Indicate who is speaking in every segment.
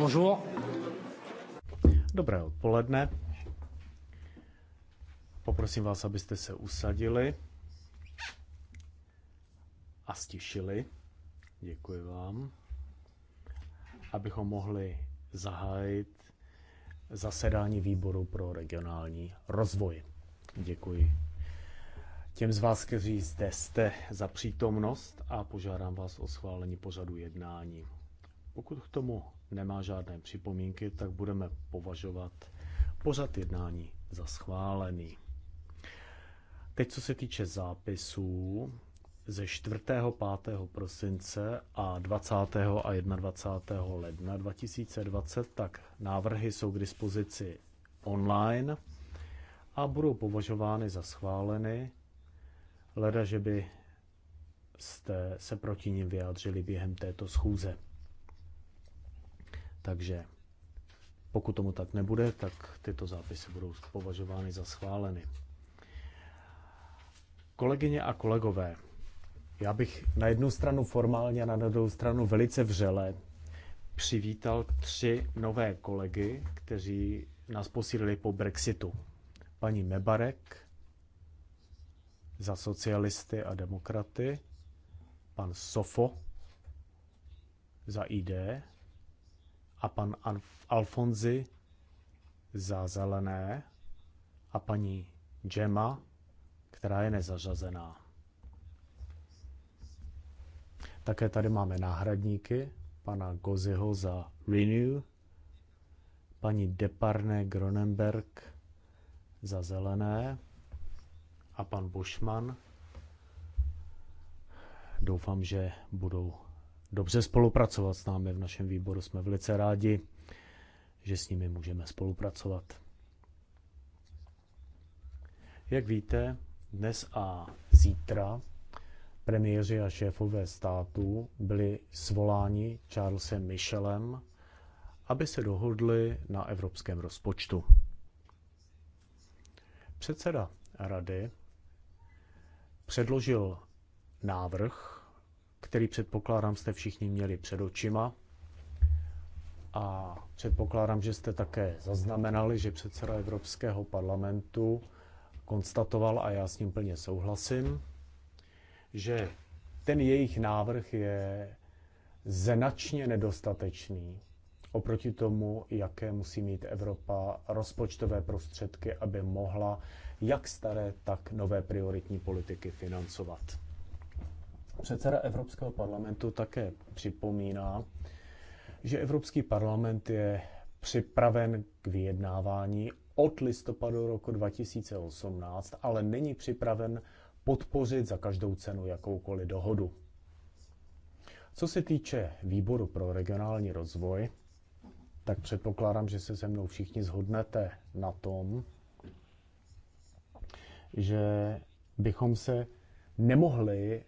Speaker 1: Bonjour. Dobré odpoledne. Poprosím vás, abyste se usadili a stišili. Děkuji vám. Abychom mohli zahájit zasedání výboru pro regionální rozvoj. Děkuji těm z vás, kteří zde jste za přítomnost a požádám vás o schválení pořadu jednání. Pokud k tomu nemá žádné připomínky, tak budeme považovat pořad jednání za schválený. Teď, co se týče zápisů ze 4. 5. prosince a 20. a 21. ledna 2020, tak návrhy jsou k dispozici online a budou považovány za schváleny, leda, že by jste se proti ním vyjádřili během této schůze. Takže pokud tomu tak nebude, tak tyto zápisy budou považovány za schváleny. Kolegyně a kolegové, já bych na jednu stranu formálně a na druhou stranu velice vřele přivítal tři nové kolegy, kteří nás posílili po Brexitu. Paní Mebarek za socialisty a demokraty, pan Sofo za ID a pan Alfonzi za zelené a paní Gemma, která je nezařazená. Také tady máme náhradníky, pana Goziho za Renew, paní Deparne Gronenberg za zelené a pan Bushman. Doufám, že budou dobře spolupracovat s námi v našem výboru. Jsme velice rádi, že s nimi můžeme spolupracovat. Jak víte, dnes a zítra premiéři a šéfové států byli svoláni Charlesem Michelem, aby se dohodli na evropském rozpočtu. Předseda rady předložil návrh který předpokládám jste všichni měli před očima. A předpokládám, že jste také zaznamenali, že předseda Evropského parlamentu konstatoval, a já s ním plně souhlasím, že ten jejich návrh je značně nedostatečný oproti tomu, jaké musí mít Evropa rozpočtové prostředky, aby mohla jak staré, tak nové prioritní politiky financovat. Předseda Evropského parlamentu také připomíná, že Evropský parlament je připraven k vyjednávání od listopadu roku 2018, ale není připraven podpořit za každou cenu jakoukoliv dohodu. Co se týče výboru pro regionální rozvoj, tak předpokládám, že se se mnou všichni zhodnete na tom, že bychom se nemohli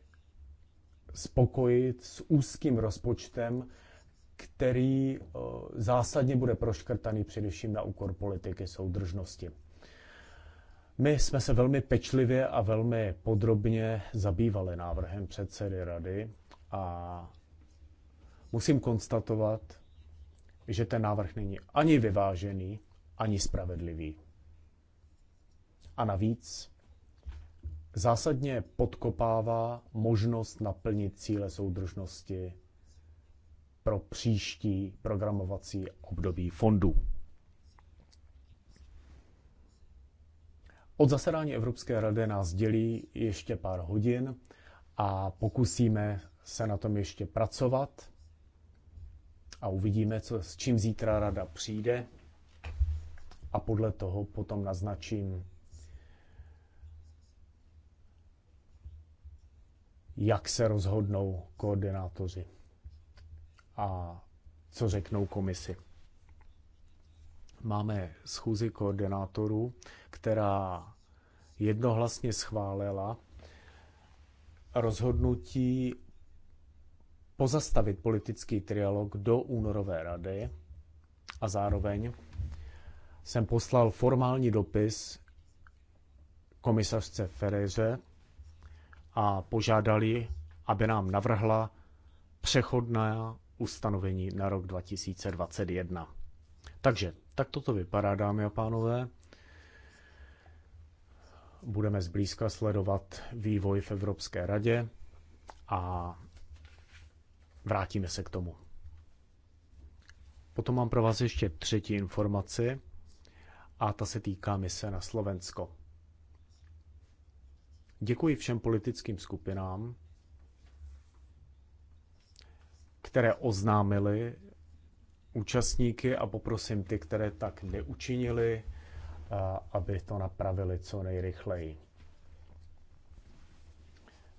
Speaker 1: spokojit s úzkým rozpočtem, který eh, zásadně bude proškrtaný především na úkor politiky soudržnosti. My jsme se velmi pečlivě a velmi podrobně zabývali návrhem předsedy rady a musím konstatovat, že ten návrh není ani vyvážený, ani spravedlivý. A navíc zásadně podkopává možnost naplnit cíle soudržnosti pro příští programovací období fondů. Od zasedání Evropské rady nás dělí ještě pár hodin a pokusíme se na tom ještě pracovat a uvidíme, co, s čím zítra rada přijde a podle toho potom naznačím jak se rozhodnou koordinátoři a co řeknou komisi. Máme schůzi koordinátorů, která jednohlasně schválila rozhodnutí pozastavit politický trialog do únorové rady a zároveň jsem poslal formální dopis komisařce Ferreře a požádali, aby nám navrhla přechodná ustanovení na rok 2021. Takže tak toto vypadá, dámy a pánové. Budeme zblízka sledovat vývoj v Evropské radě a vrátíme se k tomu. Potom mám pro vás ještě třetí informaci a ta se týká mise na Slovensko. Děkuji všem politickým skupinám, které oznámili účastníky a poprosím ty, které tak neučinili, eh, aby to napravili co nejrychleji.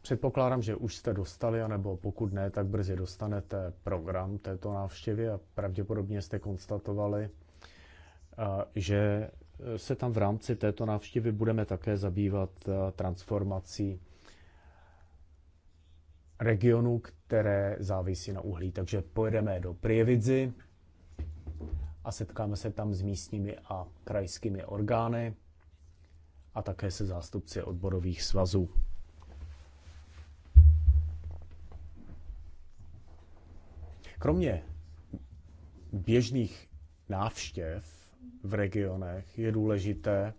Speaker 1: Předpokládám, že už jste dostali, anebo pokud ne, tak brzy dostanete program této návštěvy a pravděpodobně jste konstatovali, eh, že se tam v rámci této návštěvy budeme také zabývat eh, transformací regionů, které závisí na uhlí. Takže pojedeme do Prievidzi a setkáme se tam s místními a krajskými orgány a také se zástupci odborových svazů. Kromě běžných návštěv v regionech, je důležité,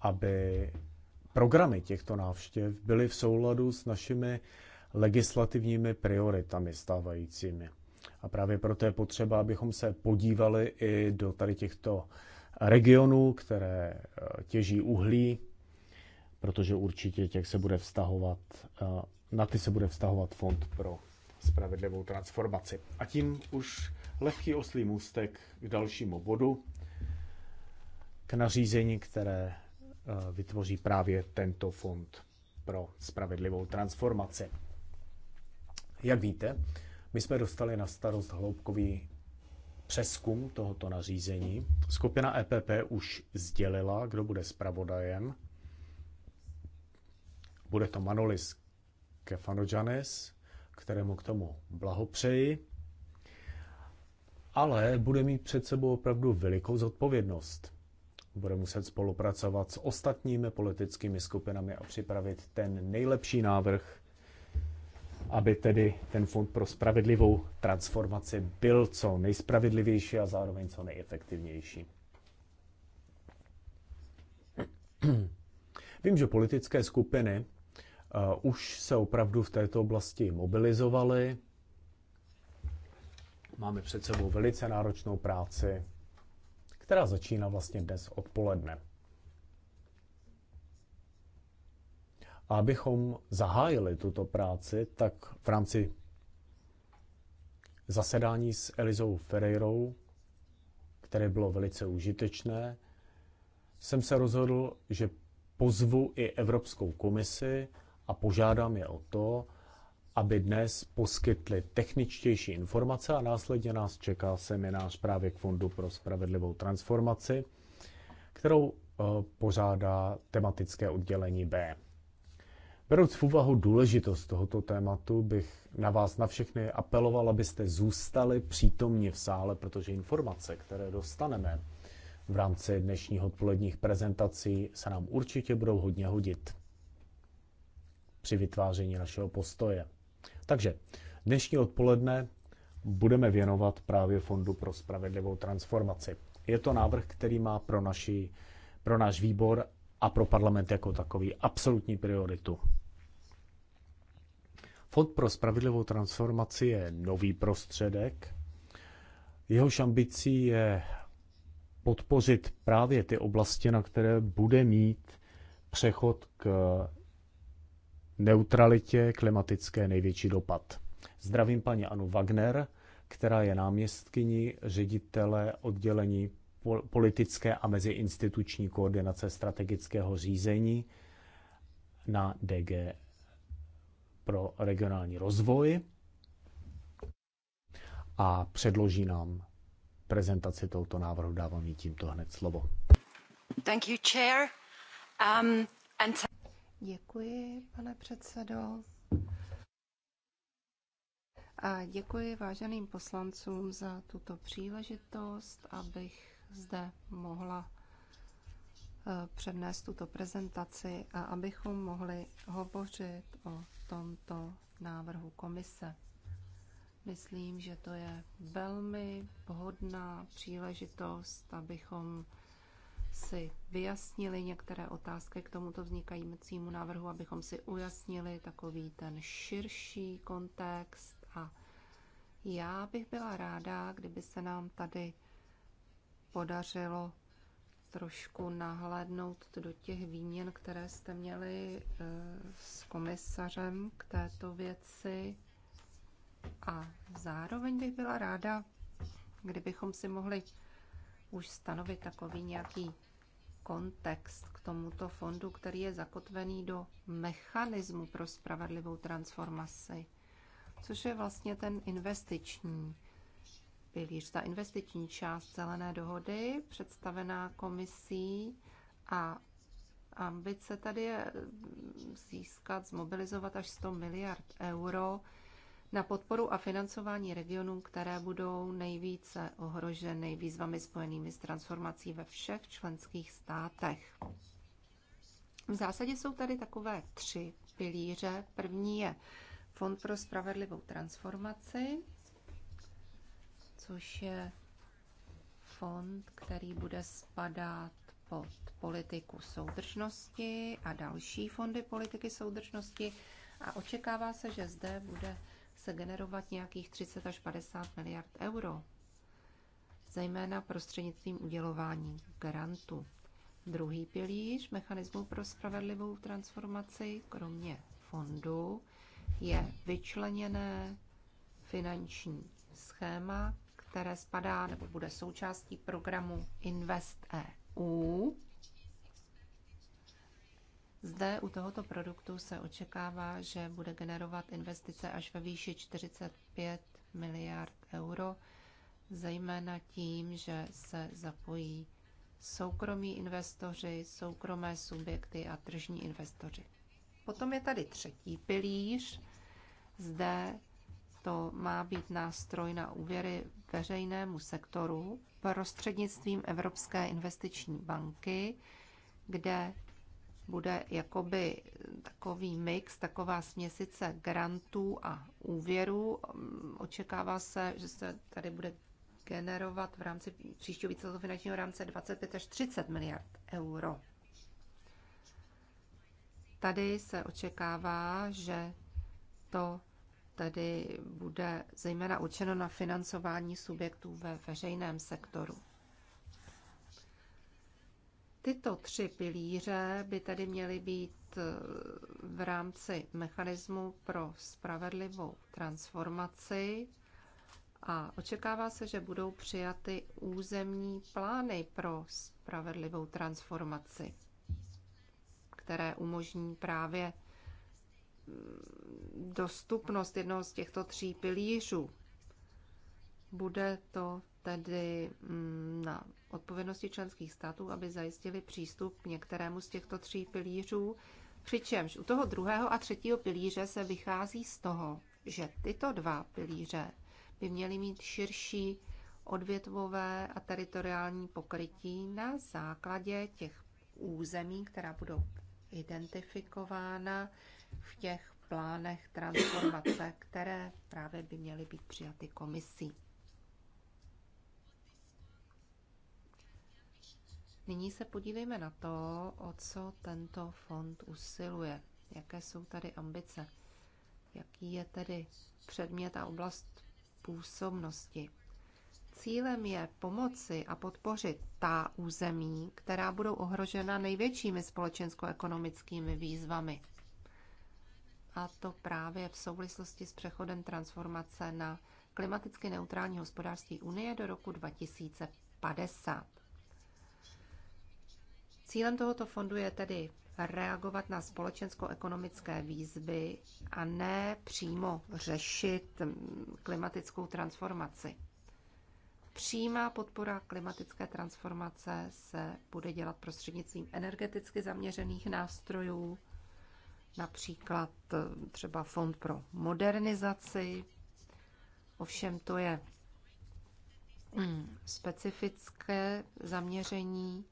Speaker 1: aby programy těchto návštěv byly v souladu s našimi legislativními prioritami stávajícími. A právě proto je potřeba, abychom se podívali i do tady těchto regionů, které eh, těží uhlí, protože určitě těch se bude vztahovat, eh, na ty se bude vztahovat Fond pro spravedlivou transformaci. A tím už lehký oslý můstek k dalšímu bodu, k nařízení, které eh, vytvoří právě tento fond pro spravedlivou transformaci. Jak víte, my jsme dostali na starost hloubkový přeskum tohoto nařízení. Skupina EPP už sdělila, kdo bude zpravodajem. Bude to Manolis Kefanojanes, kterému k tomu blahopřeji, ale bude mít před sebou opravdu velikou zodpovědnost bude muset spolupracovat s ostatními politickými skupinami a připravit ten nejlepší návrh, aby tedy ten fond pro spravedlivou transformaci byl co nejspravedlivější a zároveň co nejefektivnější. Vím, že politické skupiny uh, už se opravdu v této oblasti mobilizovaly. Máme před sebou velice náročnou práci která začíná vlastně dnes odpoledne. A abychom zahájili tuto práci, tak v rámci zasedání s Elizou Ferreirou, které bylo velice užitečné, jsem se rozhodl, že pozvu i Evropskou komisi a požádám je o to, aby dnes poskytli techničtější informace a následně nás čeká seminář právě k Fondu pro spravedlivou transformaci, kterou eh, pořádá tematické oddělení B. Beruc v úvahu důležitost tohoto tématu, bych na vás na všechny apeloval, abyste zůstali přítomni v sále, protože informace, které dostaneme v rámci dnešních odpoledních prezentací, se nám určitě budou hodně hodit při vytváření našeho postoje. Takže dnešní odpoledne budeme věnovat právě Fondu pro spravedlivou transformaci. Je to návrh, který má pro, naši, pro náš výbor a pro parlament jako takový absolutní prioritu. Fond pro spravedlivou transformaci je nový prostředek. Jehož ambicí je podpořit právě ty oblasti, na které bude mít přechod k neutralitě klimatické největší dopad. Zdravím paní Anu Wagner, která je náměstkyní ředitele oddělení politické a meziinstituční koordinace strategického řízení na DG pro regionální rozvoj a předloží nám prezentaci tohoto návrhu. Dávám jí tímto hned slovo.
Speaker 2: Thank you, chair. Um, and Děkuji, pane předsedo. A děkuji váženým poslancům za tuto příležitost, abych zde mohla eh, přednést tuto prezentaci a abychom mohli hovořit o tomto návrhu komise. Myslím, že to je velmi vhodná příležitost, abychom si vyjasnili některé otázky k tomuto vznikajícímu návrhu, abychom si ujasnili takový ten širší kontext. A já bych byla ráda, kdyby se nám tady podařilo trošku nahlédnout do těch výměn, které jste měli eh, s komisařem k této věci. A zároveň bych byla ráda, kdybychom si mohli už stanovit takový nějaký kontext k tomuto fondu, který je zakotvený do mechanismu pro spravedlivou transformaci, což je vlastně ten investiční pilíř, ta investiční část zelené dohody, představená komisí a ambice tady je získat, zmobilizovat až 100 miliard euro na podporu a financování regionů, které budou nejvíce ohroženy výzvami spojenými s transformací ve všech členských státech. V zásadě jsou tady takové tři pilíře. První je Fond pro spravedlivou transformaci, což je fond, který bude spadat pod politiku soudržnosti a další fondy politiky soudržnosti. A očekává se, že zde bude se generovat nějakých 30 až 50 miliard euro, zejména prostřednictvím udělování grantů. Druhý pilíř mechanismu pro spravedlivou transformaci, kromě fondu, je vyčleněné finanční schéma, které spadá nebo bude součástí programu Invest EU zde u tohoto produktu se očekává, že bude generovat investice až ve výši 45 miliard euro, zejména tím, že se zapojí soukromí investoři, soukromé subjekty a tržní investoři. Potom je tady třetí pilíř. Zde to má být nástroj na úvěry veřejnému sektoru prostřednictvím Evropské investiční banky, kde bude jakoby takový mix, taková směsice grantů a úvěrů. Očekává se, že se tady bude generovat v rámci příštího víceletého finančního rámce 25 až 30 miliard euro. Tady se očekává, že to tedy bude zejména určeno na financování subjektů ve veřejném sektoru. Tyto tři pilíře by tedy měly být eh, v rámci mechanismu pro spravedlivou transformaci a očekává se, že budou přijaty územní plány pro spravedlivou transformaci, které umožní právě mm, dostupnost jednoho z těchto tří pilířů. Bude to tedy mm, na odpovědnosti členských států, aby zajistili přístup k některému z těchto tří pilířů, přičemž u toho druhého a třetího pilíře se vychází z toho, že tyto dva pilíře by měly mít širší odvětvové a teritoriální pokrytí na základě těch území, která budou identifikována v těch plánech transformace, které právě by měly být přijaty komisí. Nyní se podívejme na to, o co tento fond usiluje, jaké jsou tady ambice, jaký je tedy předmět a oblast působnosti. Cílem je pomoci a podpořit ta území, která budou ohrožena největšími společensko-ekonomickými výzvami. A to právě v souvislosti s přechodem transformace na klimaticky neutrální hospodářství Unie do roku 2050. Cílem tohoto fondu je tedy reagovat na společensko-ekonomické výzvy a ne přímo řešit mm, klimatickou transformaci. Přímá podpora klimatické transformace se bude dělat prostřednictvím energeticky zaměřených nástrojů, například mm, třeba Fond pro modernizaci. Ovšem to je mm, specifické zaměření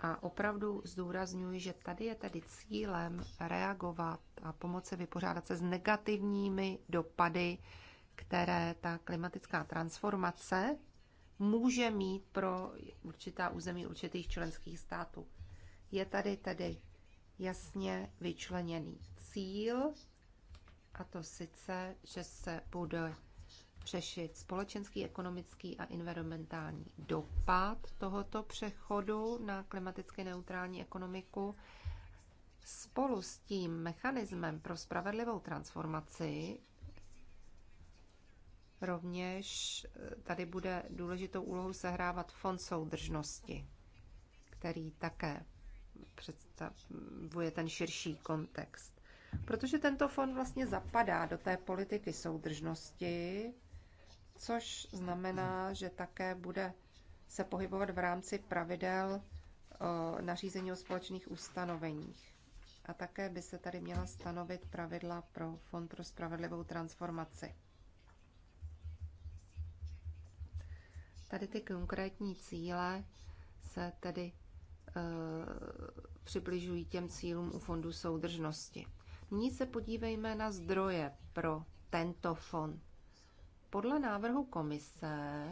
Speaker 2: a opravdu zdůrazňuji, že tady je tedy cílem reagovat a pomoci vypořádat se s negativními dopady, které ta klimatická transformace může mít pro určitá území určitých členských států. Je tady tedy jasně vyčleněný cíl, a to sice, že se bude řešit společenský, ekonomický a environmentální dopad tohoto přechodu na klimaticky neutrální ekonomiku. Spolu s tím mechanismem pro spravedlivou transformaci rovněž eh, tady bude důležitou úlohu sehrávat fond soudržnosti, který také představuje ten širší kontext. Protože tento fond vlastně zapadá do té politiky soudržnosti, což znamená, že také bude se pohybovat v rámci pravidel nařízení o společných ustanoveních. A také by se tady měla stanovit pravidla pro Fond pro spravedlivou transformaci. Tady ty konkrétní cíle se tedy e, přibližují těm cílům u Fondu soudržnosti. Nyní se podívejme na zdroje pro tento fond. Podle návrhu komise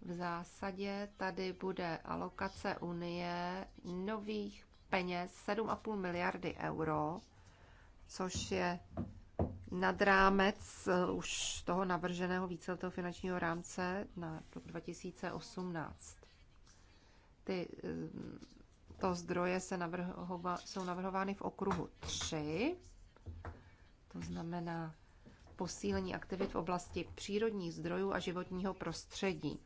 Speaker 2: v zásadě tady bude alokace Unie nových peněz 7,5 miliardy euro, což je nad rámec eh, už toho navrženého víceletého finančního rámce na rok 2018. Ty, eh, to zdroje se navrhova, jsou navrhovány v okruhu 3, to znamená posílení aktivit v oblasti přírodních zdrojů a životního prostředí.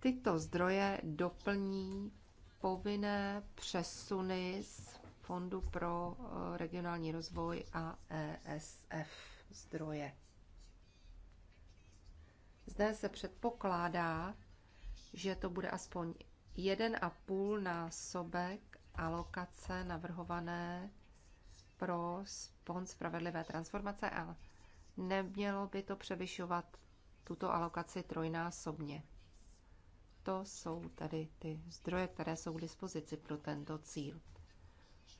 Speaker 2: Tyto zdroje doplní povinné přesuny z Fondu pro eh, regionální rozvoj a ESF zdroje. Zde se předpokládá, že to bude aspoň 1,5 násobek alokace navrhované pro fond spravedlivé transformace a nemělo by to převyšovat tuto alokaci trojnásobně. To jsou tady ty zdroje, které jsou k dispozici pro tento cíl.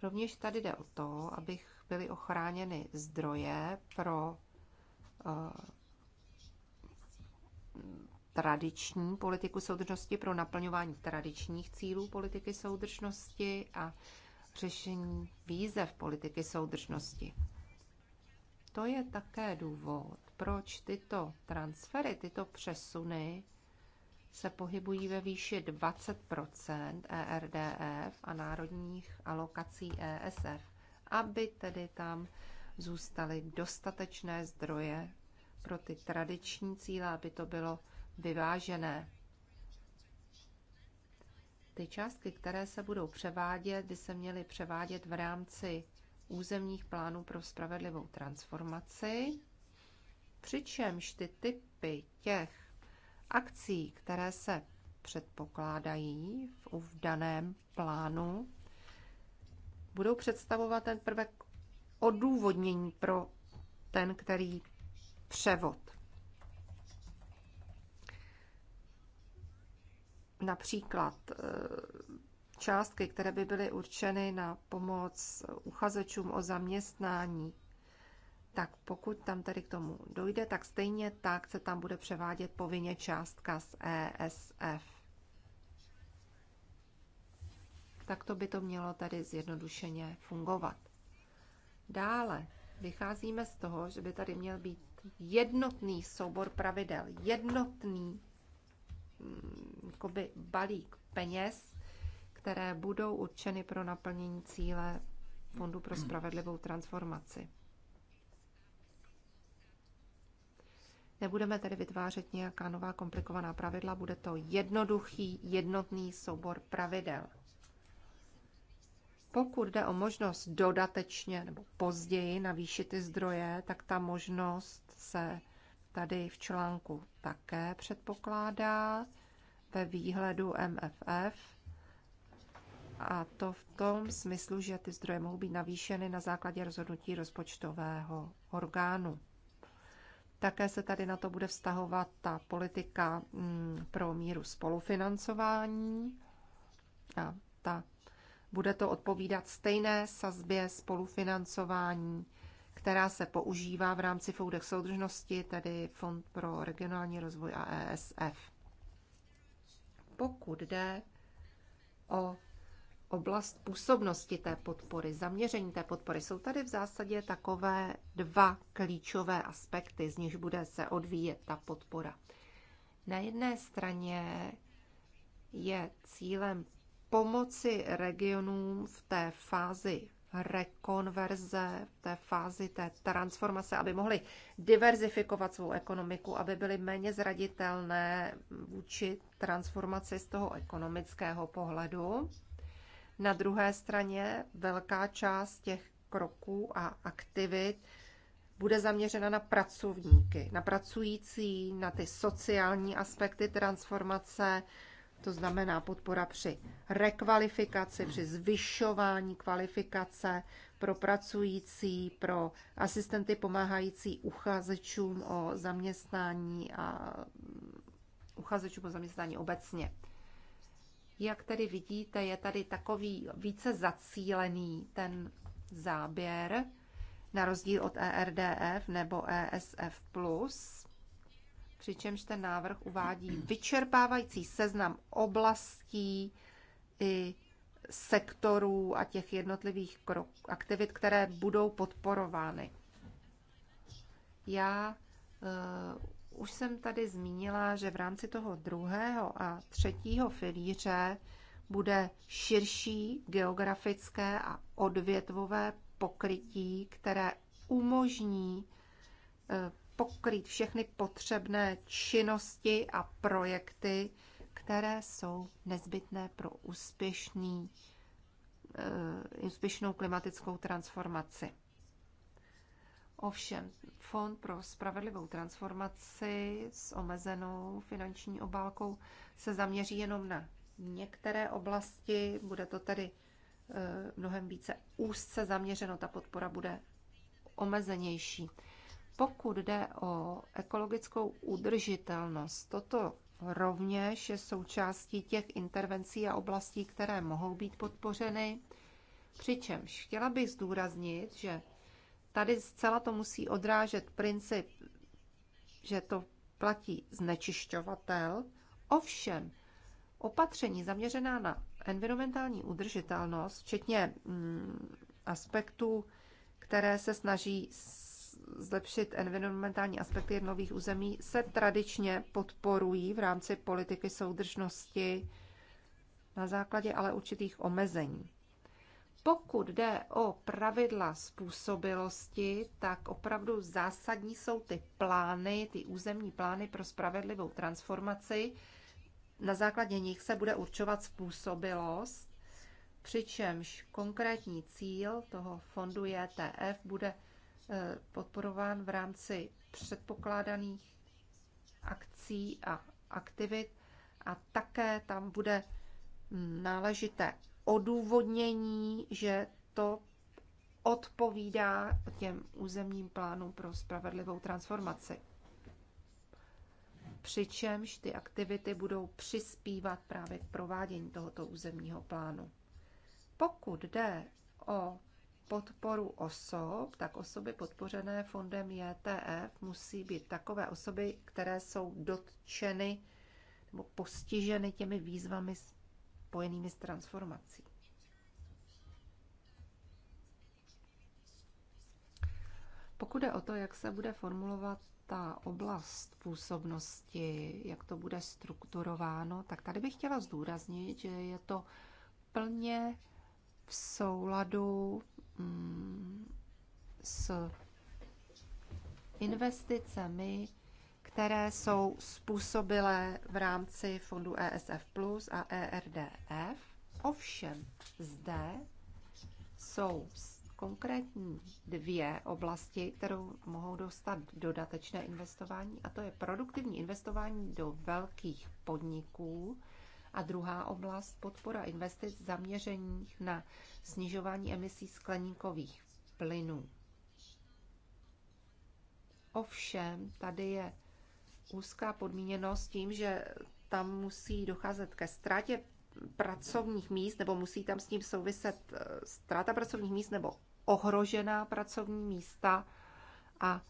Speaker 2: Rovněž tady jde o to, abych byly ochráněny zdroje pro uh, tradiční politiku soudržnosti, pro naplňování tradičních cílů politiky soudržnosti a řešení výzev politiky soudržnosti. To je také důvod, proč tyto transfery, tyto přesuny se pohybují ve výši 20 ERDF a národních alokací ESF, aby tedy tam zůstaly dostatečné zdroje pro ty tradiční cíle, aby to bylo vyvážené. Ty částky, které se budou převádět, by se měly převádět v rámci územních plánů pro spravedlivou transformaci, přičemž ty typy těch akcí, které se předpokládají v daném plánu, budou představovat ten prvek odůvodnění pro ten, který převod. například eh, částky, které by byly určeny na pomoc uchazečům o zaměstnání, tak pokud tam tedy k tomu dojde, tak stejně tak se tam bude převádět povinně částka z ESF. Tak to by to mělo tady zjednodušeně fungovat. Dále vycházíme z toho, že by tady měl být jednotný soubor pravidel, jednotný Mm, jakoby balík peněz, které budou určeny pro naplnění cíle Fondu pro spravedlivou transformaci. Nebudeme tedy vytvářet nějaká nová komplikovaná pravidla, bude to jednoduchý, jednotný soubor pravidel. Pokud jde o možnost dodatečně nebo později navýšit ty zdroje, tak ta možnost se tady v článku také předpokládá ve výhledu MFF, a to v tom smyslu, že ty zdroje mohou být navýšeny na základě rozhodnutí rozpočtového orgánu. Také se tady na to bude vztahovat ta politika mm, pro míru spolufinancování a ta bude to odpovídat stejné sazbě spolufinancování která se používá v rámci Foudech soudržnosti, tedy Fond pro regionální rozvoj a ESF. Pokud jde o oblast působnosti té podpory, zaměření té podpory, jsou tady v zásadě takové dva klíčové aspekty, z nichž bude se odvíjet ta podpora. Na jedné straně je cílem pomoci regionům v té fázi rekonverze, v té fázi té transformace, aby mohli diverzifikovat svou ekonomiku, aby byly méně zraditelné vůči transformaci z toho ekonomického pohledu. Na druhé straně velká část těch kroků a aktivit bude zaměřena na pracovníky, na pracující, na ty sociální aspekty transformace, to znamená podpora při rekvalifikaci, při zvyšování kvalifikace pro pracující, pro asistenty pomáhající uchazečům o zaměstnání a mm, uchazečům o zaměstnání obecně. Jak tedy vidíte, je tady takový více zacílený ten záběr, na rozdíl od ERDF nebo ESF+, přičemž ten návrh uvádí vyčerpávající seznam oblastí i sektorů a těch jednotlivých krok, aktivit, které budou podporovány. Já uh, už jsem tady zmínila, že v rámci toho druhého a třetího filíře bude širší geografické a odvětvové pokrytí, které umožní uh, pokrýt všechny potřebné činnosti a projekty, které jsou nezbytné pro úspěšný, eh, úspěšnou klimatickou transformaci. Ovšem, Fond pro spravedlivou transformaci s omezenou finanční obálkou se zaměří jenom na některé oblasti, bude to tedy eh, mnohem více úzce zaměřeno, ta podpora bude omezenější. Pokud jde o ekologickou udržitelnost, toto rovněž je součástí těch intervencí a oblastí, které mohou být podpořeny. Přičemž chtěla bych zdůraznit, že tady zcela to musí odrážet princip, že to platí znečišťovatel. Ovšem, opatření zaměřená na environmentální udržitelnost, včetně mm, aspektů, které se snaží zlepšit environmentální aspekty jednových území, se tradičně podporují v rámci politiky soudržnosti na základě ale určitých omezení. Pokud jde o pravidla způsobilosti, tak opravdu zásadní jsou ty plány, ty územní plány pro spravedlivou transformaci. Na základě nich se bude určovat způsobilost, přičemž konkrétní cíl toho fondu JTF e bude Eh, podporován v rámci předpokládaných akcí a aktivit a také tam bude hm, náležité odůvodnění, že to odpovídá těm územním plánům pro spravedlivou transformaci. Přičemž ty aktivity budou přispívat právě k provádění tohoto územního plánu. Pokud jde o podporu osob, tak osoby podpořené fondem JTF musí být takové osoby, které jsou dotčeny nebo postiženy těmi výzvami spojenými s transformací. Pokud je o to, jak se bude formulovat ta oblast působnosti, jak to bude strukturováno, tak tady bych chtěla zdůraznit, že je to plně v souladu Mm, s investicemi, které jsou způsobilé v rámci fondu ESF Plus a ERDF. Ovšem zde jsou konkrétní dvě oblasti, kterou mohou dostat dodatečné investování, a to je produktivní investování do velkých podniků, a druhá oblast podpora investic zaměřených na snižování emisí skleníkových plynů. Ovšem, tady je úzká podmíněnost tím, že tam musí docházet ke ztrátě pracovních míst, nebo musí tam s tím souviset eh, ztráta pracovních míst nebo ohrožená pracovní místa. A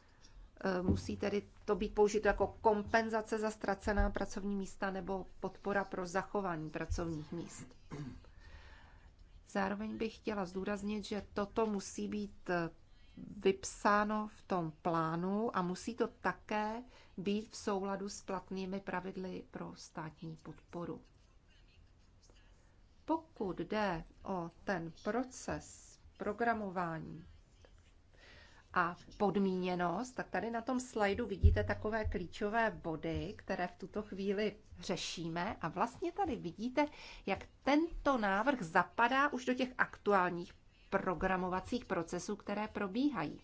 Speaker 2: Eh, musí tedy to být použito jako kompenzace za ztracená pracovní místa nebo podpora pro zachování pracovních míst. Zároveň bych chtěla zdůraznit, že toto musí být eh, vypsáno v tom plánu a musí to také být v souladu s platnými pravidly pro státní podporu. Pokud jde o ten proces programování, a podmíněnost, tak tady na tom slajdu vidíte takové klíčové body, které v tuto chvíli řešíme a vlastně tady vidíte, jak tento návrh zapadá už do těch aktuálních programovacích procesů, které probíhají.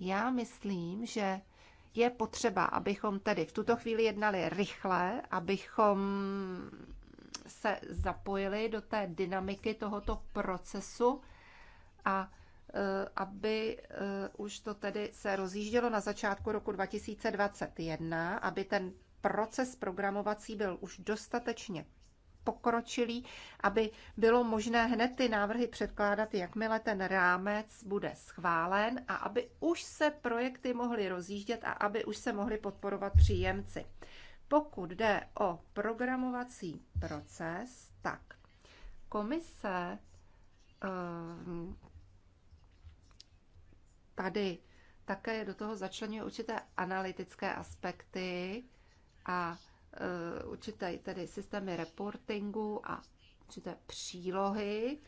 Speaker 2: Já myslím, že je potřeba, abychom tedy v tuto chvíli jednali rychle, abychom se zapojili do té dynamiky tohoto procesu a Eh, aby eh, už to tedy se rozjíždělo na začátku roku 2021, aby ten proces programovací byl už dostatečně pokročilý, aby bylo možné hned ty návrhy předkládat, jakmile ten rámec bude schválen a aby už se projekty mohly rozjíždět a aby už se mohly podporovat příjemci. Pokud jde o programovací proces, tak komise eh, tady také do toho začlenuje určité analytické aspekty a e, určité tedy systémy reportingu a určité přílohy.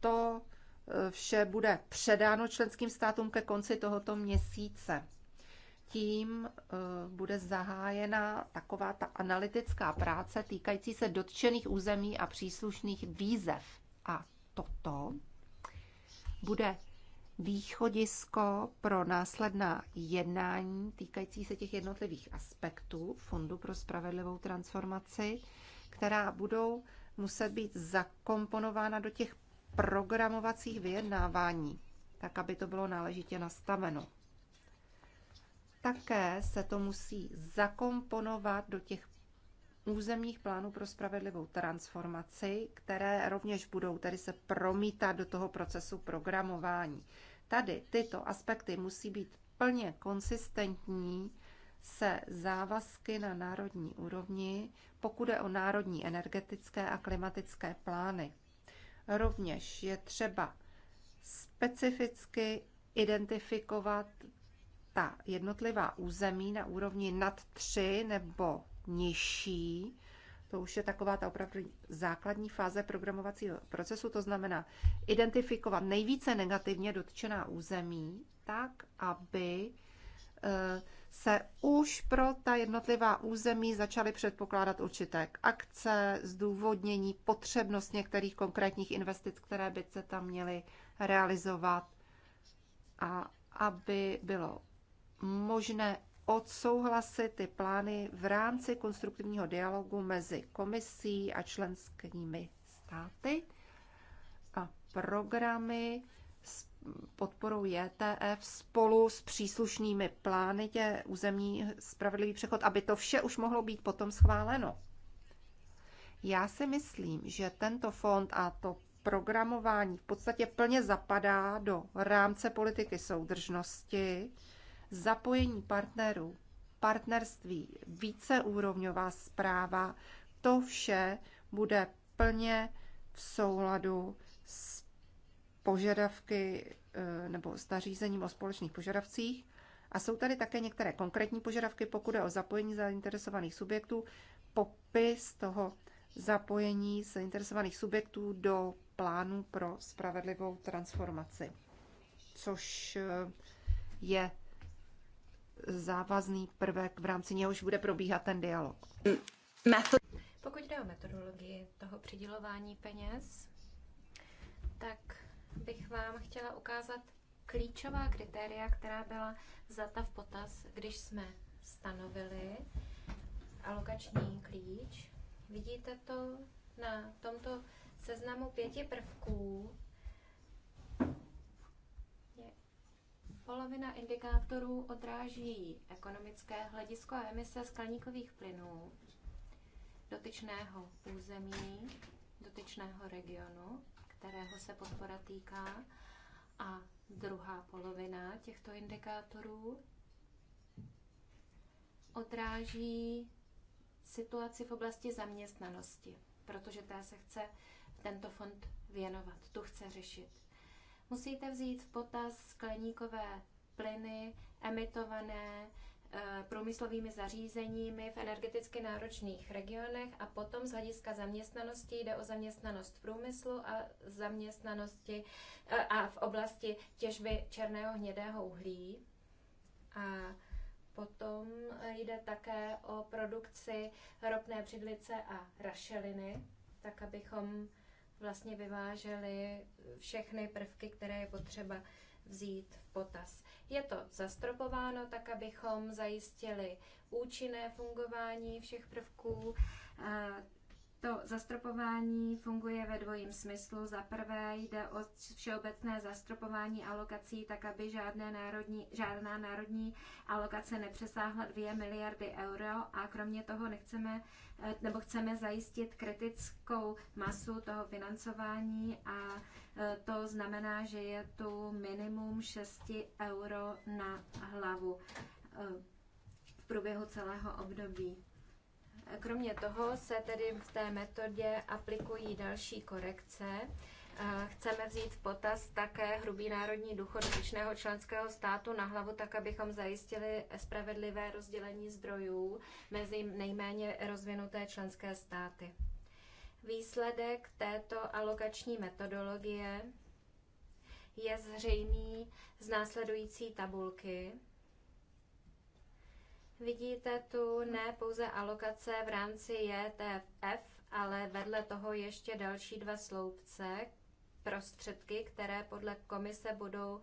Speaker 2: To e, vše bude předáno členským státům ke konci tohoto měsíce. Tím e, bude zahájena taková ta analytická práce týkající se dotčených území a příslušných výzev. A toto bude východisko pro následná jednání týkající se těch jednotlivých aspektů Fondu pro spravedlivou transformaci, která budou muset být zakomponována do těch programovacích vyjednávání, tak aby to bylo náležitě nastaveno. Také se to musí zakomponovat do těch územních plánů pro spravedlivou transformaci, které rovněž budou tady se promítat do toho procesu programování. Tady tyto aspekty musí být plně konsistentní se závazky na národní úrovni, pokud je o národní energetické a klimatické plány. Rovněž je třeba specificky identifikovat ta jednotlivá území na úrovni nad 3 nebo nižší, to už je taková ta opravdu základní fáze programovacího procesu, to znamená identifikovat nejvíce negativně dotčená území, tak aby eh, se už pro ta jednotlivá území začaly předpokládat určité akce, zdůvodnění, potřebnost některých konkrétních investic, které by se tam měly realizovat a aby bylo možné odsouhlasit ty plány v rámci konstruktivního dialogu mezi komisí a členskými státy a programy s podporou JTF e spolu s příslušnými plány tě územní spravedlivý přechod, aby to vše už mohlo být potom schváleno. Já si myslím, že tento fond a to programování v podstatě plně zapadá do rámce politiky soudržnosti, zapojení partnerů, partnerství, víceúrovňová zpráva, to vše bude plně v souladu s požadavky eh, nebo s nařízením o společných požadavcích. A jsou tady také některé konkrétní požadavky, pokud je o zapojení zainteresovaných subjektů, popis toho zapojení zainteresovaných subjektů do plánu pro spravedlivou transformaci, což eh, je závazný prvek, v rámci něhož bude probíhat ten dialog. Metod...
Speaker 3: Pokud jde o metodologii toho přidělování peněz, tak bych vám chtěla ukázat klíčová kritéria, která byla zata v potaz, když jsme stanovili alokační klíč. Vidíte to na tomto seznamu pěti prvků, Polovina indikátorů odráží ekonomické hledisko a emise skleníkových plynů dotyčného území, dotyčného regionu, kterého se podpora týká, a druhá polovina těchto indikátorů odráží situaci v oblasti zaměstnanosti, protože té se chce tento fond věnovat, tu chce řešit. Musíte vzít v potaz skleníkové plyny emitované eh, průmyslovými zařízeními v energeticky náročných regionech a potom z hlediska zaměstnanosti jde o zaměstnanost v průmyslu a zaměstnanosti eh, a v oblasti těžby černého hnědého uhlí. A potom jde také o produkci ropné přidlice a rašeliny, tak abychom vlastně vyvážely všechny prvky, které je potřeba vzít v potaz. Je to zastropováno tak, abychom zajistili účinné fungování všech prvků to zastropování funguje ve dvojím smyslu. Za prvé jde o všeobecné zastropování alokací, tak aby žádné národní, žádná národní alokace nepřesáhla 2 miliardy euro a kromě toho nechceme, eh, nebo chceme zajistit kritickou masu toho financování a eh, to znamená, že je tu minimum 6 euro na hlavu eh, v průběhu celého období. Kromě toho se tedy v té metodě aplikují další korekce. Eh, chceme vzít v potaz také hrubý národní důchod příčného členského státu na hlavu, tak abychom zajistili spravedlivé rozdělení zdrojů mezi nejméně rozvinuté členské státy. Výsledek této alokační metodologie je zřejmý z následující tabulky. Vidíte tu ne pouze alokace v rámci JTF, e ale vedle toho ještě další dva sloupce, prostředky, které podle komise budou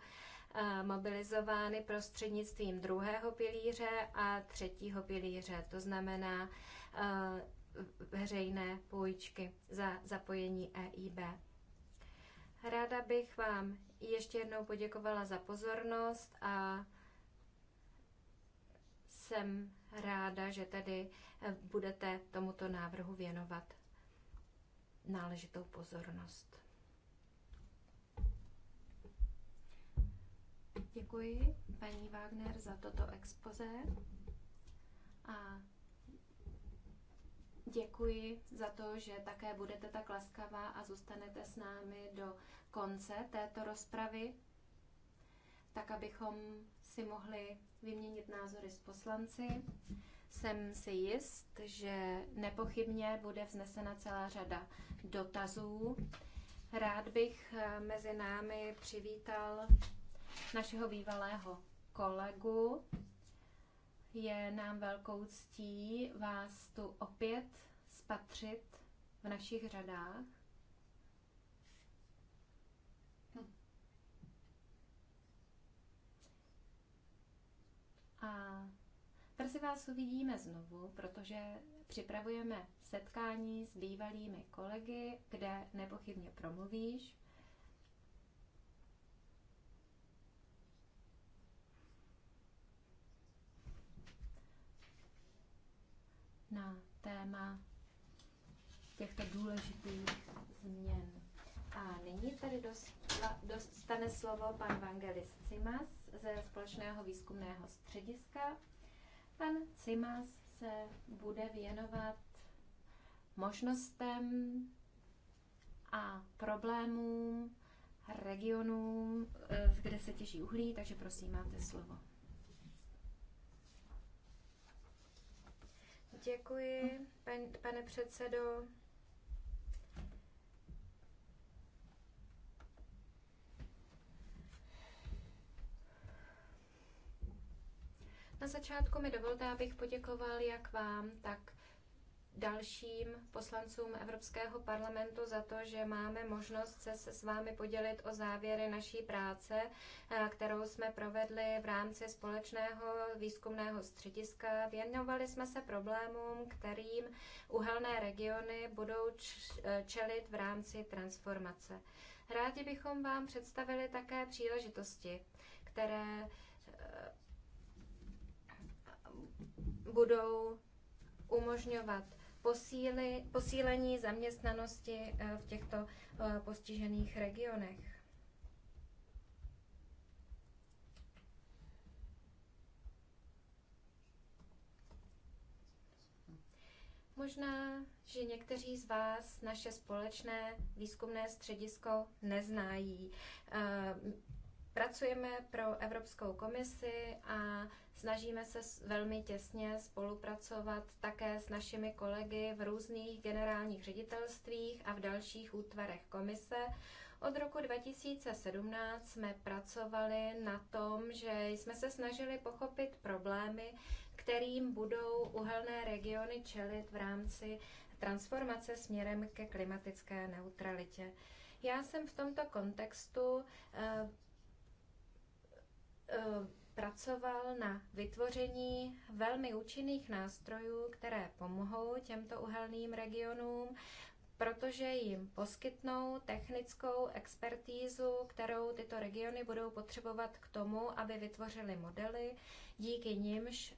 Speaker 3: eh, mobilizovány prostřednictvím druhého pilíře a třetího pilíře, to znamená eh, veřejné půjčky za zapojení EIB. Ráda bych vám ještě jednou poděkovala za pozornost a jsem ráda, že tedy eh, budete tomuto návrhu věnovat náležitou pozornost. Děkuji, paní Wagner, za toto expoze a děkuji za to, že také budete tak laskavá a zůstanete s námi do konce této rozpravy, tak abychom si mohli vyměnit názory s poslanci. Jsem si jist, že nepochybně bude vznesena celá řada dotazů. Rád bych eh, mezi námi přivítal našeho bývalého kolegu. Je nám velkou ctí vás tu opět spatřit v našich řadách. A brzy vás uvidíme znovu, protože připravujeme setkání s bývalými kolegy, kde nepochybně promluvíš. na téma těchto důležitých změn. A nyní tady dostane slovo pan Vangelis Cimas ze společného výzkumného střediska. Pan Cimas se bude věnovat možnostem a problémům regionům, eh, kde se těží uhlí, takže prosím, máte slovo. Děkuji, pan, pane předsedo. Na začátku mi dovolte, abych poděkoval jak vám, tak dalším poslancům Evropského parlamentu za to, že máme možnost se, s vámi podělit o závěry naší práce, eh, kterou jsme provedli v rámci společného výzkumného střediska. Věnovali jsme se problémům, kterým uhelné regiony budou eh, čelit v rámci transformace. Rádi bychom vám představili také příležitosti, které budou umožňovat posíly, posílení zaměstnanosti eh, v těchto eh, postižených regionech. Možná, že někteří z vás naše společné výzkumné středisko neznají. Eh, Pracujeme pro Evropskou komisi a snažíme se velmi těsně spolupracovat také s našimi kolegy v různých generálních ředitelstvích a v dalších útvarech komise. Od roku 2017 jsme pracovali na tom, že jsme se snažili pochopit problémy, kterým budou uhelné regiony čelit v rámci transformace směrem ke klimatické neutralitě. Já jsem v tomto kontextu eh, Eh, pracoval na vytvoření velmi účinných nástrojů, které pomohou těmto uhelným regionům, protože jim poskytnou technickou expertízu, kterou tyto regiony budou potřebovat k tomu, aby vytvořili modely, díky nimž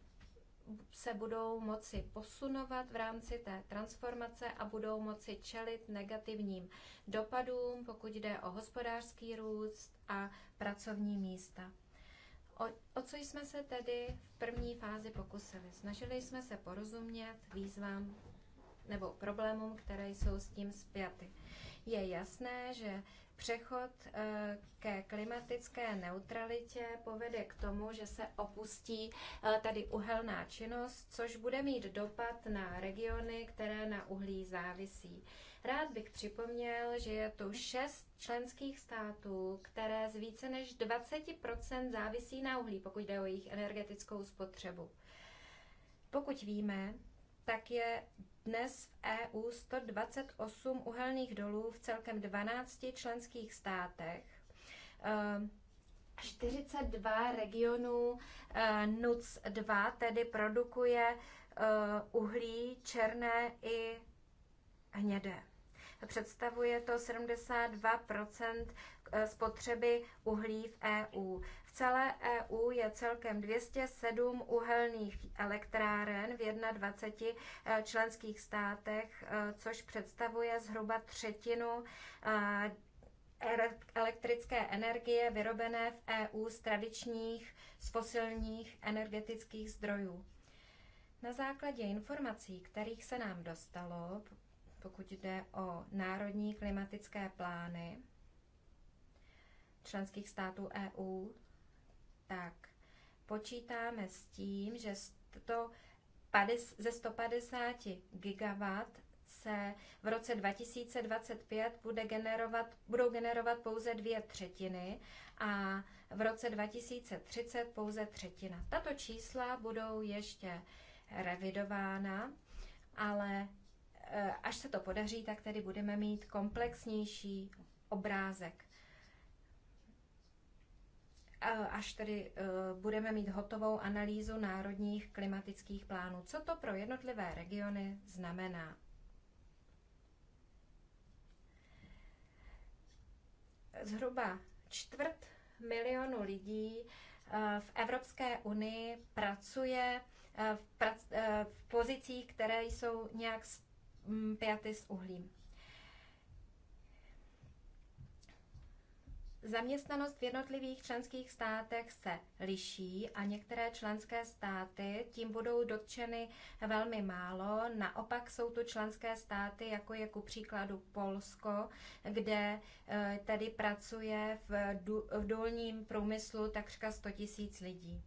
Speaker 3: se budou moci posunovat v rámci té transformace a budou moci čelit negativním dopadům, pokud jde o hospodářský růst a pracovní místa. O, o co jsme se tedy v první fázi pokusili? Snažili jsme se porozumět výzvám nebo problémům, které jsou s tím spjaty. Je jasné, že přechod eh, ke klimatické neutralitě povede k tomu, že se opustí eh, tady uhelná činnost, což bude mít dopad na regiony, které na uhlí závisí. Rád bych připomněl, že je tu šest členských států, které z více než 20% závisí na uhlí, pokud jde o jejich energetickou spotřebu. Pokud víme, tak je dnes v EU 128 uhelných dolů v celkem 12 členských státech. 42 eh, regionů eh, NUC 2 tedy produkuje eh, uhlí černé i hnědé. Představuje to 72 eh, spotřeby uhlí v EU. V celé EU je celkem 207 uhelných elektráren v 21 eh, členských státech, eh, což představuje zhruba třetinu elektrické energie vyrobené v EU z tradičních, z fosilních energetických zdrojů. Na základě informací, kterých se nám dostalo, pokud jde o národní klimatické plány členských států EU, tak počítáme s tím, že 100, ze 150 gigawatt se v roce 2025 bude generovat, budou generovat pouze dvě třetiny a v roce 2030 pouze třetina. Tato čísla budou ještě revidována, ale Eh, až se to podaří, tak tedy budeme mít komplexnější obrázek. Až tedy eh, budeme mít hotovou analýzu národních klimatických plánů. Co to pro jednotlivé regiony znamená? Zhruba čtvrt milionu lidí eh, v Evropské unii pracuje v, pozicích, které jsou nějak Mm, pjaty s uhlím. Zaměstnanost v jednotlivých členských státech se liší a některé členské státy tím budou dotčeny velmi málo. Naopak jsou tu členské státy, jako je ku příkladu Polsko, kde eh, tedy pracuje v důlním průmyslu takřka 100 000 lidí.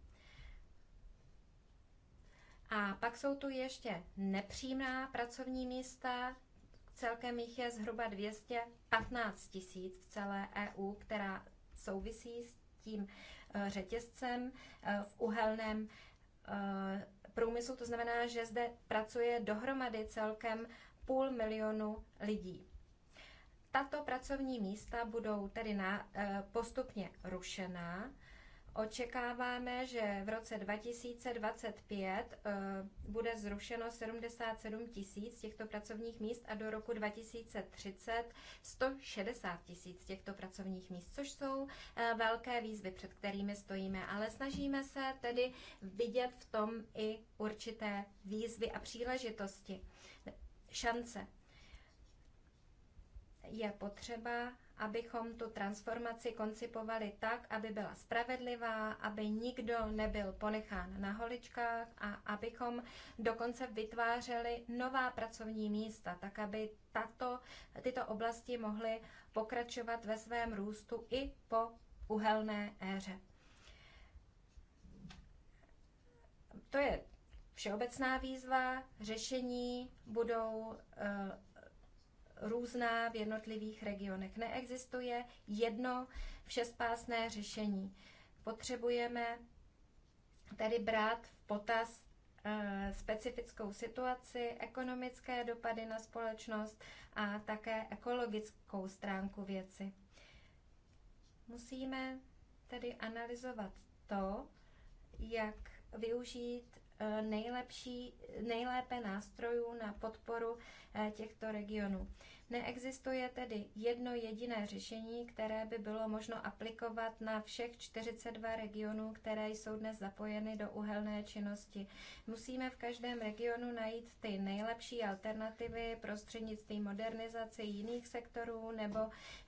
Speaker 3: A pak jsou tu ještě nepřímá pracovní místa, celkem jich je zhruba 215 tisíc v celé EU, která souvisí s tím eh, řetězcem eh, v uhelném eh, průmyslu. To znamená, že zde pracuje dohromady celkem půl milionu lidí. Tato pracovní místa budou tedy na, postupně rušená Očekáváme, že v roce 2025 eh, bude zrušeno 77 tisíc těchto pracovních míst a do roku 2030 160 tisíc těchto pracovních míst, což jsou eh, velké výzvy, před kterými stojíme. Ale snažíme se tedy vidět v tom i určité výzvy a příležitosti, šance. Je potřeba abychom tu transformaci koncipovali tak, aby byla spravedlivá, aby nikdo nebyl ponechán na holičkách a abychom dokonce vytvářeli nová pracovní místa, tak aby tato, tyto oblasti mohly pokračovat ve svém růstu i po uhelné éře. To je všeobecná výzva. Řešení budou eh, různá v jednotlivých regionech. Neexistuje jedno všespásné řešení. Potřebujeme tedy brát v potaz eh, specifickou situaci, ekonomické dopady na společnost a také ekologickou stránku věci. Musíme tedy analyzovat to, jak využít Eh, nejlepší, nejlépe nástrojů na podporu eh, těchto regionů. Neexistuje tedy jedno jediné řešení, které by bylo možno aplikovat na všech 42 regionů, které jsou dnes zapojeny do uhelné činnosti. Musíme v každém regionu najít ty nejlepší alternativy prostřednictvím modernizace jiných sektorů nebo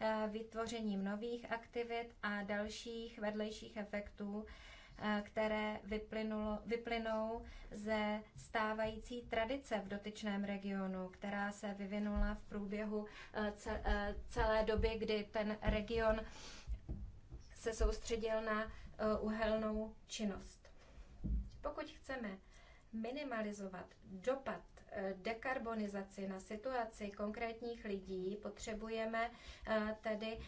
Speaker 3: eh, vytvořením nových aktivit a dalších vedlejších efektů. Eh, které vyplynulo, vyplynou ze stávající tradice v dotyčném regionu, která se vyvinula v průběhu eh, eh, celé doby, kdy ten region se soustředil na uhelnou činnost. Pokud chceme minimalizovat dopad Eh, dekarbonizaci, na situaci konkrétních lidí potřebujeme eh, tedy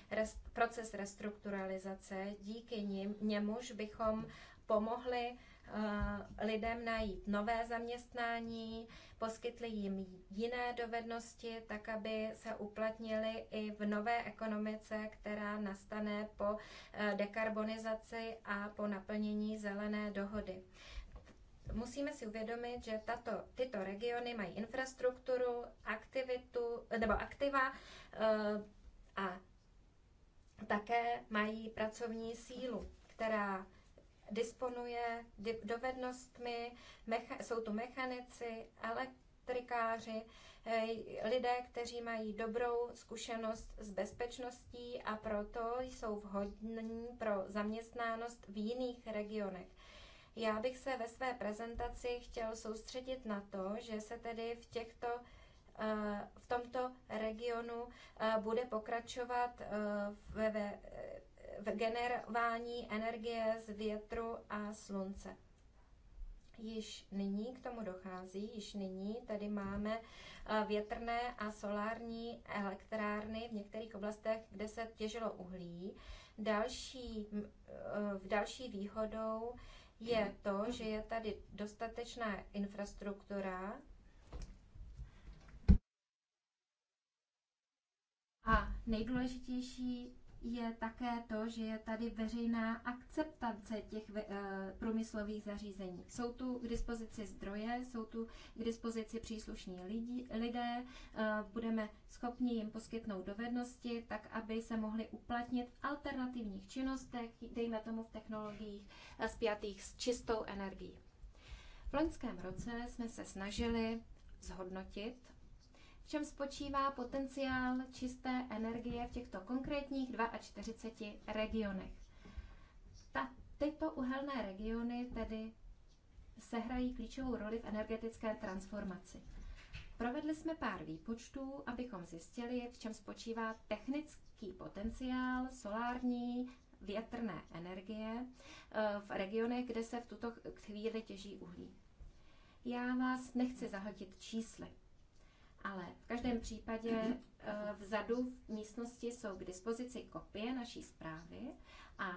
Speaker 3: proces restrukturalizace. Díky nim, němuž bychom pomohli eh, lidem najít nové zaměstnání, poskytli jim jiné dovednosti, tak aby se uplatnili i v nové ekonomice, která nastane po dekarbonizaci a po naplnění zelené dohody musíme si uvědomit, že tato, tyto regiony mají infrastrukturu, aktivitu nebo aktiva eh, a také mají pracovní sílu, která disponuje dovednostmi, mecha, jsou tu mechanici, elektrikáři, lidé, kteří mají dobrou zkušenost s bezpečností a proto jsou vhodní pro zaměstnánost v jiných regionech. Já bych se ve své prezentaci chtěl soustředit na to, že se tedy v těchto eh, v tomto regionu eh, bude pokračovat eh, ve, ve, v generování energie z větru a slunce. Již nyní k tomu dochází, již nyní tady máme větrné a solární elektrárny v některých oblastech, kde se těžilo uhlí. Další, v další výhodou je to, že je tady dostatečná infrastruktura a nejdůležitější je také to, že je tady veřejná akceptance těch eh, průmyslových zařízení. Jsou tu k dispozici zdroje, jsou tu k dispozici příslušní lidi, lidé, eh, budeme schopni jim poskytnout dovednosti, tak aby se mohli uplatnit v alternativních činnostech, dejme tomu v technologiích eh, spjatých s čistou energií. V loňském roce jsme se snažili zhodnotit v čem spočívá potenciál čisté energie v těchto konkrétních 42 regionech. Ta, tyto uhelné regiony tedy sehrají klíčovou roli v energetické transformaci. Provedli jsme pár výpočtů, abychom zjistili, v čem spočívá technický potenciál solární větrné energie eh, v regionech, kde se v tuto chvíli těží uhlí. Já vás nechci zahltit čísly ale v každém případě mhm. eh, vzadu v místnosti jsou k dispozici kopie naší zprávy a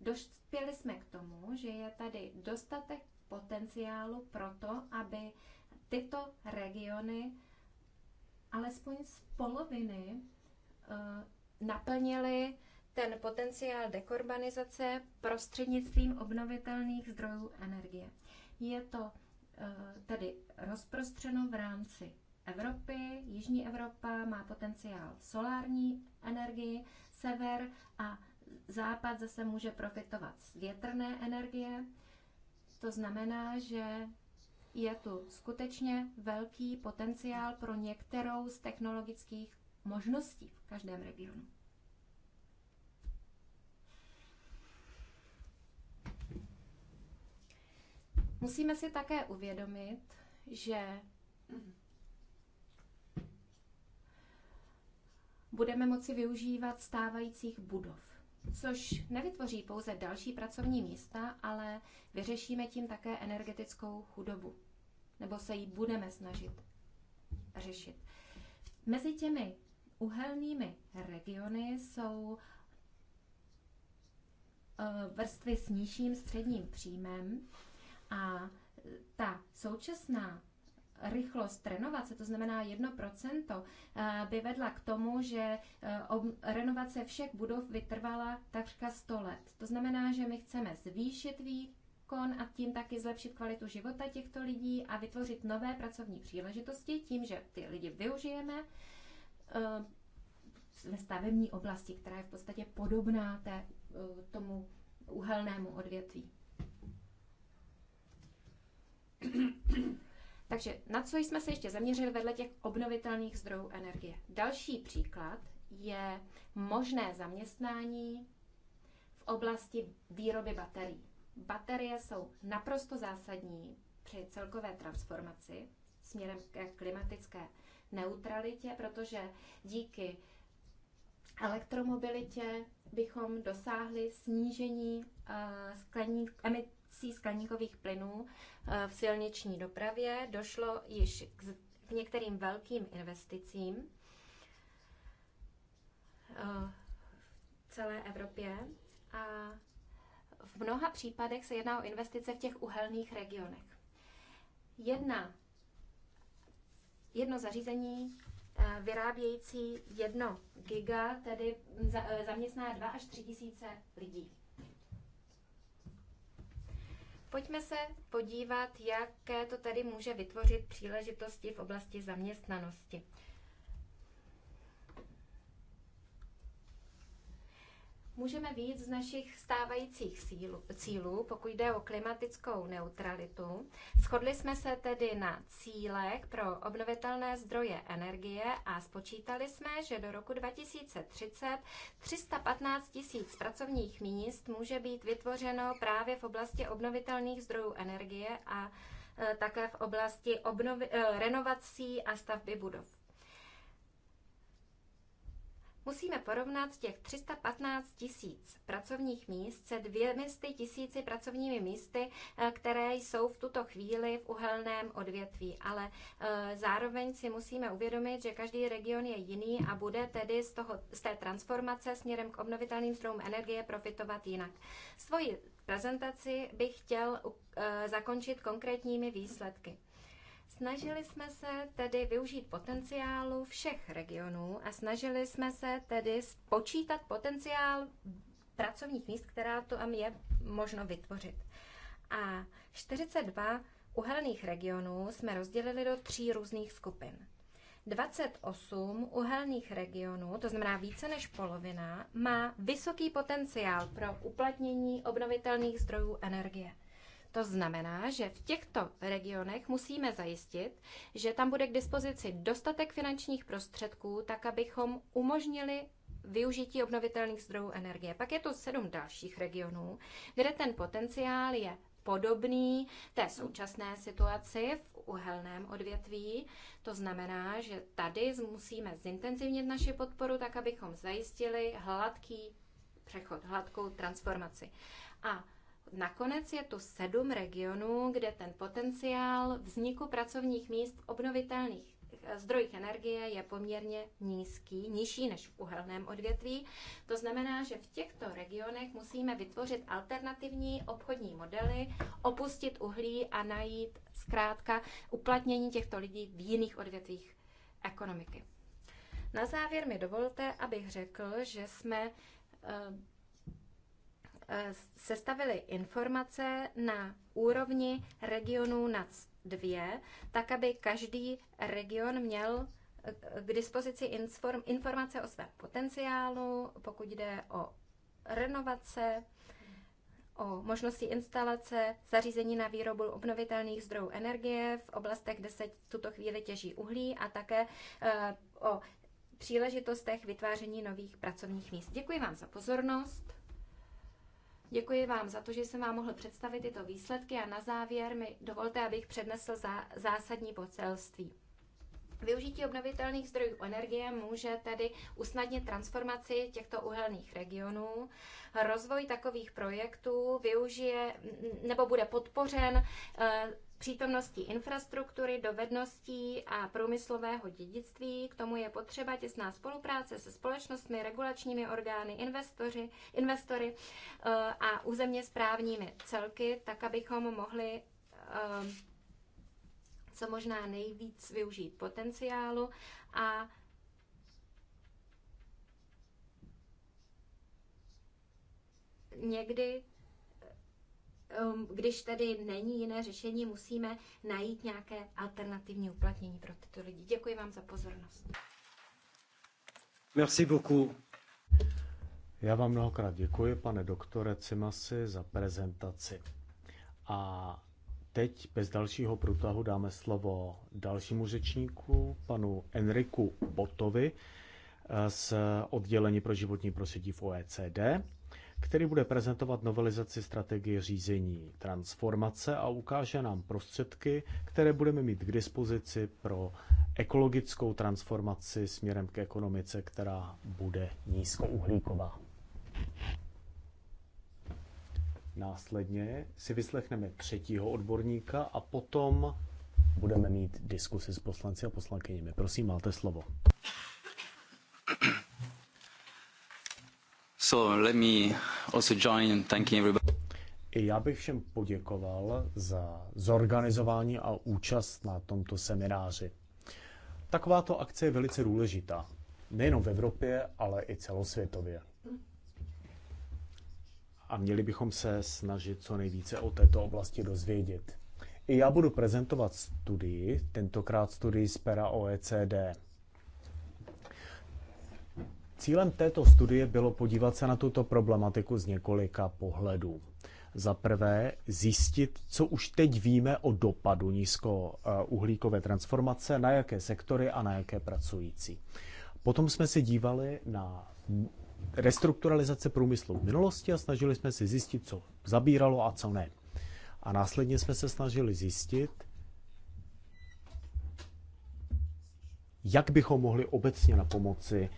Speaker 3: dospěli jsme k tomu, že je tady dostatek potenciálu pro to, aby tyto regiony alespoň z poloviny eh, naplnily ten potenciál dekorbanizace prostřednictvím obnovitelných zdrojů energie. Je to eh, tedy rozprostřeno v rámci Evropy. Jižní Evropa má potenciál solární energii, sever a západ zase může profitovat z větrné energie. To znamená, že je tu skutečně velký potenciál pro některou z technologických možností v každém regionu. Musíme si také uvědomit, že budeme moci využívat stávajících budov, což nevytvoří pouze další pracovní místa, ale vyřešíme tím také energetickou chudobu, nebo se ji budeme snažit řešit. Mezi těmi uhelnými regiony jsou eh, vrstvy s nižším středním příjmem a ta současná rychlost renovace, to znamená 1%, eh, by vedla k tomu, že eh, renovace všech budov vytrvala takřka 100 let. To znamená, že my chceme zvýšit výkon a tím taky zlepšit kvalitu života těchto lidí a vytvořit nové pracovní příležitosti tím, že ty lidi využijeme eh, ve stavební oblasti, která je v podstatě podobná té, tomu uhelnému odvětví. Takže na co jsme se ještě zaměřili vedle těch obnovitelných zdrojů energie? Další příklad je možné zaměstnání v oblasti výroby baterií. Baterie jsou naprosto zásadní při celkové transformaci směrem ke klimatické neutralitě, protože díky elektromobilitě bychom dosáhli snížení eh, skleník, emisí skleníkových plynů eh, v silniční dopravě. Došlo již k některým velkým investicím eh, v celé Evropě a v mnoha případech se jedná o investice v těch uhelných regionech. Jedna, jedno zařízení eh, vyrábějící jedno giga, tedy zaměstná 2 až 3 tisíce lidí. Pojďme se podívat, jaké to tady může vytvořit příležitosti v oblasti zaměstnanosti. můžeme výjít z našich stávajících cílů, pokud jde o klimatickou neutralitu. Shodli jsme se tedy na cílech pro obnovitelné zdroje energie a spočítali jsme, že do roku 2030 315 tisíc pracovních míst může být vytvořeno právě v oblasti obnovitelných zdrojů energie a e, také v oblasti obnovi, e, renovací a stavby budov musíme porovnat těch 315 tisíc pracovních míst se 200 tisíci pracovními místy, eh, které jsou v tuto chvíli v uhelném odvětví. Ale eh, zároveň si musíme uvědomit, že každý region je jiný a bude tedy z, toho, z té transformace směrem k obnovitelným zdrojům energie profitovat jinak. Svoji prezentaci bych chtěl eh, zakončit konkrétními výsledky. Snažili jsme se tedy využít potenciálu všech regionů a snažili jsme se tedy spočítat potenciál pracovních míst, která to tam je možno vytvořit. A 42 uhelných regionů jsme rozdělili do tří různých skupin. 28 uhelných regionů, to znamená více než polovina, má vysoký potenciál pro uplatnění obnovitelných zdrojů energie. To znamená, že v těchto regionech musíme zajistit, že tam bude k dispozici dostatek finančních prostředků, tak abychom umožnili využití obnovitelných zdrojů energie. Pak je to sedm dalších regionů, kde ten potenciál je podobný té současné situaci v uhelném odvětví. To znamená, že tady musíme zintenzivnit naši podporu tak, abychom zajistili hladký přechod, hladkou transformaci. A Nakonec je tu sedm regionů, kde ten potenciál vzniku pracovních míst v obnovitelných eh, zdrojích energie je poměrně nízký, nižší než v uhelném odvětví. To znamená, že v těchto regionech musíme vytvořit alternativní obchodní modely, opustit uhlí a najít zkrátka uplatnění těchto lidí v jiných odvětvích ekonomiky. Na závěr mi dovolte, abych řekl, že jsme eh, Eh, sestavili informace na úrovni regionů NAC 2, tak aby každý region měl eh, k dispozici informace o svém potenciálu, pokud jde o renovace, o možnosti instalace zařízení na výrobu obnovitelných zdrojů energie v oblastech, kde se tuto chvíli těží uhlí a také eh, o příležitostech vytváření nových pracovních míst. Děkuji vám za pozornost. Děkuji vám za to, že jsem vám mohl představit tyto výsledky a na závěr mi dovolte, abych přednesl zásadní poselství. Využití obnovitelných zdrojů energie může tedy usnadnit transformaci těchto uhelných regionů. Rozvoj takových projektů využije nebo bude podpořen eh, přítomností infrastruktury, dovedností a průmyslového dědictví. K tomu je potřeba těsná spolupráce se společnostmi, regulačními orgány, investoři, investory eh, a územně správními celky, tak abychom mohli eh, co možná nejvíc využít potenciálu a někdy Um, když tedy není jiné řešení, musíme najít nějaké alternativní uplatnění pro tyto lidi. Děkuji vám za pozornost.
Speaker 1: Merci beaucoup. Já vám mnohokrát děkuji, pane doktore Cimasi, za prezentaci. A teď bez dalšího průtahu dáme slovo dalšímu řečníku, panu Enriku Botovi eh, z oddělení pro životní prostředí v OECD který bude prezentovat novelizaci strategie řízení transformace a ukáže nám prostředky, které budeme mít k dispozici pro ekologickou transformaci směrem k ekonomice, která bude nízkouhlíková. Následně si vyslechneme třetího odborníka a potom budeme mít diskusi s poslanci a poslankyněmi. Prosím, máte slovo.
Speaker 3: So let me also join thanking everybody.
Speaker 1: I já bych všem poděkoval za zorganizování a účast na tomto semináři. Takováto akce je velice důležitá, nejenom v Evropě, ale i celosvětově. A měli bychom se snažit co nejvíce o této oblasti dozvědět. I já budu prezentovat studii, tentokrát studii z pera OECD. Cílem této studie bylo podívat se na tuto problematiku z několika pohledů. Za prvé zjistit, co už teď víme o dopadu nízkouhlíkové transformace, na jaké sektory a na jaké pracující. Potom jsme se dívali na restrukturalizace průmyslu v minulosti a snažili jsme se zjistit, co zabíralo a co ne. A následně jsme se snažili zjistit, jak bychom mohli obecně na pomoci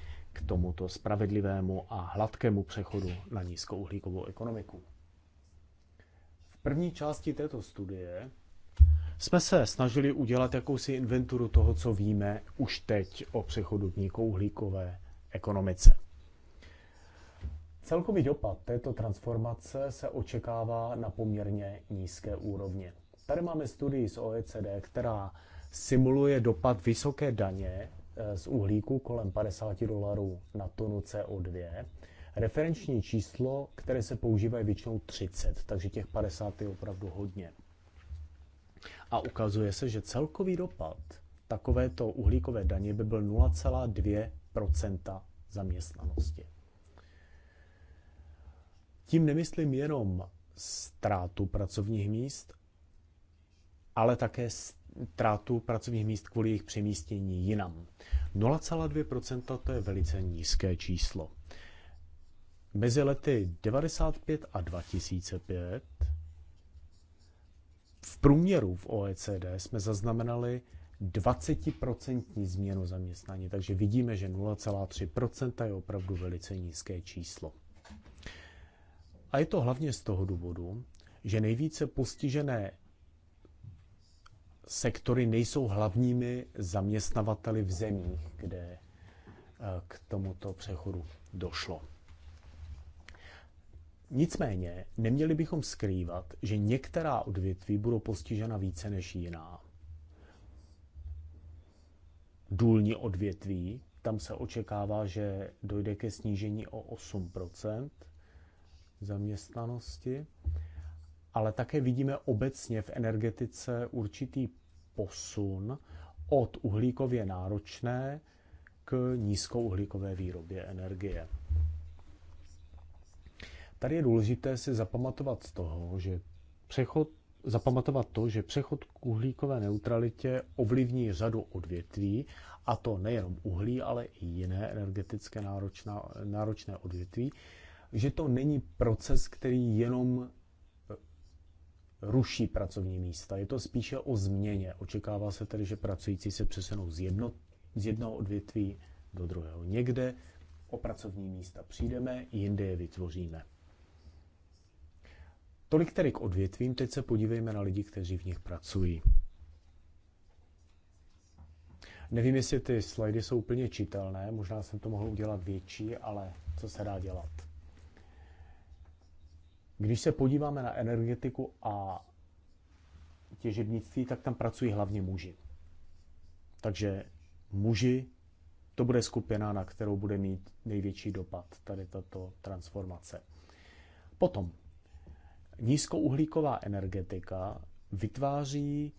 Speaker 1: k tomuto spravedlivému a hladkému přechodu na nízkouhlíkovou ekonomiku. V první části této studie jsme se snažili udělat jakousi inventuru toho, co víme už teď o přechodu k nízkouhlíkové ekonomice. Celkový dopad této transformace se očekává na poměrně nízké úrovně. Tady máme studii z OECD, která simuluje dopad vysoké daně Eh, z uhlíku kolem 50 dolarů na tonu CO2. Referenční číslo, které se používá, je většinou 30, takže těch 50 je opravdu hodně. A ukazuje se, že celkový dopad takovéto uhlíkové daně by byl 0,2 zaměstnanosti. Tím nemyslím jenom ztrátu pracovních míst, ale také trátu pracovních míst kvůli jejich přemístění jinam. 0,2% to je velice nízké číslo. Mezi lety 95 a 2005 v průměru v OECD jsme zaznamenali 20% změnu zaměstnání, takže vidíme, že 0,3% je opravdu velice nízké číslo. A je to hlavně z toho důvodu, že nejvíce postižené sektory nejsou hlavními zaměstnavateli v zemích, kde eh, k tomuto přechodu došlo. Nicméně neměli bychom skrývat, že některá odvětví budou postižena více než jiná. Důlní odvětví, tam se očekává, že dojde ke snížení o 8 zaměstnanosti, ale také vidíme obecně v energetice určitý posun od uhlíkově náročné k nízkouhlíkové výrobě energie. Tady je důležité si zapamatovat z toho, že přechod, zapamatovat to, že přechod k uhlíkové neutralitě ovlivní řadu odvětví, a to nejenom uhlí, ale i jiné energetické náročná, náročné odvětví, že to není proces, který jenom ruší pracovní místa. Je to spíše o změně. Očekává se tedy, že pracující se přesunou z, jedno, z jednoho odvětví do druhého. Někde o pracovní místa přijdeme, jinde je vytvoříme. Tolik tedy k odvětvím, teď se podívejme na lidi, kteří v nich pracují. Nevím, jestli ty slajdy jsou úplně čitelné, možná jsem to mohl udělat větší, ale co se dá dělat. Když se podíváme na energetiku a těžebnictví, tak tam pracují hlavně muži. Takže muži, to bude skupina, na kterou bude mít největší dopad tady tato transformace. Potom, nízkouhlíková energetika vytváří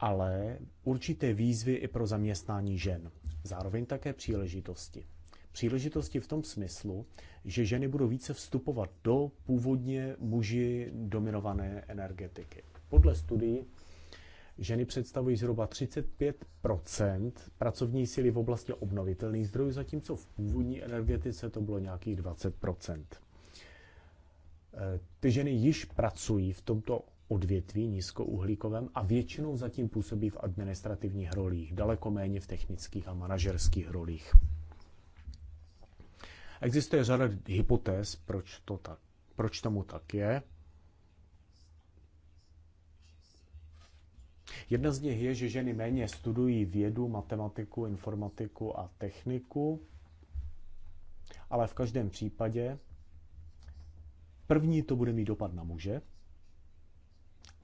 Speaker 1: ale určité výzvy i pro zaměstnání žen. Zároveň také příležitosti. Příležitosti v tom smyslu, že ženy budou více vstupovat do původně muži dominované energetiky. Podle studií ženy představují zhruba 35 pracovní síly v oblasti obnovitelných zdrojů, zatímco v původní energetice to bylo nějakých 20 Ty ženy již pracují v tomto odvětví nízkouhlíkovém a většinou zatím působí v administrativních rolích, daleko méně v technických a manažerských rolích. Existuje řada hypotéz, proč, to tak, proč tomu tak je. Jedna z nich je, že ženy méně studují vědu, matematiku, informatiku a techniku, ale v každém případě první to bude mít dopad na muže,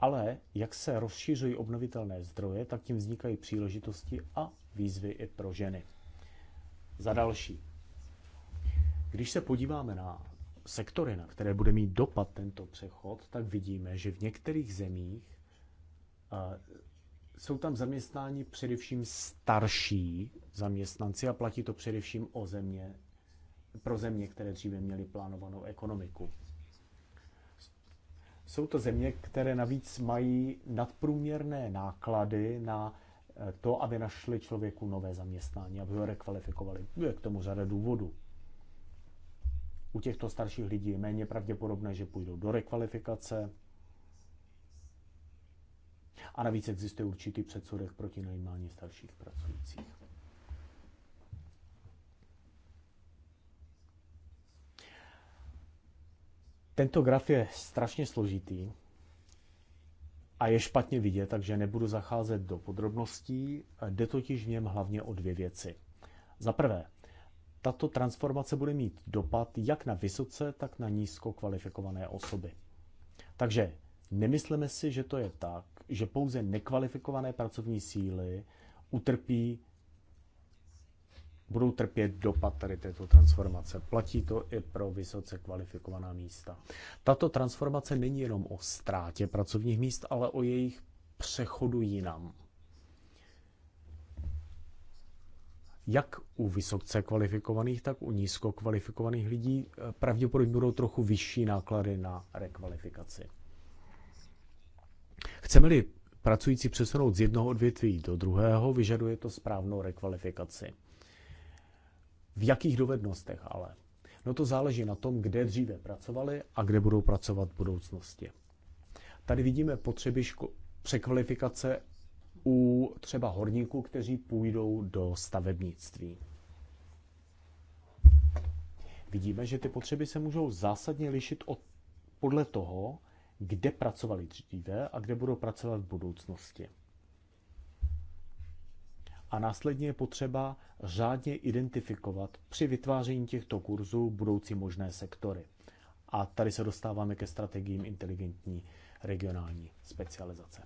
Speaker 1: ale jak se rozšiřují obnovitelné zdroje, tak tím vznikají příležitosti a výzvy i pro ženy. Za další, když se podíváme na sektory, na které bude mít dopad tento přechod, tak vidíme, že v některých zemích eh, jsou tam zaměstnáni především starší zaměstnanci a platí to především o země, pro země, které dříve měly plánovanou ekonomiku. Jsou to země, které navíc mají nadprůměrné náklady na eh, to, aby našli člověku nové zaměstnání, aby ho rekvalifikovali. Je k tomu řada důvodů. U těchto starších lidí je méně pravděpodobné, že půjdou do rekvalifikace. A navíc existuje určitý předsudek proti najímání starších pracujících. Tento graf je strašně složitý a je špatně vidět, takže nebudu zacházet do podrobností. Jde totiž v něm hlavně o dvě věci. Za prvé, tato transformace bude mít dopad jak na vysoce, tak na nízko kvalifikované osoby. Takže nemyslíme si, že to je tak, že pouze nekvalifikované pracovní síly utrpí budou trpět dopad tady této transformace. Platí to i pro vysoce kvalifikovaná místa. Tato transformace není jenom o ztrátě pracovních míst, ale o jejich přechodu jinam. jak u vysokce kvalifikovaných, tak u nízko kvalifikovaných lidí eh, pravděpodobně budou trochu vyšší náklady na rekvalifikaci. Chceme-li pracující přesunout z jednoho odvětví do druhého, vyžaduje to správnou rekvalifikaci. V jakých dovednostech ale? No to záleží na tom, kde dříve pracovali a kde budou pracovat v budoucnosti. Tady vidíme potřeby ško- překvalifikace u třeba horníků, kteří půjdou do stavebnictví. Vidíme, že ty potřeby se můžou zásadně lišit od, podle toho, kde pracovali dříve a kde budou pracovat v budoucnosti. A následně je potřeba řádně identifikovat při vytváření těchto kurzů budoucí možné sektory. A tady se dostáváme ke strategiím inteligentní regionální specializace.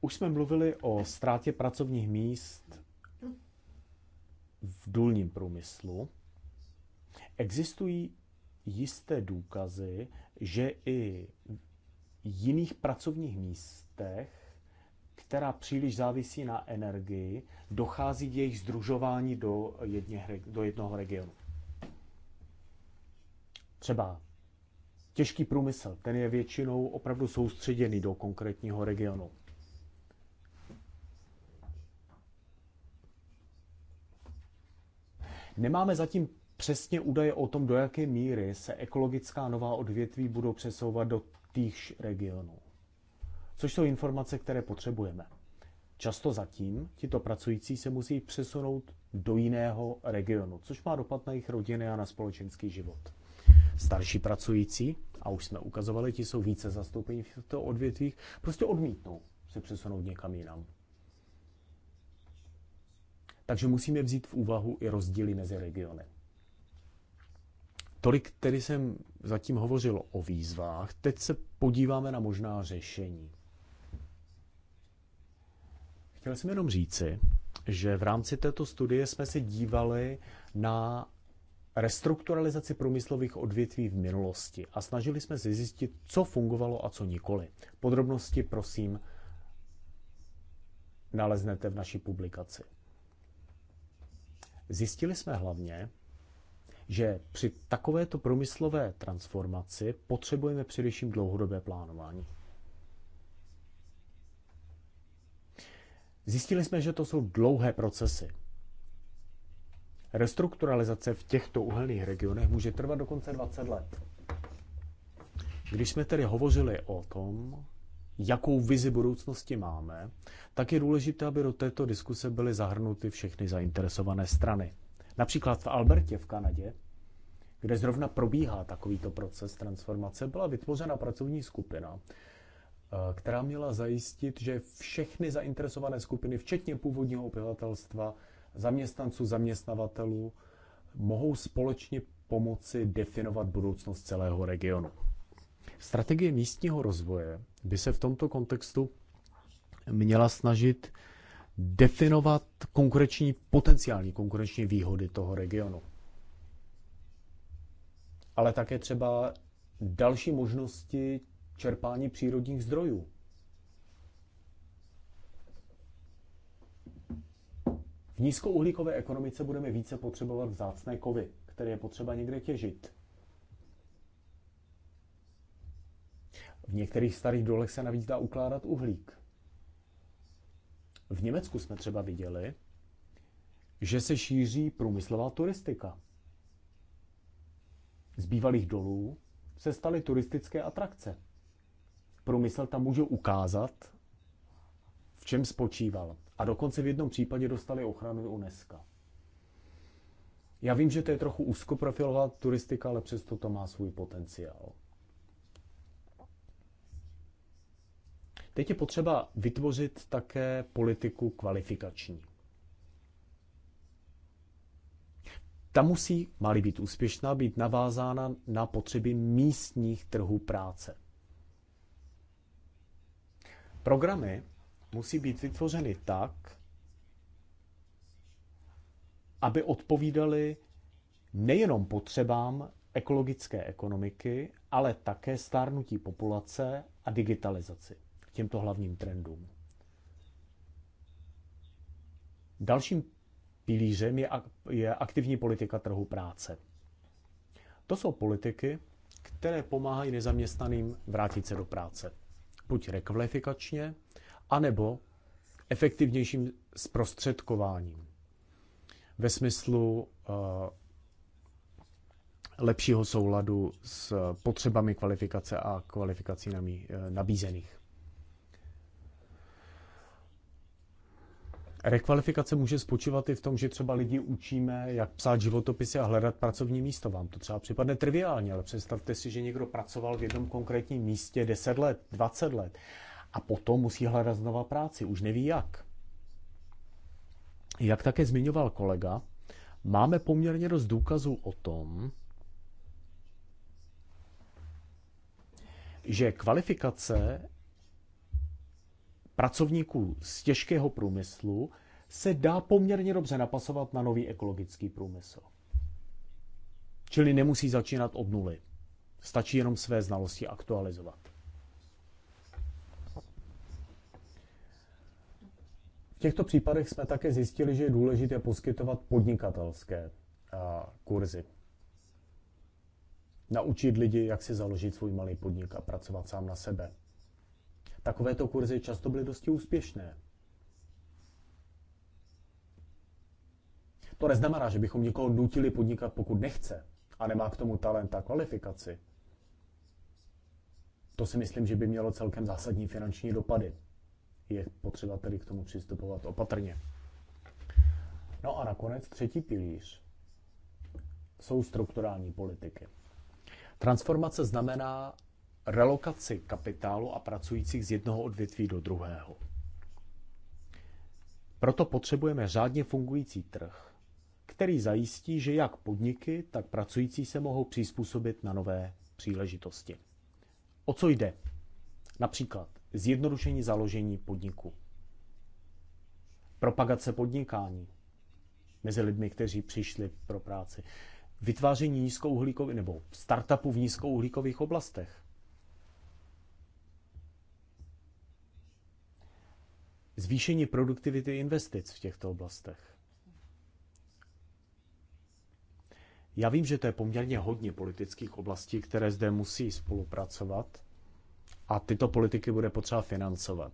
Speaker 1: Už jsme mluvili o ztrátě pracovních míst v důlním průmyslu. Existují jisté důkazy, že i jiných pracovních místech, která příliš závisí na energii, dochází k jejich združování do, jedně, do jednoho regionu. Třeba těžký průmysl, ten je většinou opravdu soustředěný do konkrétního regionu. Nemáme zatím přesně údaje o tom, do jaké míry se ekologická nová odvětví budou přesouvat do týchž regionů. Což jsou informace, které potřebujeme. Často zatím tito pracující se musí přesunout do jiného regionu, což má dopad na jejich rodiny a na společenský život. Starší pracující, a už jsme ukazovali, ti jsou více zastoupení v těchto odvětvích, prostě odmítnou se přesunout někam jinam. Takže musíme vzít v úvahu i rozdíly mezi regiony. Tolik tedy jsem zatím hovořil o výzvách. Teď se podíváme na možná řešení. Chtěl jsem jenom říci, že v rámci této studie jsme se dívali na restrukturalizaci průmyslových odvětví v minulosti a snažili jsme se zjistit, co fungovalo a co nikoli. Podrobnosti prosím naleznete v naší publikaci. Zjistili jsme hlavně, že při takovéto průmyslové transformaci potřebujeme především dlouhodobé plánování. Zjistili jsme, že to jsou dlouhé procesy. Restrukturalizace v těchto uhelných regionech může trvat dokonce 20 let. Když jsme tedy hovořili o tom, jakou vizi budoucnosti máme, tak je důležité, aby do této diskuse byly zahrnuty všechny zainteresované strany. Například v Albertě v Kanadě, kde zrovna probíhá takovýto proces transformace, byla vytvořena pracovní skupina, eh, která měla zajistit, že všechny zainteresované skupiny, včetně původního obyvatelstva, zaměstnanců, zaměstnavatelů, mohou společně pomoci definovat budoucnost celého regionu. Strategie místního rozvoje by se v tomto kontextu měla snažit definovat konkurenční, potenciální konkurenční výhody toho regionu. Ale také třeba další možnosti čerpání přírodních zdrojů. V nízkouhlíkové ekonomice budeme více potřebovat vzácné kovy, které je potřeba někde těžit. V některých starých dolech se navíc dá ukládat uhlík. V Německu jsme třeba viděli, že se šíří průmyslová turistika. Z bývalých dolů se staly turistické atrakce. Průmysl tam může ukázat, v čem spočíval. A dokonce v jednom případě dostali ochranu UNESCO. Já vím, že to je trochu úzkoprofilová turistika, ale přesto to má svůj potenciál. Teď je potřeba vytvořit také politiku kvalifikační. Ta musí, má být úspěšná, být navázána na potřeby místních trhů práce. Programy musí být vytvořeny tak, aby odpovídaly nejenom potřebám ekologické ekonomiky, ale také stárnutí populace a digitalizaci těmto hlavním trendům. Dalším pilířem je aktivní politika trhu práce. To jsou politiky, které pomáhají nezaměstnaným vrátit se do práce. Buď rekvalifikačně, anebo efektivnějším zprostředkováním. Ve smyslu eh, lepšího souladu s potřebami kvalifikace a kvalifikací eh, nabízených. Rekvalifikace může spočívat i v tom, že třeba lidi učíme, jak psát životopisy a hledat pracovní místo. Vám to třeba připadne triviálně, ale představte si, že někdo pracoval v jednom konkrétním místě 10 let, 20 let a potom musí hledat znova práci, už neví jak. Jak také zmiňoval kolega, máme poměrně dost důkazů o tom, že kvalifikace pracovníků z těžkého průmyslu se dá poměrně dobře napasovat na nový ekologický průmysl. Čili nemusí začínat od nuly. Stačí jenom své znalosti aktualizovat. V těchto případech jsme také zjistili, že je důležité poskytovat podnikatelské kurzy. Naučit lidi, jak si založit svůj malý podnik a pracovat sám na sebe. Takovéto kurzy často byly dosti úspěšné. To neznamená, že bychom někoho nutili podnikat, pokud nechce a nemá k tomu talent a kvalifikaci. To si myslím, že by mělo celkem zásadní finanční dopady. Je potřeba tedy k tomu přistupovat opatrně. No a nakonec třetí pilíř jsou strukturální politiky. Transformace znamená relokaci kapitálu a pracujících z jednoho odvětví do druhého. Proto potřebujeme řádně fungující trh, který zajistí, že jak podniky, tak pracující se mohou přizpůsobit na nové příležitosti. O co jde? Například zjednodušení založení podniku, propagace podnikání mezi lidmi, kteří přišli pro práci, vytváření nízkouhlíkových nebo startupů v nízkouhlíkových oblastech, zvýšení produktivity investic v těchto oblastech. Já vím, že to je poměrně hodně politických oblastí, které zde musí spolupracovat a tyto politiky bude potřeba financovat.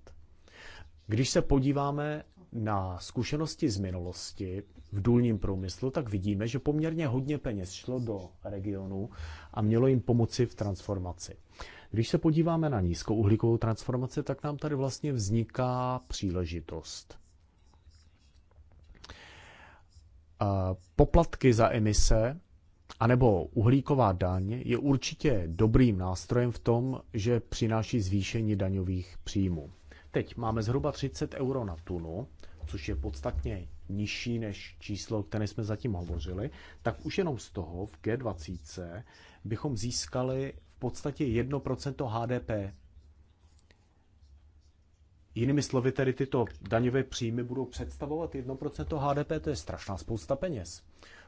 Speaker 1: Když se podíváme na zkušenosti z minulosti v důlním průmyslu, tak vidíme, že poměrně hodně peněz šlo do regionu a mělo jim pomoci v transformaci. Když se podíváme na nízkouhlíkovou transformaci, tak nám tady vlastně vzniká příležitost. Eh, poplatky za emise anebo uhlíková daň je určitě dobrým nástrojem v tom, že přináší zvýšení daňových příjmů. Teď máme zhruba 30 euro na tunu, což je podstatně nižší než číslo, o které jsme zatím hovořili, tak už jenom z toho v G20 bychom získali podstatě 1% HDP. Jinými slovy, tedy tyto daňové příjmy budou představovat 1% HDP, to je strašná spousta peněz.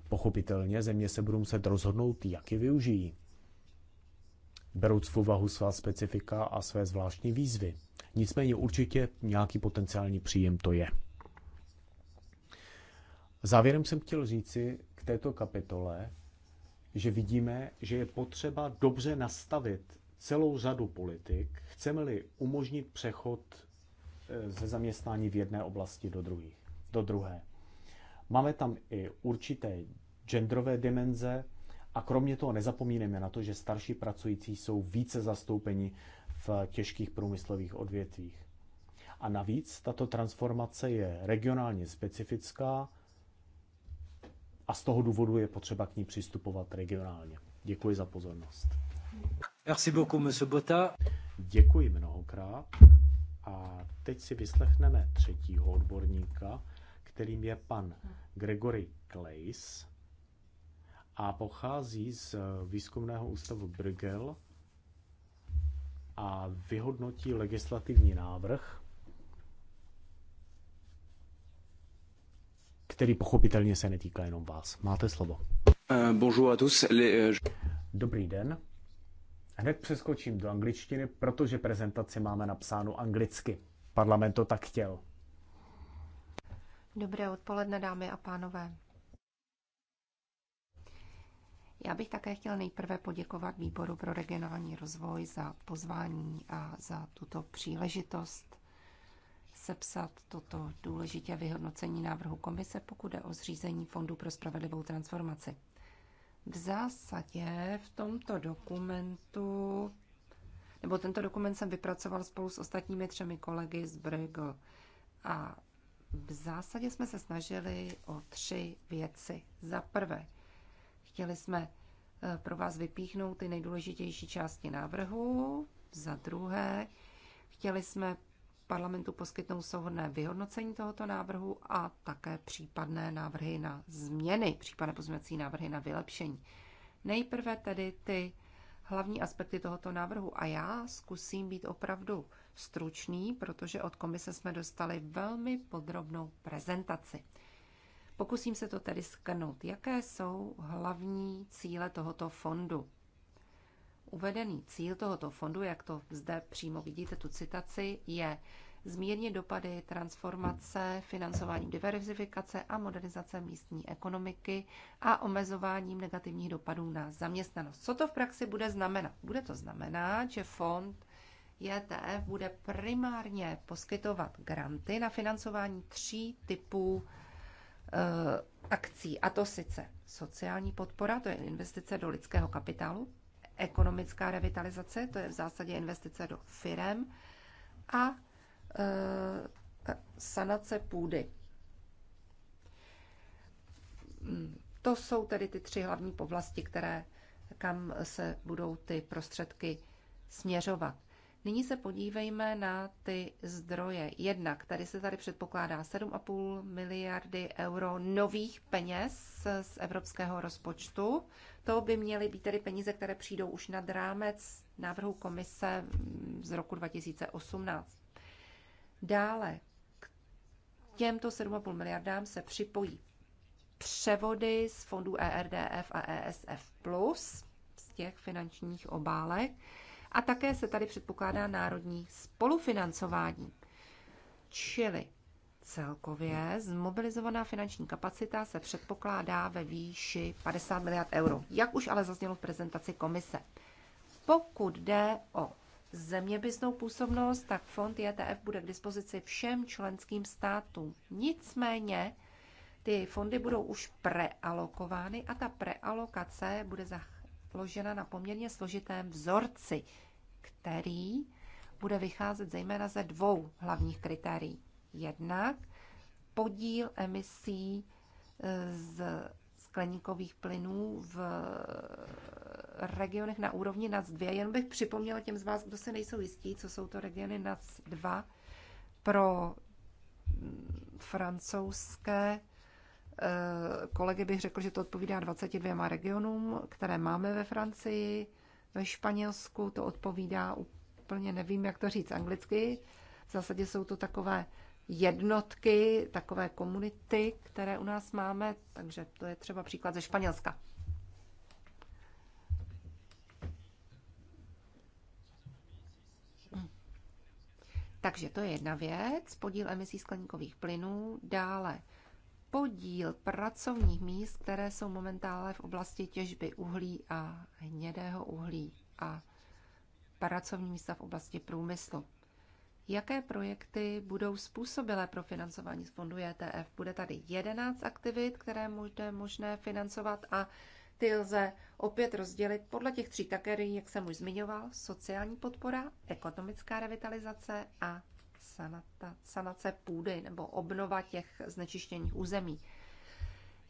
Speaker 1: Pochopitelně země se budou muset rozhodnout, jak je využijí. Berouc v úvahu svá specifika a své zvláštní výzvy. Nicméně určitě nějaký potenciální příjem to je. Závěrem jsem chtěl říci k této kapitole, že vidíme, že je potřeba dobře nastavit celou řadu politik, chceme-li umožnit přechod eh, ze zaměstnání v jedné oblasti do, druhých, do druhé. Máme tam i určité genderové dimenze a kromě toho nezapomínáme na to, že starší pracující jsou více zastoupeni v těžkých průmyslových odvětvích. A navíc tato transformace je regionálně specifická, a z toho důvodu je potřeba k ní přistupovat regionálně. Děkuji za pozornost. Merci beaucoup, monsieur Bota. Děkuji mnohokrát. A teď si vyslechneme třetího odborníka, kterým je pan Gregory Clays a pochází z výzkumného ústavu Brgel a vyhodnotí legislativní návrh který pochopitelně se netýká jenom vás. Máte slovo. Eh, eh, Dobrý den. Hned přeskočím do angličtiny, protože prezentaci máme napsánu anglicky. Parlament to tak chtěl.
Speaker 2: Dobré odpoledne, dámy a pánové. Já bych také chtěl nejprve poděkovat Výboru pro regionální rozvoj za pozvání a za tuto příležitost sepsat toto důležité vyhodnocení návrhu komise, pokud jde o zřízení Fondu pro spravedlivou transformaci. V zásadě v tomto dokumentu, nebo tento dokument jsem vypracoval spolu s ostatními třemi kolegy z Brügel. A v zásadě jsme se snažili o tři věci. Za prvé, chtěli jsme eh, pro vás vypíchnout ty nejdůležitější části návrhu. Za druhé, chtěli jsme parlamentu poskytnou souhodné vyhodnocení tohoto návrhu a také případné návrhy na změny, případné pozměňovací návrhy na vylepšení. Nejprve tedy ty hlavní aspekty tohoto návrhu a já zkusím být opravdu stručný, protože od komise jsme dostali velmi podrobnou prezentaci. Pokusím se to tedy skrnout. Jaké jsou hlavní cíle tohoto fondu? Uvedený cíl tohoto fondu, jak to zde přímo vidíte, tu citaci, je zmírnit dopady transformace, financováním diverzifikace a modernizace místní ekonomiky a omezováním negativních dopadů na zaměstnanost. Co to v praxi bude znamenat? Bude to znamenat, že fond JTF e bude primárně poskytovat granty na financování tří typů eh, akcí, a to sice sociální podpora, to je investice do lidského kapitálu, ekonomická revitalizace, to je v zásadě investice do firem, a Eh, sanace půdy. Hmm, to jsou tedy ty tři hlavní povlasti, které, kam se budou ty prostředky směřovat. Nyní se podívejme na ty zdroje. Jednak tady se tady předpokládá 7,5 miliardy euro nových peněz z evropského rozpočtu. To by měly být tedy peníze, které přijdou už nad rámec návrhu komise z roku 2018. Dále k těmto 7,5 miliardám se připojí převody z fondů ERDF a ESF+, z těch finančních obálek, a také se tady předpokládá národní spolufinancování. Čili celkově zmobilizovaná finanční kapacita se předpokládá ve výši 50 miliard euro, jak už ale zaznělo v prezentaci komise. Pokud jde o zeměpisnou působnost, tak fond JTF bude k dispozici všem členským státům. Nicméně ty fondy budou už prealokovány a ta prealokace bude založena na poměrně složitém vzorci, který bude vycházet zejména ze dvou hlavních kritérií. Jednak podíl emisí eh, z skleníkových plynů v regionech na úrovni NAC 2. Jen bych připomněla těm z vás, kdo se nejsou jistí, co jsou to regiony NAC 2 pro francouzské eh, kolegy bych řekl, že to odpovídá 22 regionům, které máme ve Francii, ve Španělsku to odpovídá úplně, nevím, jak to říct anglicky, v zásadě jsou to takové jednotky, takové komunity, které u nás máme, takže to je třeba příklad ze Španělska. Takže to je jedna věc, podíl emisí skleníkových plynů, dále podíl pracovních míst, které jsou momentálně v oblasti těžby uhlí a hnědého uhlí a pracovní místa v oblasti průmyslu. Jaké projekty budou způsobilé pro financování z fondu JTF? E bude tady 11 aktivit, které bude možné financovat a ty lze opět rozdělit podle těch tří kategorií, jak jsem už zmiňoval, sociální podpora, ekonomická revitalizace a sanata, sanace půdy nebo obnova těch znečištěných území.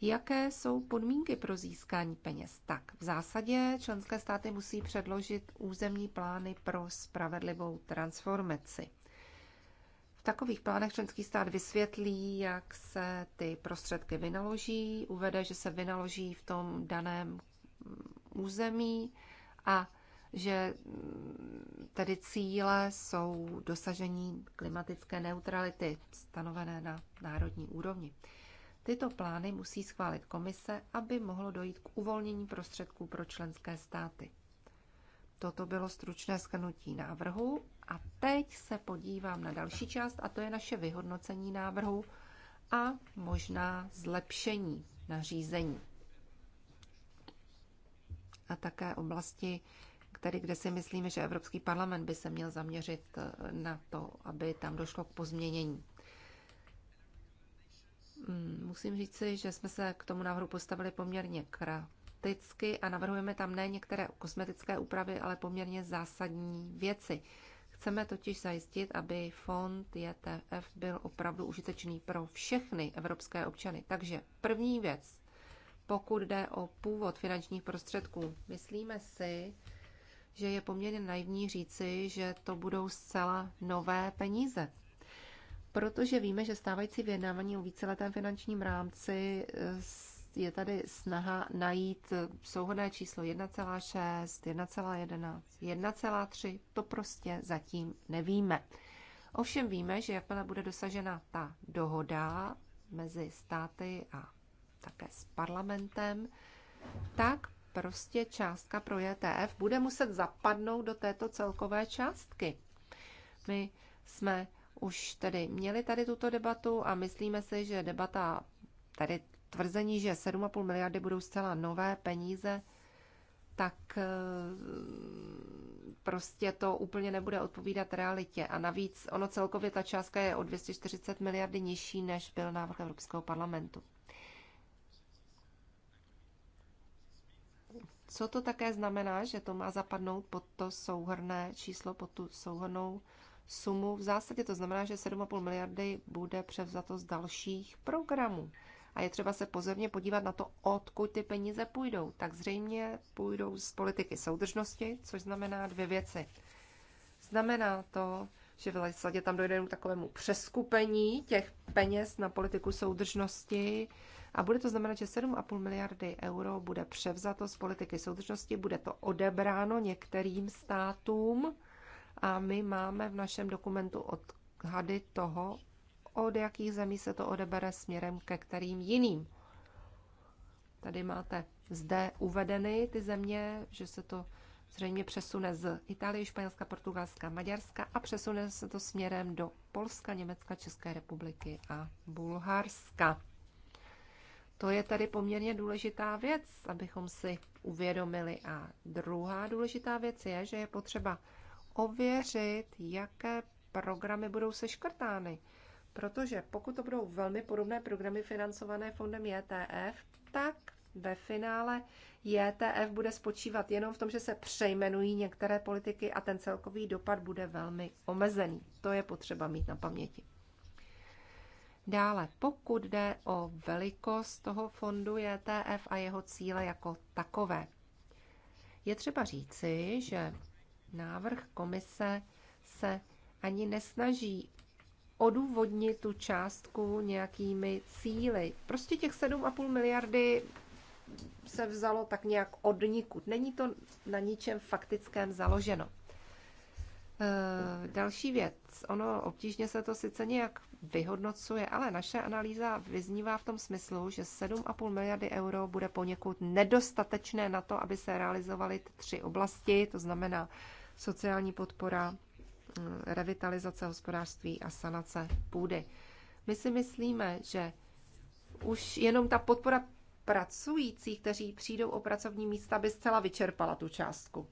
Speaker 2: Jaké jsou podmínky pro získání peněz? Tak v zásadě členské státy musí předložit územní plány pro spravedlivou transformaci takových plánech členský stát vysvětlí, jak se ty prostředky vynaloží, uvede, že se vynaloží v tom daném území a že mm, tedy cíle jsou dosažení klimatické neutrality stanovené na národní úrovni. Tyto plány musí schválit komise, aby mohlo dojít k uvolnění prostředků pro členské státy. Toto bylo stručné schrnutí návrhu a teď se podívám na další část a to je naše vyhodnocení návrhu a možná zlepšení nařízení. A také oblasti, které, kde si myslíme, že Evropský parlament by se měl zaměřit eh, na to, aby tam došlo k pozměnění. Mm, musím říci, že jsme se k tomu návrhu postavili poměrně kraticky a navrhujeme tam ne některé kosmetické úpravy, ale poměrně zásadní věci. Chceme totiž zajistit, aby fond JTF e byl opravdu užitečný pro všechny evropské občany. Takže první věc, pokud jde o původ finančních prostředků, myslíme si, že je poměrně naivní říci, že to budou zcela nové peníze. Protože víme, že stávající vyjednávání o víceletém finančním rámci je tady snaha najít souhodné číslo 1,6, 1,11, 1,3, to prostě zatím nevíme. Ovšem víme, že jakmile bude dosažena ta dohoda mezi státy a také s parlamentem, tak prostě částka pro JTF e bude muset zapadnout do této celkové částky. My jsme už tedy měli tady tuto debatu a myslíme si, že debata tady tvrzení, že 7,5 miliardy budou zcela nové peníze, tak eh, prostě to úplně nebude odpovídat realitě. A navíc ono celkově ta částka je o 240 miliardy nižší, než byl návrh Evropského parlamentu. Co to také znamená, že to má zapadnout pod to souhrné číslo, pod tu souhrnou sumu? V zásadě to znamená, že 7,5 miliardy bude převzato z dalších programů a je třeba se pozorně podívat na to, odkud ty peníze půjdou. Tak zřejmě půjdou z politiky soudržnosti, což znamená dvě věci. Znamená to, že v zásadě tam dojde k takovému přeskupení těch peněz na politiku soudržnosti a bude to znamenat, že 7,5 miliardy euro bude převzato z politiky soudržnosti, bude to odebráno některým státům a my máme v našem dokumentu odhady toho, od jakých zemí se to odebere směrem ke kterým jiným. Tady máte zde uvedeny ty země, že se to zřejmě přesune z Itálie, Španělska, Portugalska, Maďarska a přesune se to směrem do Polska, Německa, České republiky a Bulharska. To je tady poměrně důležitá věc, abychom si uvědomili. A druhá důležitá věc je, že je potřeba ověřit, jaké programy budou seškrtány. Protože pokud to budou velmi podobné programy financované fondem JTF, e tak ve finále JTF e bude spočívat jenom v tom, že se přejmenují některé politiky a ten celkový dopad bude velmi omezený. To je potřeba mít na paměti. Dále, pokud jde o velikost toho fondu JTF e a jeho cíle jako takové, je třeba říci, že návrh komise se ani nesnaží odůvodnit tu částku nějakými cíly. Prostě těch 7,5 miliardy se vzalo tak nějak od nikud. Není to na ničem faktickém založeno. E, další věc. Ono obtížně se to sice nějak vyhodnocuje, ale naše analýza vyznívá v tom smyslu, že 7,5 miliardy euro bude poněkud nedostatečné na to, aby se realizovaly tři oblasti, to znamená sociální podpora, revitalizace hospodářství a sanace půdy. My si myslíme, že už jenom ta podpora pracujících, kteří přijdou o pracovní místa, by zcela vyčerpala tu částku.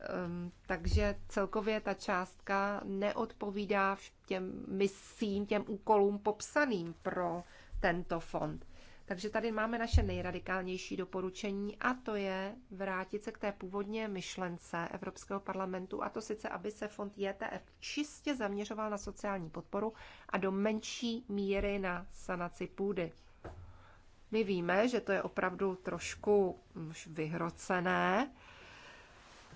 Speaker 2: Ehm, takže celkově ta částka neodpovídá těm misím, těm úkolům popsaným pro tento fond. Takže tady máme naše nejradikálnější doporučení a to je vrátit se k té původně myšlence Evropského parlamentu a to sice, aby se fond JTF e čistě zaměřoval na sociální podporu a do menší míry na sanaci půdy. My víme, že to je opravdu trošku už vyhrocené,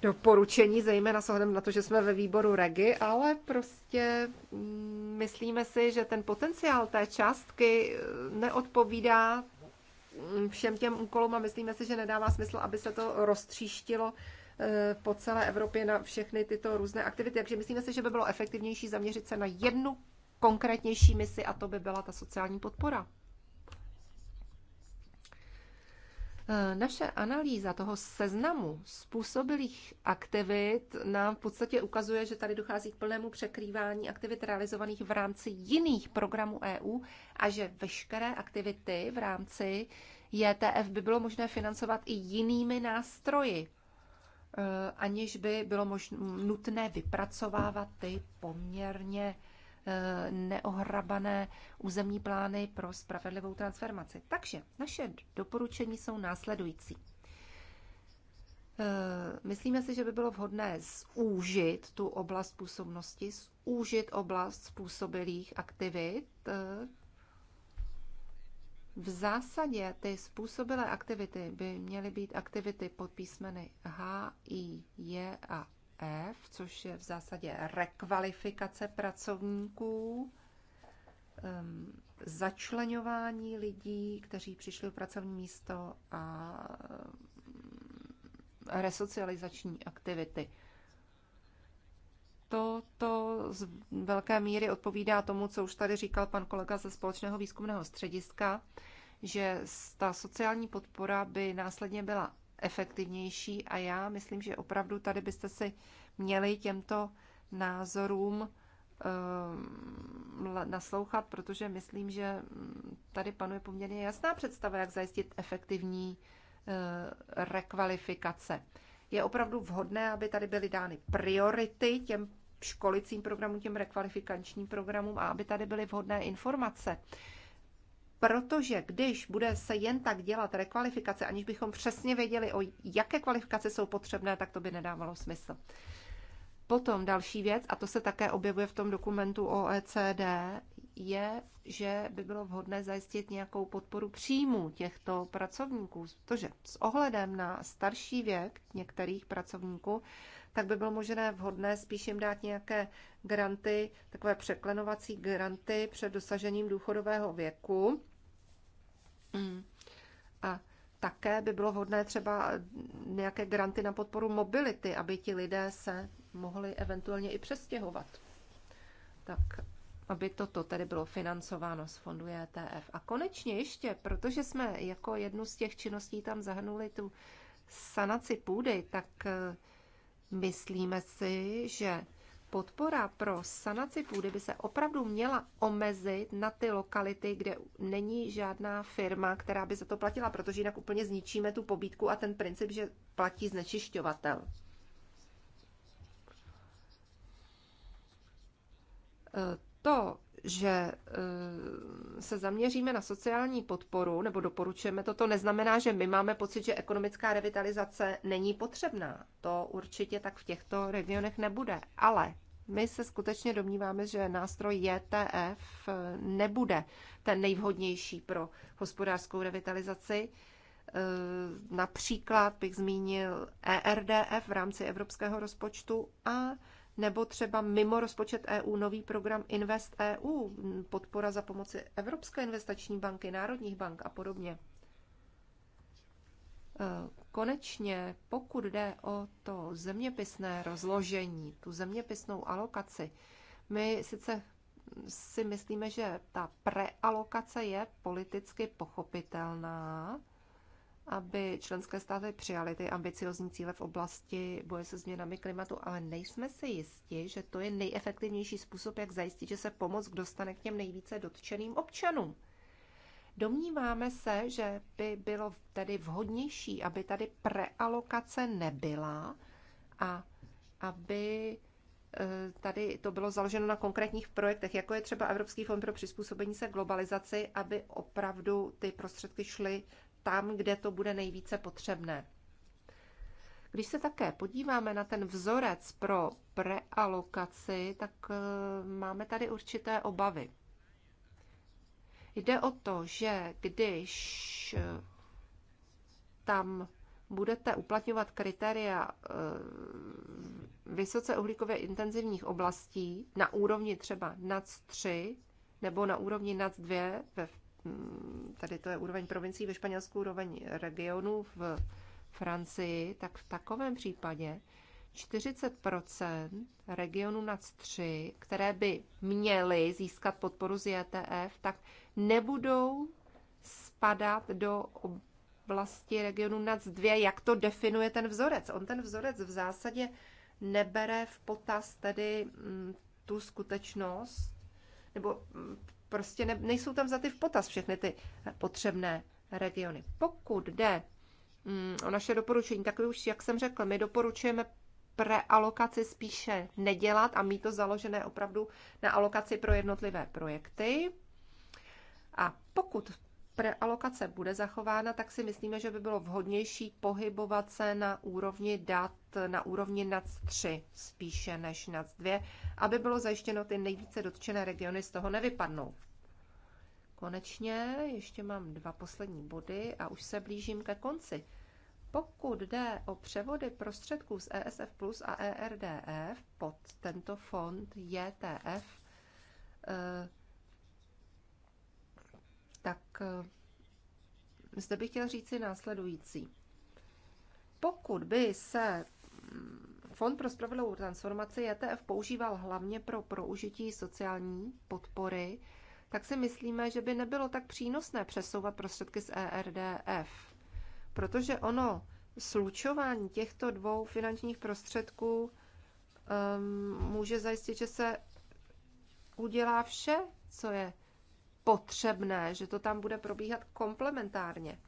Speaker 2: doporučení, zejména s ohledem na to, že jsme ve výboru REGI, ale prostě mm, myslíme si, že ten potenciál té částky eh, neodpovídá mm, všem těm úkolům a myslíme si, že nedává smysl, aby se to roztříštilo eh, po celé Evropě na všechny tyto různé aktivity. Takže myslíme si, že by bylo efektivnější zaměřit se na jednu konkrétnější misi a to by byla ta sociální podpora. Eh, naše analýza toho seznamu způsobilých aktivit nám v podstatě ukazuje, že tady dochází k plnému překrývání aktivit realizovaných v rámci jiných programů EU a že veškeré aktivity v rámci JTF e by bylo možné financovat i jinými nástroji, eh, aniž by bylo možné, nutné vypracovávat ty poměrně Eh, neohrabané územní plány pro spravedlivou transformaci. Takže naše doporučení jsou následující. Eh, myslíme si, že by bylo vhodné zúžit tu oblast působnosti, zúžit oblast způsobilých aktivit. Eh, v zásadě ty způsobilé aktivity by měly být aktivity pod písmeny H, I, J a F, což je v zásadě rekvalifikace pracovníků, um, začlenování lidí, kteří přišli v pracovní místo a um, resocializační aktivity. To, to z velké míry odpovídá tomu, co už tady říkal pan kolega ze Společného výzkumného střediska, že ta sociální podpora by následně byla efektivnější a já myslím, že opravdu tady byste si měli těmto názorům ehm, naslouchat, protože myslím, že mm, tady panuje poměrně jasná představa, jak zajistit efektivní eh, rekvalifikace. Je opravdu vhodné, aby tady byly dány priority těm školicím programům, těm rekvalifikačním programům a aby tady byly vhodné informace protože když bude se jen tak dělat rekvalifikace, aniž bychom přesně věděli, o jaké kvalifikace jsou potřebné, tak to by nedávalo smysl. Potom další věc, a to se také objevuje v tom dokumentu OECD, je, že by bylo vhodné zajistit nějakou podporu příjmu těchto pracovníků, protože s ohledem na starší věk některých pracovníků tak by bylo možné vhodné spíš jim dát nějaké granty, takové překlenovací granty před dosažením důchodového věku. Mm. A také by bylo vhodné třeba nějaké granty na podporu mobility, aby ti lidé se mohli eventuálně i přestěhovat. Tak aby toto tedy bylo financováno z fondu ETF. A konečně ještě, protože jsme jako jednu z těch činností tam zahrnuli tu sanaci půdy, tak Myslíme si, že podpora pro sanaci půdy by se opravdu měla omezit na ty lokality, kde není žádná firma, která by za to platila, protože jinak úplně zničíme tu pobídku a ten princip, že platí znečišťovatel. E, to, že e, se zaměříme na sociální podporu, nebo doporučujeme toto neznamená, že my máme pocit, že ekonomická revitalizace není potřebná. To určitě tak v těchto regionech nebude. Ale my se skutečně domníváme, že nástroj JTF e e, nebude ten nejvhodnější pro hospodářskou revitalizaci. Například bych zmínil ERDF v rámci evropského rozpočtu a nebo třeba mimo rozpočet EU nový program Invest EU, podpora za pomoci Evropské investační banky, národních bank a podobně. E, konečně, pokud jde o to zeměpisné rozložení, tu zeměpisnou alokaci, my sice si myslíme, že ta prealokace je politicky pochopitelná, aby členské státy přijaly ty ambiciozní cíle v oblasti boje se změnami klimatu, ale nejsme si jisti, že to je nejefektivnější způsob, jak zajistit, že se pomoc dostane k těm nejvíce dotčeným občanům. Domníváme se, že by bylo tedy vhodnější, aby tady prealokace nebyla a aby eh, tady to bylo založeno na konkrétních projektech, jako je třeba Evropský fond pro přizpůsobení se globalizaci, aby opravdu ty prostředky šly tam, kde to bude nejvíce potřebné. Když se také podíváme na ten vzorec pro prealokaci, tak eh, máme tady určité obavy. Jde o to, že když eh, tam budete uplatňovat kritéria eh, vysoce uhlíkově intenzivních oblastí na úrovni třeba NAC 3 nebo na úrovni NAC 2 ve Mm, tady to je úroveň provincií ve Španělsku, úroveň regionů v Francii, tak v takovém případě 40 regionů nad 3, které by měly získat podporu z JTF, tak nebudou spadat do oblasti regionu nad 2, jak to definuje ten vzorec. On ten vzorec v zásadě nebere v potaz tedy mm, tu skutečnost, nebo mm, prostě ne, nejsou tam za ty v potaz všechny ty potřebné regiony. Pokud jde mm, o naše doporučení, tak už, jak jsem řekl, my doporučujeme prealokaci spíše nedělat a mít to založené opravdu na alokaci pro jednotlivé projekty. A pokud prealokace bude zachována, tak si myslíme, že by bylo vhodnější pohybovat se na úrovni dat, na úrovni nad 3 spíše než nad 2, aby bylo zajištěno ty nejvíce dotčené regiony z toho nevypadnou. Konečně ještě mám dva poslední body a už se blížím ke konci. Pokud jde o převody prostředků z ESF Plus a ERDF pod tento fond JTF, e eh, tak eh, zde bych chtěl říci následující. Pokud by se mm, Fond pro spravedlivou transformaci ETF používal hlavně pro použití sociální podpory, tak si myslíme, že by nebylo tak přínosné přesouvat prostředky z ERDF, protože ono slučování těchto dvou finančních prostředků um, může zajistit, že se udělá vše, co je potřebné, že to tam bude probíhat komplementárně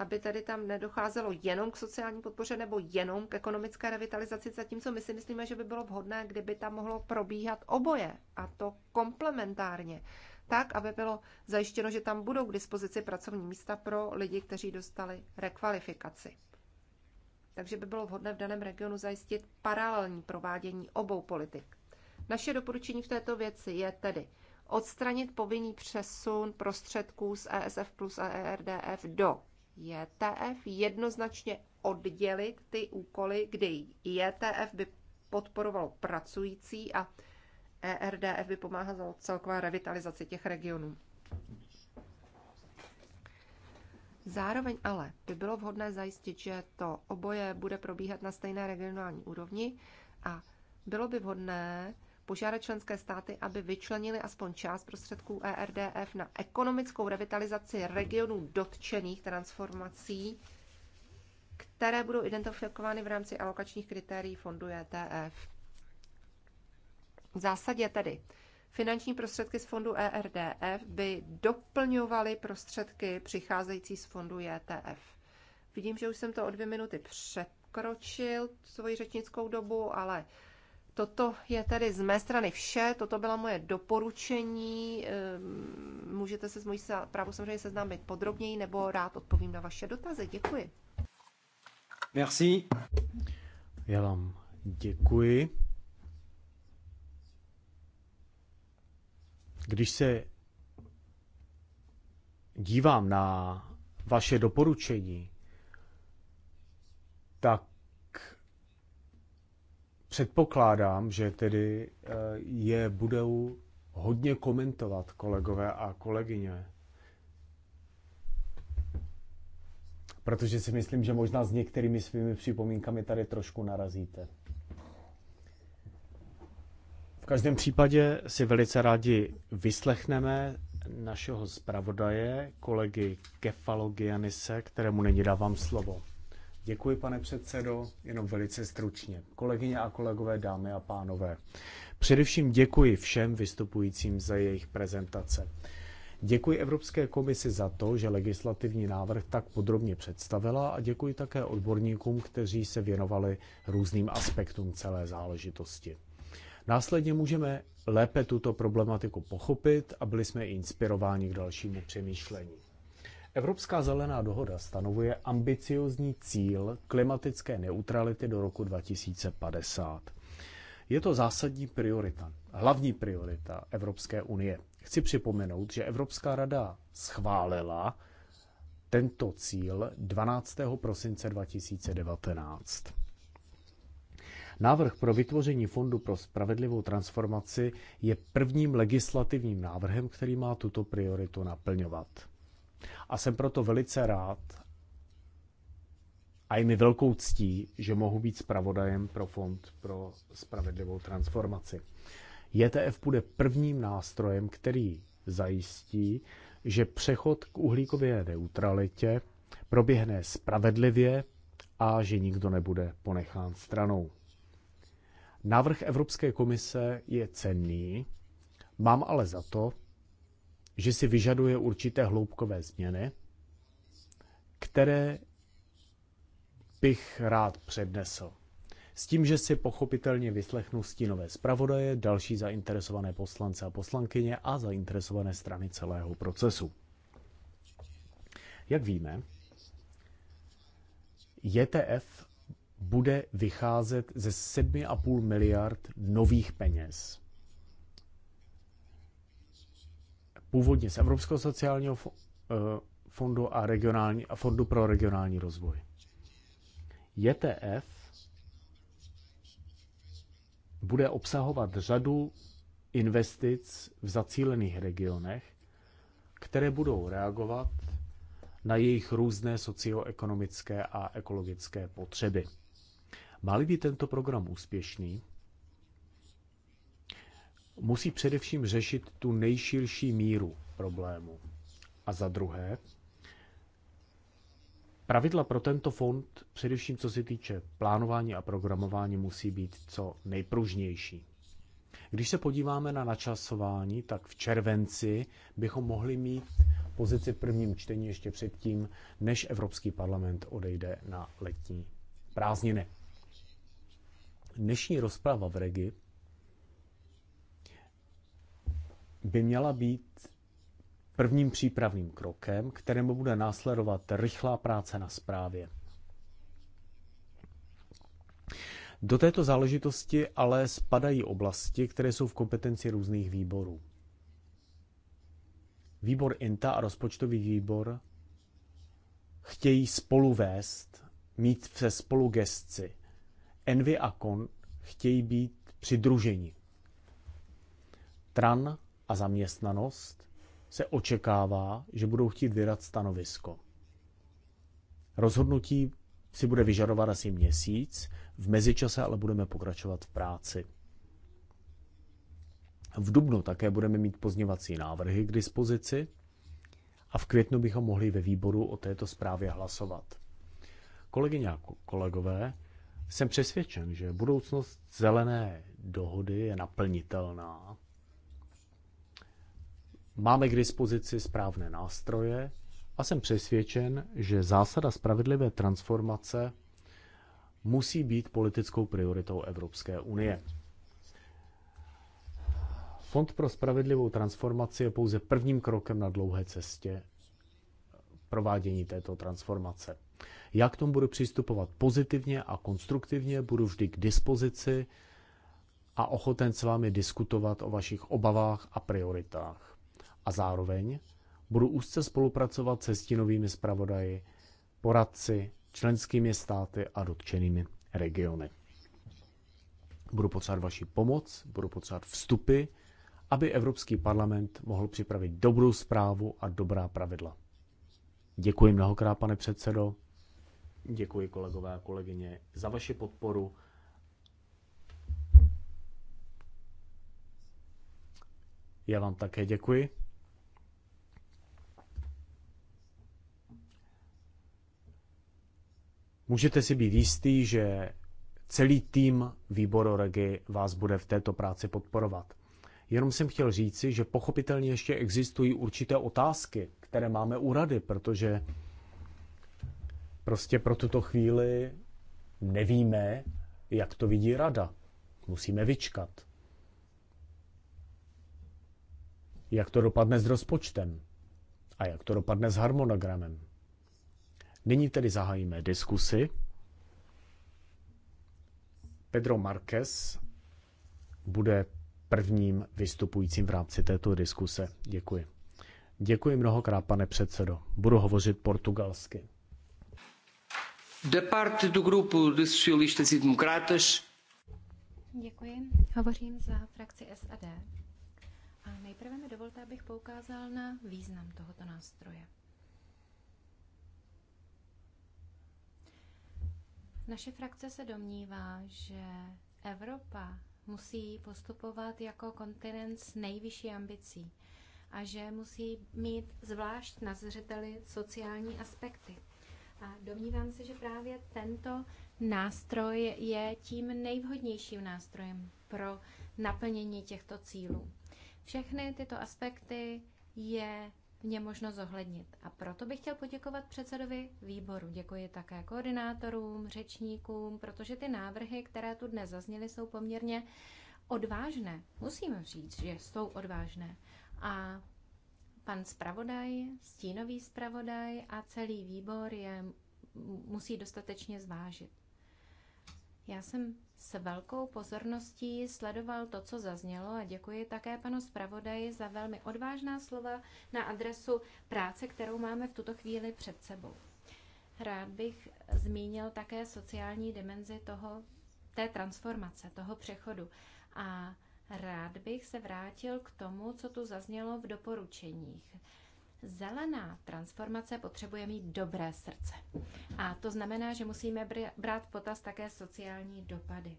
Speaker 2: aby tady tam nedocházelo jenom k sociální podpoře nebo jenom k ekonomické revitalizaci, zatímco my si myslíme, že by bylo vhodné, kdyby tam mohlo probíhat oboje a to komplementárně, tak, aby bylo zajištěno, že tam budou k dispozici pracovní místa pro lidi, kteří dostali rekvalifikaci. Takže by bylo vhodné v daném regionu zajistit paralelní provádění obou politik. Naše doporučení v této věci je tedy odstranit povinný přesun prostředků z ESF plus a e ERDF do JTF jednoznačně oddělit ty úkoly, kdy JTF by podporoval pracující a ERDF by pomáhal celkové revitalizaci těch regionů. Zároveň ale by bylo vhodné zajistit, že to oboje bude probíhat na stejné regionální úrovni a bylo by vhodné požádat členské státy, aby vyčlenili aspoň část prostředků ERDF na ekonomickou revitalizaci regionů dotčených transformací, které budou identifikovány v rámci alokačních kritérií fondu ETF. V zásadě tedy finanční prostředky z fondu ERDF by doplňovaly prostředky přicházející z fondu ETF. Vidím, že už jsem to o dvě minuty překročil svoji řečnickou dobu, ale Toto je tedy z mé strany vše, toto byla moje doporučení. Ehm, můžete se s mojí právou samozřejmě seznámit podrobněji nebo rád odpovím na vaše dotazy. Děkuji.
Speaker 1: Merci. Já vám děkuji. Když se dívám na vaše doporučení, tak Předpokládám, že tedy eh, je budou hodně komentovat kolegové a kolegyně. Protože si myslím, že možná s některými svými připomínkami tady trošku narazíte. V každém případě si velice rádi vyslechneme našeho zpravodaje, kolegy Kefalogianise, kterému není dávám slovo. Děkuji, pane předsedo, jenom velice stručně. Kolegyně a kolegové, dámy a pánové, především děkuji všem vystupujícím za jejich prezentace. Děkuji Evropské komisi za to, že legislativní návrh tak podrobně představila a děkuji také odborníkům, kteří se věnovali různým aspektům celé záležitosti. Následně můžeme lépe tuto problematiku pochopit a byli jsme inspirováni k dalšímu přemýšlení. Evropská zelená dohoda stanovuje ambiciozní cíl klimatické neutrality do roku 2050. Je to zásadní priorita, hlavní priorita Evropské unie. Chci připomenout, že Evropská rada schválila tento cíl 12. prosince 2019. Návrh pro vytvoření Fondu pro spravedlivou transformaci je prvním legislativním návrhem, který má tuto prioritu naplňovat. A jsem proto velice rád a je mi velkou ctí, že mohu být zpravodajem pro Fond pro spravedlivou transformaci. JTF e bude prvním nástrojem, který zajistí, že přechod k uhlíkové neutralitě proběhne spravedlivě a že nikdo nebude ponechán stranou. Návrh Evropské komise je cenný, mám ale za to, že si vyžaduje určité hloubkové změny, které bych rád přednesl. S tím, že si pochopitelně vyslechnu stínové zpravodaje, další zainteresované poslance a poslankyně a zainteresované strany celého procesu. Jak víme, JTF e bude vycházet ze 7,5 miliard nových peněz. původně z Evropského sociálního eh, fondu a, regionální, a fondu pro regionální rozvoj. JTF e bude obsahovat řadu investic v zacílených regionech, které budou reagovat na jejich různé socioekonomické a ekologické potřeby. Máli být tento program úspěšný, musí především řešit tu nejširší míru problému. A za druhé, pravidla pro tento fond, především co se týče plánování a programování, musí být co nejpružnější. Když se podíváme na načasování, tak v červenci bychom mohli mít pozici v prvním čtení ještě předtím, než Evropský parlament odejde na letní prázdniny. Dnešní rozprava v Regi by měla být prvním přípravným krokem, kterému bude následovat rychlá práce na zprávě. Do této záležitosti ale spadají oblasti, které jsou v kompetenci různých výborů. Výbor INTA a rozpočtový výbor chtějí spolu vést, mít se spolu gestci. Envy a Kon chtějí být přidruženi. Tran a zaměstnanost se očekává, že budou chtít vydat stanovisko. Rozhodnutí si bude vyžadovat asi měsíc, v mezičase ale budeme pokračovat v práci. V dubnu také budeme mít pozněvací návrhy k dispozici a v květnu bychom mohli ve výboru o této zprávě hlasovat. Kolegyně a kolegové, jsem přesvědčen, že budoucnost zelené dohody je naplnitelná Máme k dispozici správné nástroje a jsem přesvědčen, že zásada spravedlivé transformace musí být politickou prioritou Evropské unie. Fond pro spravedlivou transformaci je pouze prvním krokem na dlouhé cestě provádění této transformace. Já k tomu budu přistupovat pozitivně a konstruktivně, budu vždy k dispozici a ochoten s vámi diskutovat o vašich obavách a prioritách. A zároveň budu úzce spolupracovat se stínovými zpravodaji, poradci, členskými státy a dotčenými regiony. Budu potřebovat vaši pomoc, budu potřebovat vstupy, aby Evropský parlament mohl připravit dobrou zprávu a dobrá pravidla. Děkuji mnohokrát, pane předsedo. Děkuji kolegové a kolegyně za vaši podporu. Já vám také děkuji. Můžete si být jistý, že celý tým výboru Regi vás bude v této práci podporovat. Jenom jsem chtěl říci, že pochopitelně ještě existují určité otázky, které máme u rady, protože prostě pro tuto chvíli nevíme, jak to vidí rada. Musíme vyčkat. Jak to dopadne s rozpočtem? A jak to dopadne s harmonogramem? Nyní tedy zahájíme diskusy. Pedro Marquez bude prvním vystupujícím v rámci této diskuse. Děkuji. Děkuji mnohokrát, pane předsedo. Budu hovořit portugalsky. De parte do grupo de socialistas e democratas.
Speaker 3: Děkuji. Hovořím za frakci SAD. A nejprve mi dovolte, abych poukázal na význam tohoto nástroje. Naše frakce se domnívá, že Evropa musí postupovat jako kontinent s nejvyšší ambicí a že musí mít zvlášť na zřeteli sociální aspekty. A domnívám se, že právě tento nástroj je tím nejvhodnějším nástrojem pro naplnění těchto cílů. Všechny tyto aspekty je mě možno zohlednit. A proto bych chtěl poděkovat předsedovi výboru. Děkuji také koordinátorům, řečníkům, protože ty návrhy, které tu dnes zazněly, jsou poměrně odvážné. Musím říct, že jsou odvážné. A pan zpravodaj, stínový zpravodaj a celý výbor je musí dostatečně zvážit. Já jsem s velkou pozorností sledoval to, co zaznělo a děkuji také panu zpravodaji za velmi odvážná slova na adresu práce, kterou máme v tuto chvíli před sebou. Rád bych zmínil také sociální dimenzi toho, té transformace, toho přechodu. A rád bych se vrátil k tomu, co tu zaznělo v doporučeních. Zelená transformace potřebuje mít dobré srdce. A to znamená, že musíme brát potaz také sociální dopady.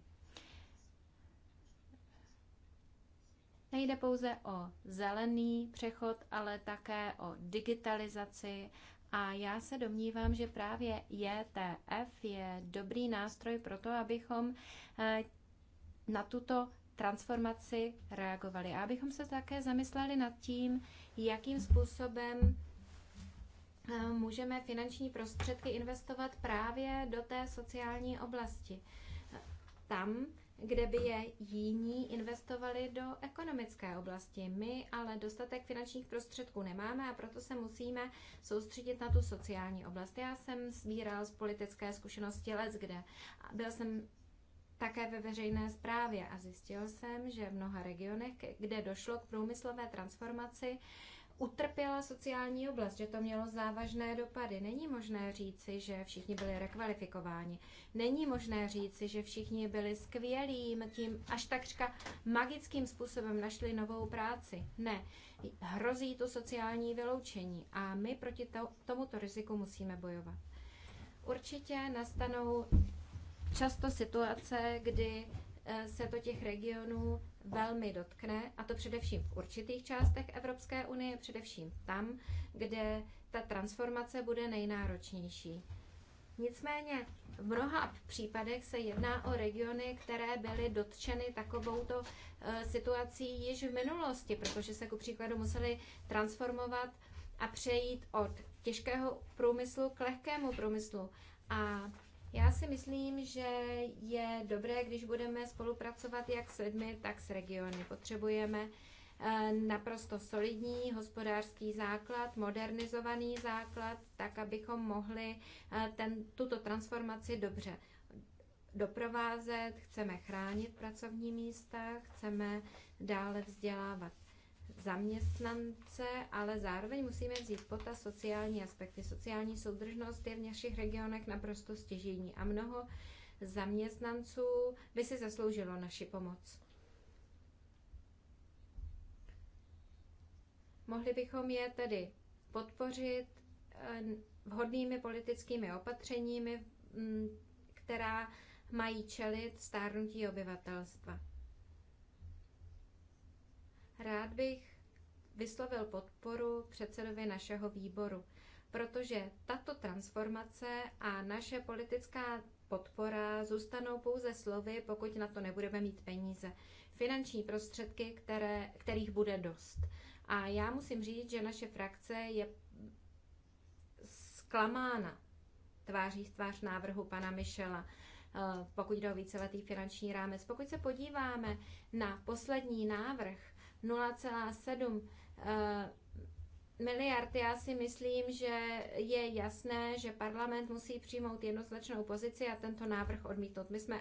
Speaker 3: Nejde pouze o zelený přechod, ale také o digitalizaci. A já se domnívám, že právě JTF e je dobrý nástroj pro to, abychom eh, na tuto transformaci reagovali. A abychom se také zamysleli nad tím, jakým způsobem eh, můžeme finanční prostředky investovat právě do té sociální oblasti. Tam, kde by je jiní investovali do ekonomické oblasti. My ale dostatek finančních prostředků nemáme a proto se musíme soustředit na tu sociální oblast. Já jsem sbíral z politické zkušenosti let kde. Byl jsem také ve veřejné zprávě a zjistil jsem, že v mnoha regionech, kde došlo k průmyslové transformaci, utrpěla sociální oblast, že to mělo závažné dopady. Není možné říci, že všichni byli rekvalifikováni. Není možné říci, že všichni byli skvělým, tím až takřka magickým způsobem našli novou práci. Ne, hrozí tu sociální vyloučení a my proti to, tomuto riziku musíme bojovat. Určitě nastanou často situace, kdy eh, se to těch regionů velmi dotkne, a to především v určitých částech Evropské unie, především tam, kde ta transformace bude nejnáročnější. Nicméně v mnoha případech se jedná o regiony, které byly dotčeny takovouto eh, situací již v minulosti, protože se ku příkladu museli transformovat a přejít od těžkého průmyslu k lehkému průmyslu. A já si myslím, že je dobré, když budeme spolupracovat jak s lidmi, tak s regiony. Potřebujeme eh, naprosto solidní hospodářský základ, modernizovaný základ, tak, abychom mohli eh, ten, tuto transformaci dobře doprovázet, chceme chránit pracovní místa, chceme dále vzdělávat zaměstnance, ale zároveň musíme vzít potaz sociální aspekty. Sociální soudržnost je v našich regionech naprosto stěžení a mnoho zaměstnanců by si zasloužilo naši pomoc. Mohli bychom je tedy podpořit eh, vhodnými politickými opatřeními, mm, která mají čelit stárnutí obyvatelstva. Rád bych vyslovil podporu předsedovi našeho výboru, protože tato transformace a naše politická podpora zůstanou pouze slovy, pokud na to nebudeme mít peníze. Finanční prostředky, které, kterých bude dost. A já musím říct, že naše frakce je zklamána tváří v tvář návrhu pana Michela, eh, pokud jde o víceletý finanční rámec. Pokud se podíváme na poslední návrh Eh, miliard, já si myslím, že je jasné, že parlament musí přijmout jednoznačnou pozici a tento návrh odmítnout. My jsme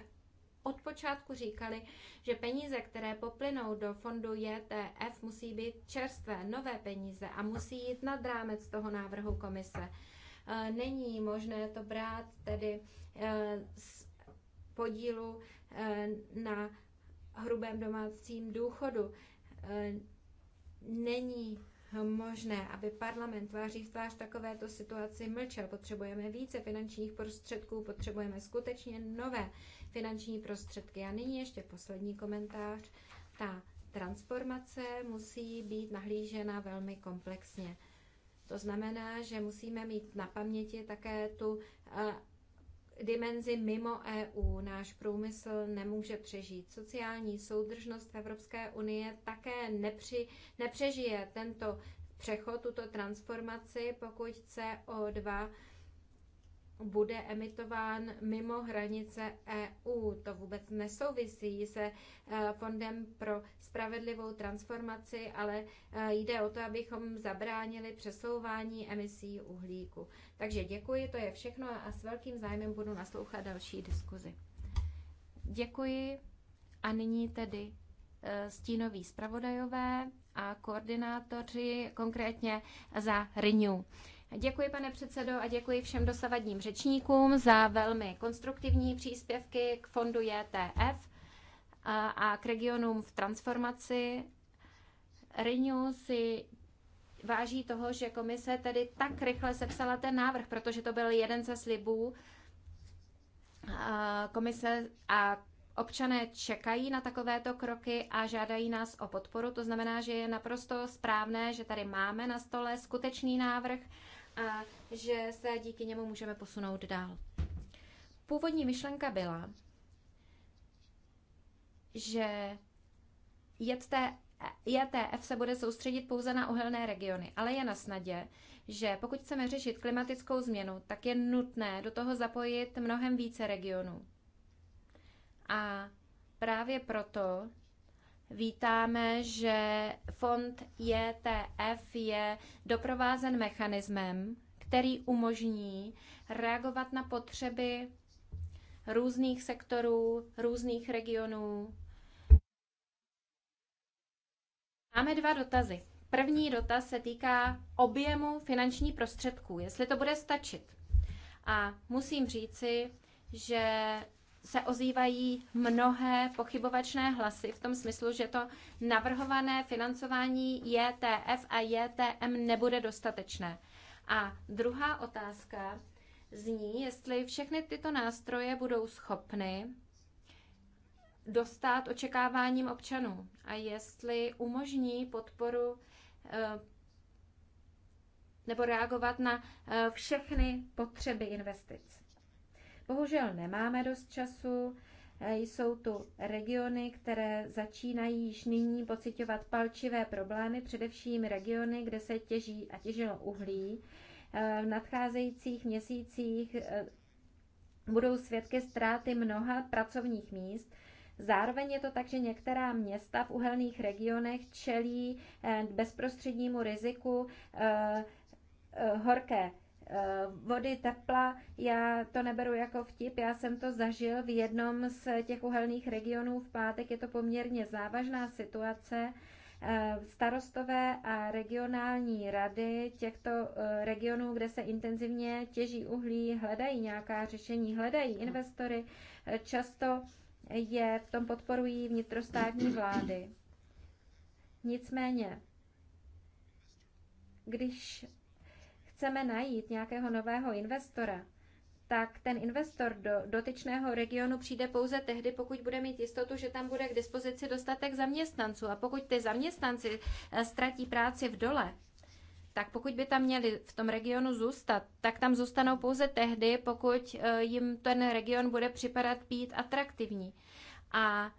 Speaker 3: od počátku říkali, že peníze, které poplynou do fondu JTF, e musí být čerstvé, nové peníze a musí jít nad rámec toho návrhu komise. Eh, není možné to brát tedy eh, z podílu na hrubém domácím důchodu není možné, aby parlament tváří v tvář takovéto situaci mlčel. Potřebujeme více finančních prostředků, potřebujeme skutečně nové finanční prostředky. A nyní ještě poslední komentář. Ta transformace musí být nahlížena velmi komplexně. To znamená, že musíme mít na paměti také tu eh, dimenzi mimo EU. Náš průmysl nemůže přežít. Sociální soudržnost v Evropské unie také nepři, nepřežije tento přechod, tuto transformaci, pokud CO2 bude emitován mimo hranice EU. To vůbec nesouvisí se eh, Fondem pro spravedlivou transformaci, ale eh, jde o to, abychom zabránili přesouvání emisí uhlíku. Takže děkuji, to je všechno a s velkým zájmem budu naslouchat další diskuzi. Děkuji a nyní tedy eh, stínoví zpravodajové a koordinátoři, konkrétně za RNU. Děkuji, pane předsedo, a děkuji všem dosavadním řečníkům za velmi konstruktivní příspěvky k fondu JTF e a k regionům v transformaci. Renew si váží toho, že komise tedy tak rychle sepsala ten návrh, protože to byl jeden ze slibů komise a Občané čekají na takovéto kroky a žádají nás o podporu. To znamená, že je naprosto správné, že tady máme na stole skutečný návrh a že se díky němu můžeme posunout dál. Původní myšlenka byla, že jedté IATF se bude soustředit pouze na uhelné regiony, ale je na snadě, že pokud chceme řešit klimatickou změnu, tak je nutné do toho zapojit mnohem více regionů. A právě proto Vítáme, že fond JTF e je doprovázen mechanismem, který umožní reagovat na potřeby různých sektorů, různých regionů. Máme dva dotazy. První dotaz se týká objemu finanční prostředků, jestli to bude stačit. A musím říci, že se ozývají mnohé pochybovačné hlasy v tom smyslu, že to navrhované financování JTF e a JTM e nebude dostatečné. A druhá otázka zní, jestli všechny tyto nástroje budou schopny dostat očekáváním občanů a jestli umožní podporu eh, nebo reagovat na eh, všechny potřeby investic. Bohužel nemáme dost času, e, jsou tu regiony, které začínají již nyní pocitovat palčivé problémy, především regiony, kde se těží a těžilo uhlí. E, v nadcházejících měsících e, budou svědky ztráty mnoha pracovních míst. Zároveň je to tak, že některá města v uhelných regionech čelí bezprostřednímu riziku horké Eh, vody, tepla. Já to neberu jako vtip, já jsem to zažil v jednom z těch uhelných regionů v pátek. Je to poměrně závažná situace. Eh, starostové a regionální rady těchto eh, regionů, kde se intenzivně těží uhlí, hledají nějaká řešení, hledají investory, často je v tom podporují vnitrostátní vlády. Nicméně, když chceme najít nějakého nového investora, tak ten investor do dotyčného regionu přijde pouze tehdy, pokud bude mít jistotu, že tam bude k dispozici dostatek zaměstnanců. A pokud ty zaměstnanci eh, ztratí práci v dole, tak pokud by tam měli v tom regionu zůstat, tak tam zůstanou pouze tehdy, pokud eh, jim ten region bude připadat být atraktivní. A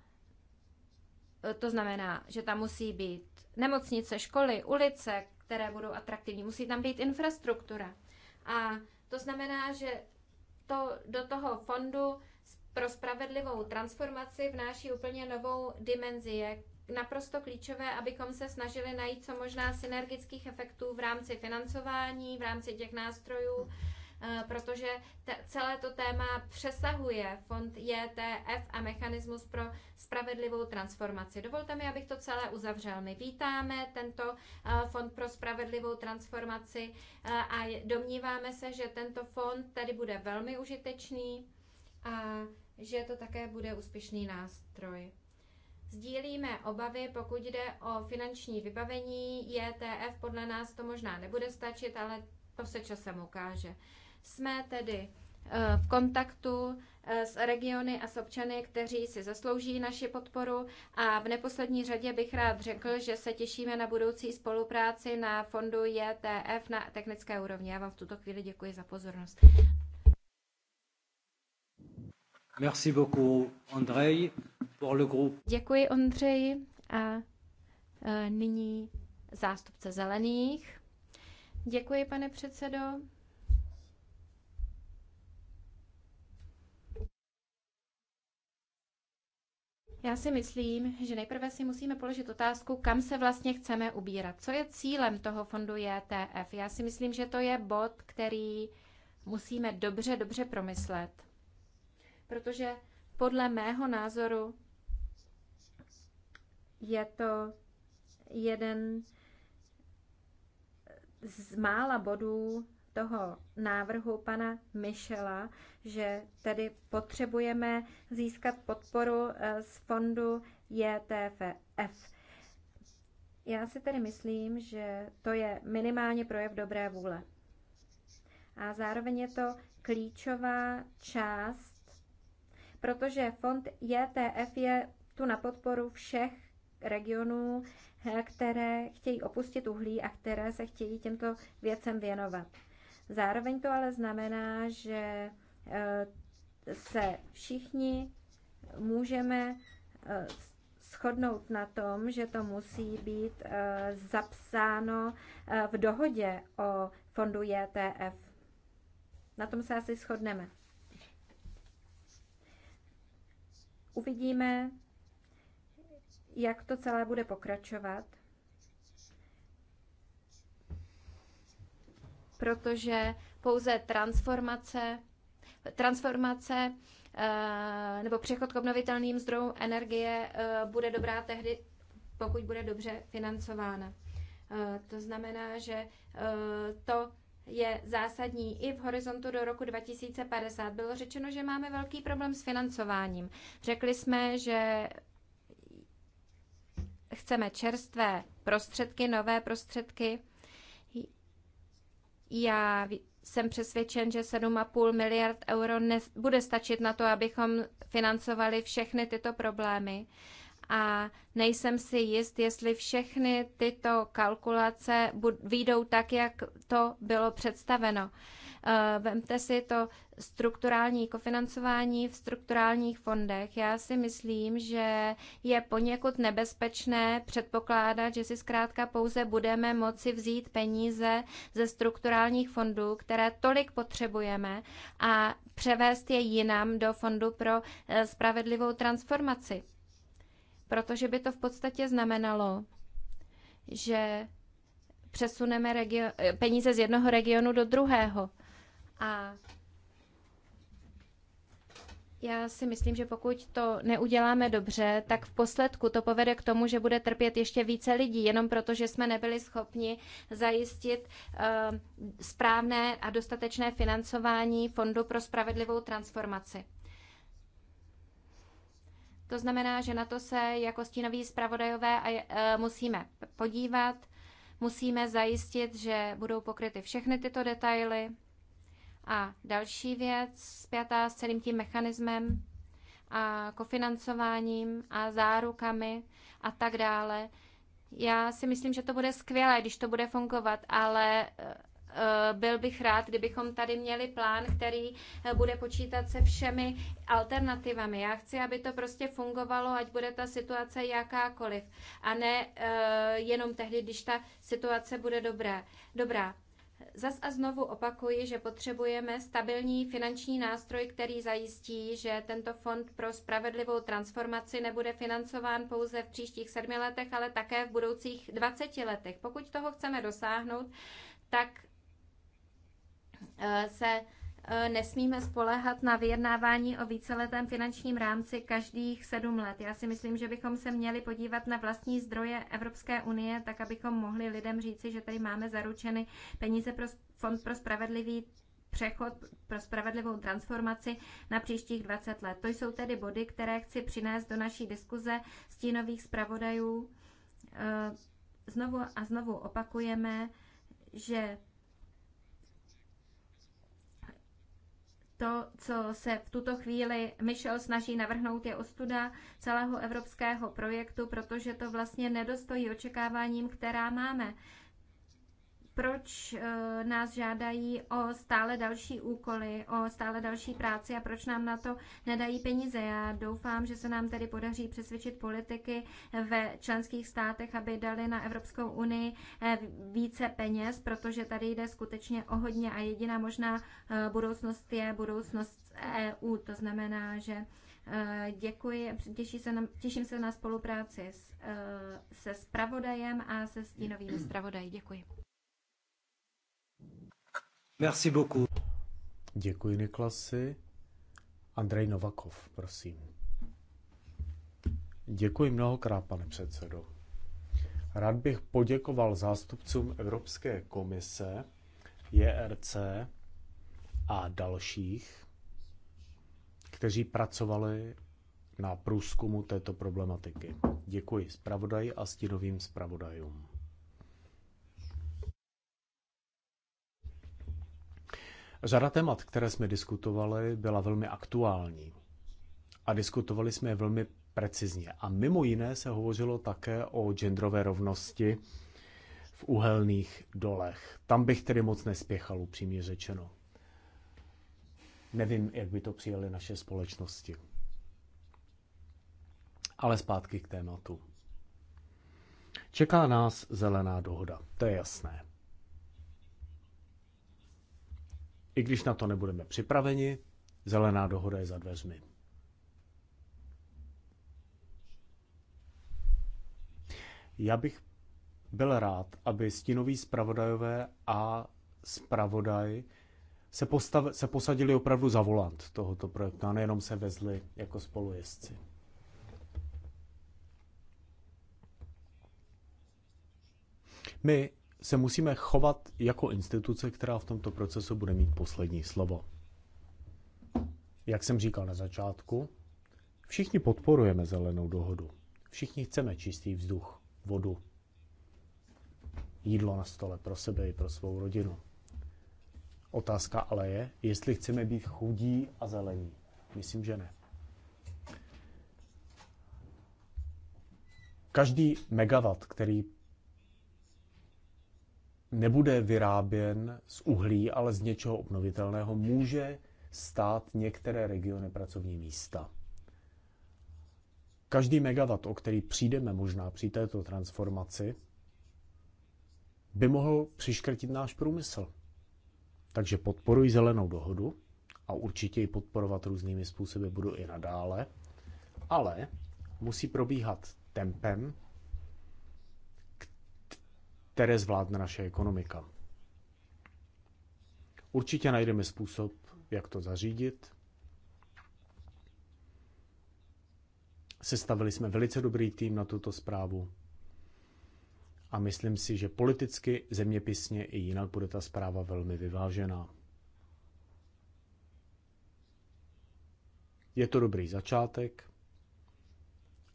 Speaker 3: eh, to znamená, že tam musí být nemocnice, školy, ulice, které budou atraktivní. Musí tam být infrastruktura. A to znamená, že to do toho fondu pro spravedlivou transformaci vnáší úplně novou dimenzi. Je naprosto klíčové, abychom se snažili najít co možná synergických efektů v rámci financování, v rámci těch nástrojů Eh, protože celé to téma přesahuje fond JTF e a mechanismus pro spravedlivou transformaci. Dovolte mi, abych to celé uzavřel. My vítáme tento eh, fond pro spravedlivou transformaci eh, a domníváme se, že tento fond tady bude velmi užitečný a že to také bude úspěšný nástroj. Sdílíme obavy, pokud jde o finanční vybavení. JTF e podle nás to možná nebude stačit, ale to se časem ukáže. Jsme tedy eh, v kontaktu eh, s regiony a s občany, kteří si zaslouží naši podporu. A v neposlední řadě bych rád řekl, že se těšíme na budoucí spolupráci na fondu JTF e na technické úrovni. Já vám v tuto chvíli děkuji za pozornost.
Speaker 1: Merci beaucoup, Andrej, pour le groupe.
Speaker 3: Děkuji, Ondřeji. A eh, nyní zástupce zelených. Děkuji, pane předsedo. Já si myslím, že nejprve si musíme položit otázku, kam se vlastně chceme ubírat. Co je cílem toho fondu JTF? E Já si myslím, že to je bod, který musíme dobře, dobře promyslet. Protože podle mého názoru je to jeden z mála bodů, toho návrhu pana Michela, že tedy potřebujeme získat podporu eh, z fondu JTFF. E Já si tedy myslím, že to je minimálně projev dobré vůle. A zároveň je to klíčová část, protože fond JTF e je tu na podporu všech regionů, eh, které chtějí opustit uhlí a které se chtějí těmto věcem věnovat. Zároveň to ale znamená, že eh, se všichni můžeme eh, shodnout na tom, že to musí být eh, zapsáno v dohodě o fondu JTF. E na tom se asi shodneme. Uvidíme, jak to celé bude pokračovat. protože pouze transformace, transformace eh, nebo přechod k obnovitelným zdrojům energie eh, bude dobrá tehdy, pokud bude dobře financována. Eh, to znamená, že to je zásadní i v horizontu do roku 2050. Bylo řečeno, že máme velký problém s financováním. Řekli jsme, že chceme čerstvé prostředky, nové prostředky já jsem přesvědčen, že 7,5 miliard euro ne, bude stačit na to, abychom financovali všechny tyto problémy. A nejsem si jist, jestli všechny tyto kalkulace výjdou tak, jak to bylo představeno. Uh, Eh, vemte si to strukturální kofinancování v strukturálních fondech. Já si myslím, že je poněkud nebezpečné předpokládat, že si zkrátka pouze budeme moci vzít peníze ze strukturálních fondů, které tolik potřebujeme, a převést je jinam do fondu pro eh, spravedlivou transformaci. Protože by to v podstatě znamenalo, že přesuneme region, eh, peníze z jednoho regionu do druhého. A já si myslím, že pokud to neuděláme dobře, tak v posledku to povede k tomu, že bude trpět ještě více lidí, jenom proto, že jsme nebyli schopni zajistit eh, správné a dostatečné financování Fondu pro spravedlivou transformaci. To znamená, že na to se jako stínoví zpravodajové eh, musíme podívat, musíme zajistit, že budou pokryty všechny tyto detaily a další věc, spjatá s celým tím mechanismem a kofinancováním a zárukami a tak dále. Já si myslím, že to bude skvělé, když to bude fungovat, ale eh, eh, byl bych rád, kdybychom tady měli plán, který eh, bude počítat se všemi alternativami. Já chci, aby to prostě fungovalo, ať bude ta situace jakákoliv. A ne jenom tehdy, když ta situace bude dobrá. dobrá. Zas a znovu opakuji, že potřebujeme stabilní finanční nástroj, který zajistí, že tento fond pro spravedlivou transformaci nebude financován pouze v příštích sedmi letech, ale také v budoucích 20 letech. Pokud toho chceme dosáhnout, tak eh, se Eh, nesmíme spolehat na vyjednávání o víceletém finančním rámci každých sedm let. Já si myslím, že bychom se měli podívat na vlastní zdroje Evropské unie, tak abychom mohli lidem říci, že tady máme zaručeny peníze pro Fond pro spravedlivý přechod pro spravedlivou transformaci na příštích 20 let. To jsou tedy body, které chci přinést do naší diskuze stínových zpravodajů. Eh, znovu a znovu opakujeme, že To, co se v tuto chvíli Michel snaží navrhnout, je ostuda celého evropského projektu, protože to vlastně nedostojí očekáváním, která máme proč eh, nás žádají o stále další úkoly, o stále další práci a proč nám na to nedají peníze. Já doufám, že se nám tedy podaří přesvědčit politiky ve členských státech, aby dali na Evropskou unii eh, více peněz, protože tady jde skutečně o hodně a jediná možná eh, budoucnost je budoucnost EU. To znamená, že Děkuji, těší se na, těším se na spolupráci s, se spravodajem a se stínovými spravodají. Děkuji.
Speaker 1: Merci beaucoup. Děkuji, Niklasy. Andrej Novakov, prosím. Děkuji mnohokrát, pane předsedo. Rád bych poděkoval zástupcům Evropské komise, JRC a dalších, kteří pracovali na průzkumu této problematiky. Děkuji zpravodaji a stínovým zpravodajům. Řada témat, které jsme diskutovali, byla velmi aktuální. A diskutovali jsme je velmi precizně. A mimo jiné se hovořilo také o genderové rovnosti v uhelných dolech. Tam bych tedy moc nespěchal, upřímně řečeno. Nevím, jak by to přijali naše společnosti. Ale zpátky k tématu. Čeká nás zelená dohoda, to je jasné. I když na to nebudeme připraveni, zelená dohoda je za dveřmi. Já bych byl rád, aby stínoví zpravodajové a zpravodaj se, postav, se posadili opravdu za volant tohoto projektu a nejenom se vezli jako spolujezdci. My se musíme chovat jako instituce, která v tomto procesu bude mít poslední slovo. Jak jsem říkal na začátku, všichni podporujeme zelenou dohodu. Všichni chceme čistý vzduch, vodu, jídlo na stole pro sebe i pro svou rodinu. Otázka ale je, jestli chceme být chudí a zelení. Myslím, že ne. Každý megawatt, který nebude vyráběn z uhlí, ale z něčeho obnovitelného, může stát některé regiony pracovní místa. Každý megawatt, o který přijdeme možná při této transformaci, by mohl přiškrtit náš průmysl. Takže podporuji zelenou dohodu a určitě ji podporovat různými způsoby budu i nadále, ale musí probíhat tempem, které zvládne naše ekonomika. Určitě najdeme způsob, jak to zařídit. Sestavili jsme velice dobrý tým na tuto zprávu a myslím si, že politicky, zeměpisně i jinak bude ta zpráva velmi vyvážená. Je to dobrý začátek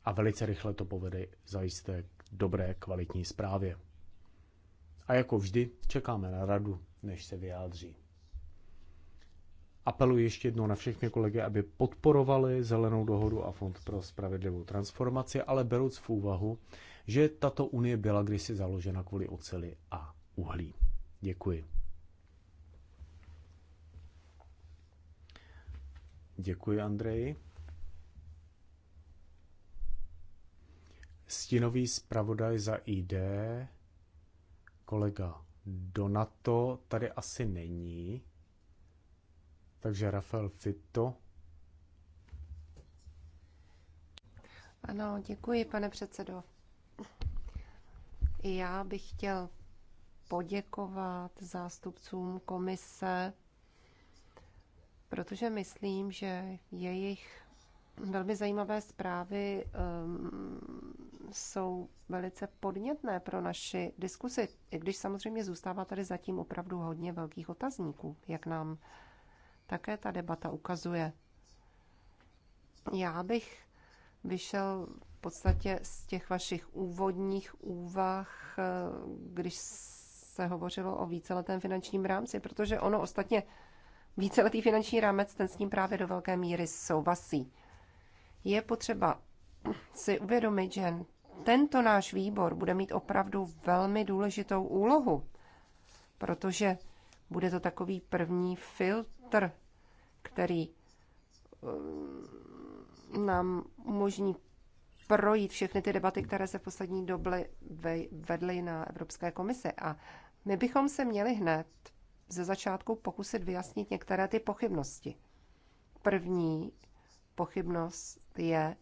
Speaker 1: a velice rychle to povede zajisté k dobré kvalitní zprávě. A jako vždy čekáme na radu, než se vyjádří. Apeluji ještě jednou na všechny kolegy, aby podporovali Zelenou dohodu a Fond pro spravedlivou transformaci, ale beruc v úvahu, že tato unie byla kdysi založena kvůli oceli a uhlí. Děkuji. Děkuji, Andreji. Stinový zpravodaj za ID kolega Donato tady asi není, takže Rafael Fito.
Speaker 2: Ano, děkuji, pane předsedo. I já bych chtěl poděkovat zástupcům komise, protože myslím, že jejich velmi zajímavé zprávy um, jsou velice podnětné pro naši diskusi, i když samozřejmě zůstává tady zatím opravdu hodně velkých otazníků, jak nám také ta debata ukazuje. Já bych vyšel v podstatě z těch vašich úvodních úvah, když se hovořilo o víceletém finančním rámci, protože ono ostatně víceletý finanční rámec, ten s ním právě do velké míry souvasí. Je potřeba si uvědomit, že tento náš výbor bude mít opravdu velmi důležitou úlohu, protože bude to takový první filtr, který eh, nám umožní projít všechny ty debaty, které se v poslední době vedly na Evropské komise. A my bychom se měli hned ze začátku pokusit vyjasnit některé ty pochybnosti. První pochybnost je,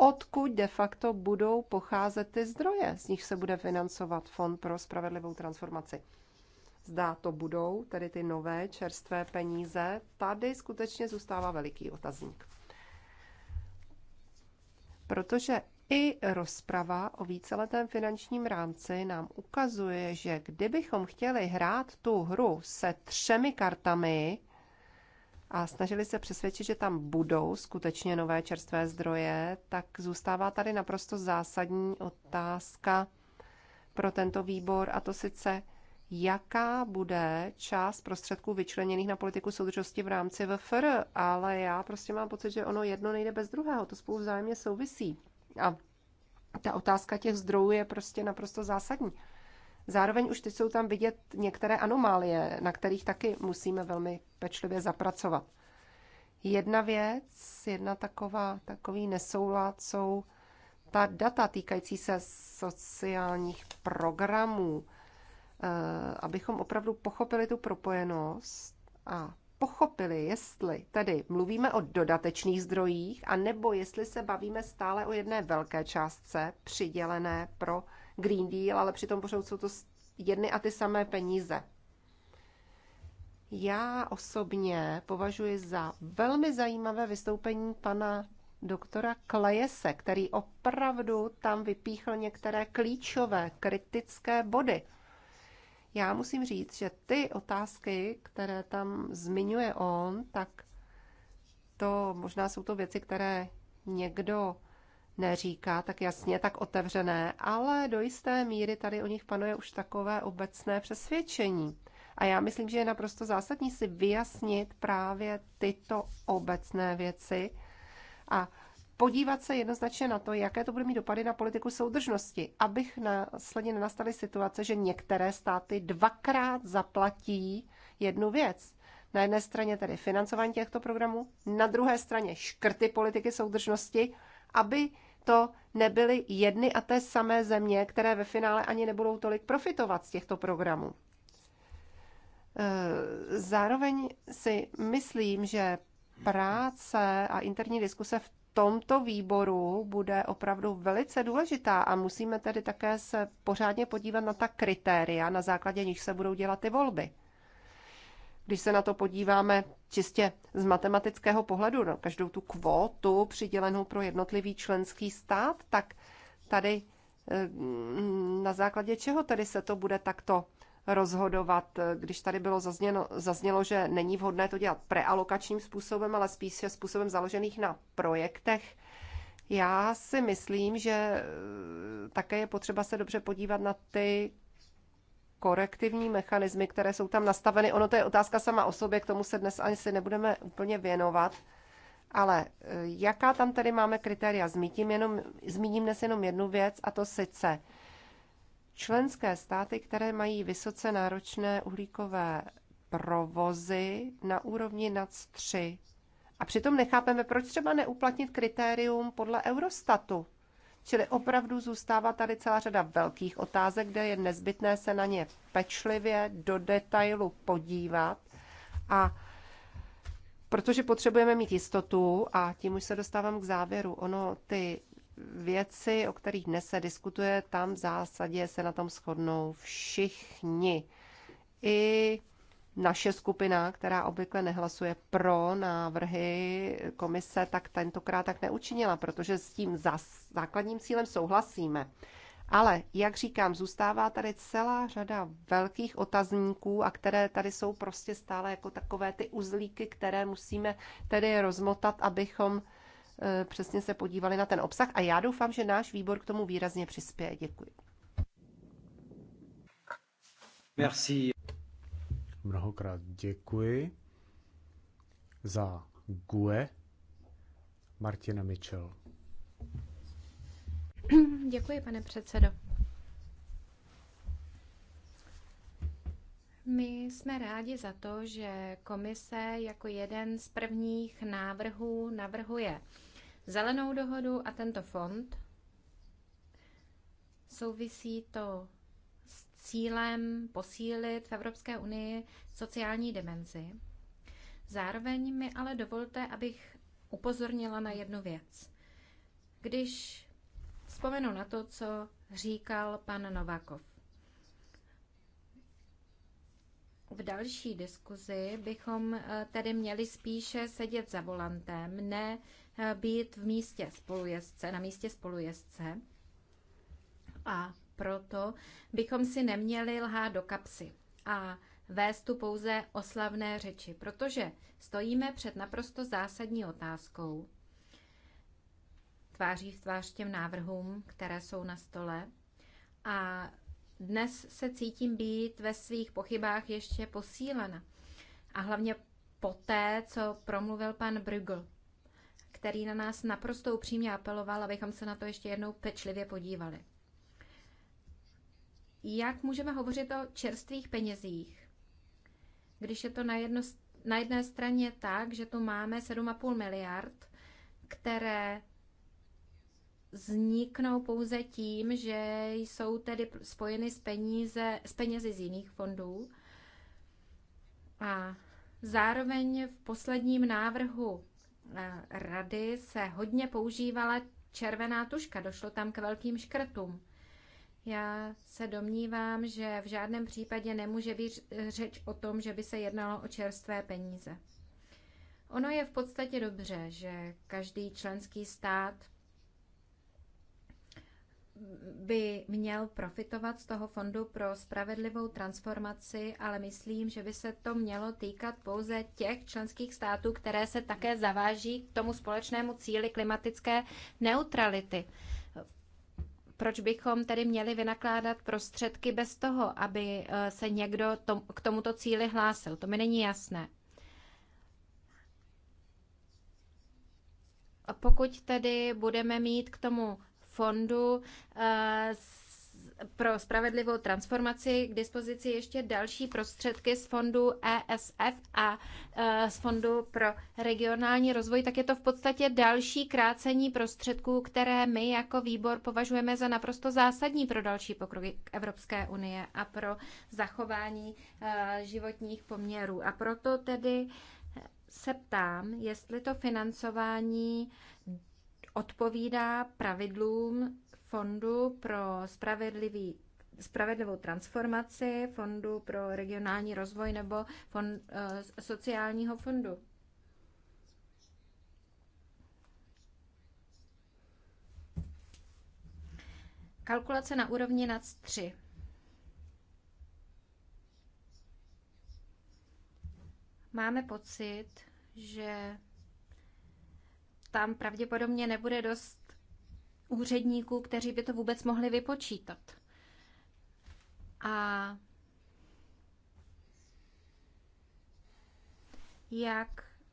Speaker 2: odkud de facto budou pocházet ty zdroje, z nich se bude financovat Fond pro spravedlivou transformaci. Zdá to budou, tedy ty nové čerstvé peníze, tady skutečně zůstává veliký otazník. Protože i rozprava o víceletém finančním rámci nám ukazuje, že kdybychom chtěli hrát tu hru se třemi kartami, a snažili se přesvědčit, že tam budou skutečně nové čerstvé zdroje, tak zůstává tady naprosto zásadní otázka pro tento výbor, a to sice, jaká bude část prostředků vyčleněných na politiku soudržosti v rámci VFR, ale já prostě mám pocit, že ono jedno nejde bez druhého, to spolu vzájemně souvisí. A ta otázka těch zdrojů je prostě naprosto zásadní. Zároveň už teď jsou tam vidět některé anomálie, na kterých taky musíme velmi pečlivě zapracovat. Jedna věc, jedna taková, takový nesoulad jsou ta data týkající se sociálních programů, eh, abychom opravdu pochopili tu propojenost a pochopili, jestli tedy mluvíme o dodatečných zdrojích, anebo jestli se bavíme stále o jedné velké částce přidělené pro Green Deal, ale přitom pořád jsou to jedny a ty samé peníze. Já osobně považuji za velmi zajímavé vystoupení pana doktora Klejese, který opravdu tam vypíchl některé klíčové kritické body. Já musím říct, že ty otázky, které tam zmiňuje on, tak to možná jsou to věci, které někdo neříká tak jasně, tak otevřené, ale do jisté míry tady o nich panuje už takové obecné přesvědčení. A já myslím, že je naprosto zásadní si vyjasnit právě tyto obecné věci a podívat se jednoznačně na to, jaké to bude mít dopady na politiku soudržnosti, abych následně nenastaly situace, že některé státy dvakrát zaplatí jednu věc. Na jedné straně tedy financování těchto programů, na druhé straně škrty politiky soudržnosti aby to nebyly jedny a té samé země, které ve finále ani nebudou tolik profitovat z těchto programů. E, zároveň si myslím, že práce a interní diskuse v tomto výboru bude opravdu velice důležitá a musíme tedy také se pořádně podívat na ta kritéria, na základě nich se budou dělat ty volby když se na to podíváme čistě z matematického pohledu, na no, každou tu kvótu přidělenou pro jednotlivý členský stát, tak tady eh, na základě čeho tady se to bude takto rozhodovat, když tady bylo zazněno, zaznělo, že není vhodné to dělat prealokačním způsobem, ale spíše způsobem založených na projektech. Já si myslím, že eh, také je potřeba se dobře podívat na ty korektivní mechanismy, které jsou tam nastaveny. Ono to je otázka sama o sobě, k tomu se dnes ani si nebudeme úplně věnovat. Ale e, jaká tam tady máme kritéria? Zmítím, jenom, zmíním dnes jenom jednu věc, a to sice členské státy, které mají vysoce náročné uhlíkové provozy na úrovni NAC 3. A přitom nechápeme, proč třeba neuplatnit kritérium podle Eurostatu. Čili opravdu zůstává tady celá řada velkých otázek, kde je nezbytné se na ně pečlivě do detailu podívat a protože potřebujeme mít jistotu a tím už se dostávám k závěru, ono ty věci, o kterých dnes se diskutuje, tam v zásadě se na tom shodnou všichni. I naše skupina, která obvykle nehlasuje pro návrhy komise, tak tentokrát tak neučinila, protože s tím zas, základním cílem souhlasíme. Ale, jak říkám, zůstává tady celá řada velkých otazníků, a které tady jsou prostě stále jako takové ty uzlíky, které musíme tedy rozmotat, abychom e, přesně se podívali na ten obsah. A já doufám, že náš výbor k tomu výrazně přispěje. Děkuji.
Speaker 1: Merci. Mnohokrát děkuji za GUE Martina Mitchell.
Speaker 3: Děkuji, pane předsedo. My jsme rádi za to, že komise jako jeden z prvních návrhů navrhuje zelenou dohodu a tento fond. Souvisí to cílem posílit v Evropské unii sociální dimenzi. Zároveň mi ale dovolte, abych upozornila na jednu věc. Když vzpomenu na to, co říkal pan Novakov. V další diskuzi bychom eh, tedy měli spíše sedět za volantem, ne eh, být v místě spolujezdce, na místě spolujezdce. A proto bychom si neměli lhát do kapsy a vést tu pouze oslavné řeči, protože stojíme před naprosto zásadní otázkou tváří v tvář těm návrhům, které jsou na stole. A dnes se cítím být ve svých pochybách ještě posílena. A hlavně poté, co promluvil pan Brügel, který na nás naprosto upřímně apeloval, abychom se na to ještě jednou pečlivě podívali jak můžeme hovořit o čerstvých penězích, když je to na, jedno, na jedné straně tak, že tu máme 7,5 miliard, které vzniknou pouze tím, že jsou tedy spojeny s, peníze, s penězi z jiných fondů. A zároveň v posledním návrhu eh, rady se hodně používala červená tuška, došlo tam k velkým škrtům. Já se domnívám, že v žádném případě nemůže být řeč o tom, že by se jednalo o čerstvé peníze. Ono je v podstatě dobře, že každý členský stát by měl profitovat z toho fondu pro spravedlivou transformaci, ale myslím, že by se to mělo týkat pouze těch členských států, které se také zaváží k tomu společnému cíli klimatické neutrality. Proč bychom tedy měli vynakládat prostředky bez toho, aby eh, se někdo tom, k tomuto cíli hlásil? To mi není jasné. Pokud tedy budeme mít k tomu fondu eh, pro spravedlivou transformaci k dispozici ještě další prostředky z fondu ESF a e, z fondu pro regionální rozvoj, tak je to v podstatě další krácení prostředků, které my jako výbor považujeme za naprosto zásadní pro další pokroky Evropské unie a pro zachování e, životních poměrů. A proto tedy se ptám, jestli to financování odpovídá pravidlům Fondu pro spravedlivý spravedlivou transformaci, Fondu pro regionální rozvoj nebo fond, eh, sociálního fondu. Kalkulace na úrovni NAC 3. Máme pocit, že tam pravděpodobně nebude dost úředníků, kteří by to vůbec mohli vypočítat. A jak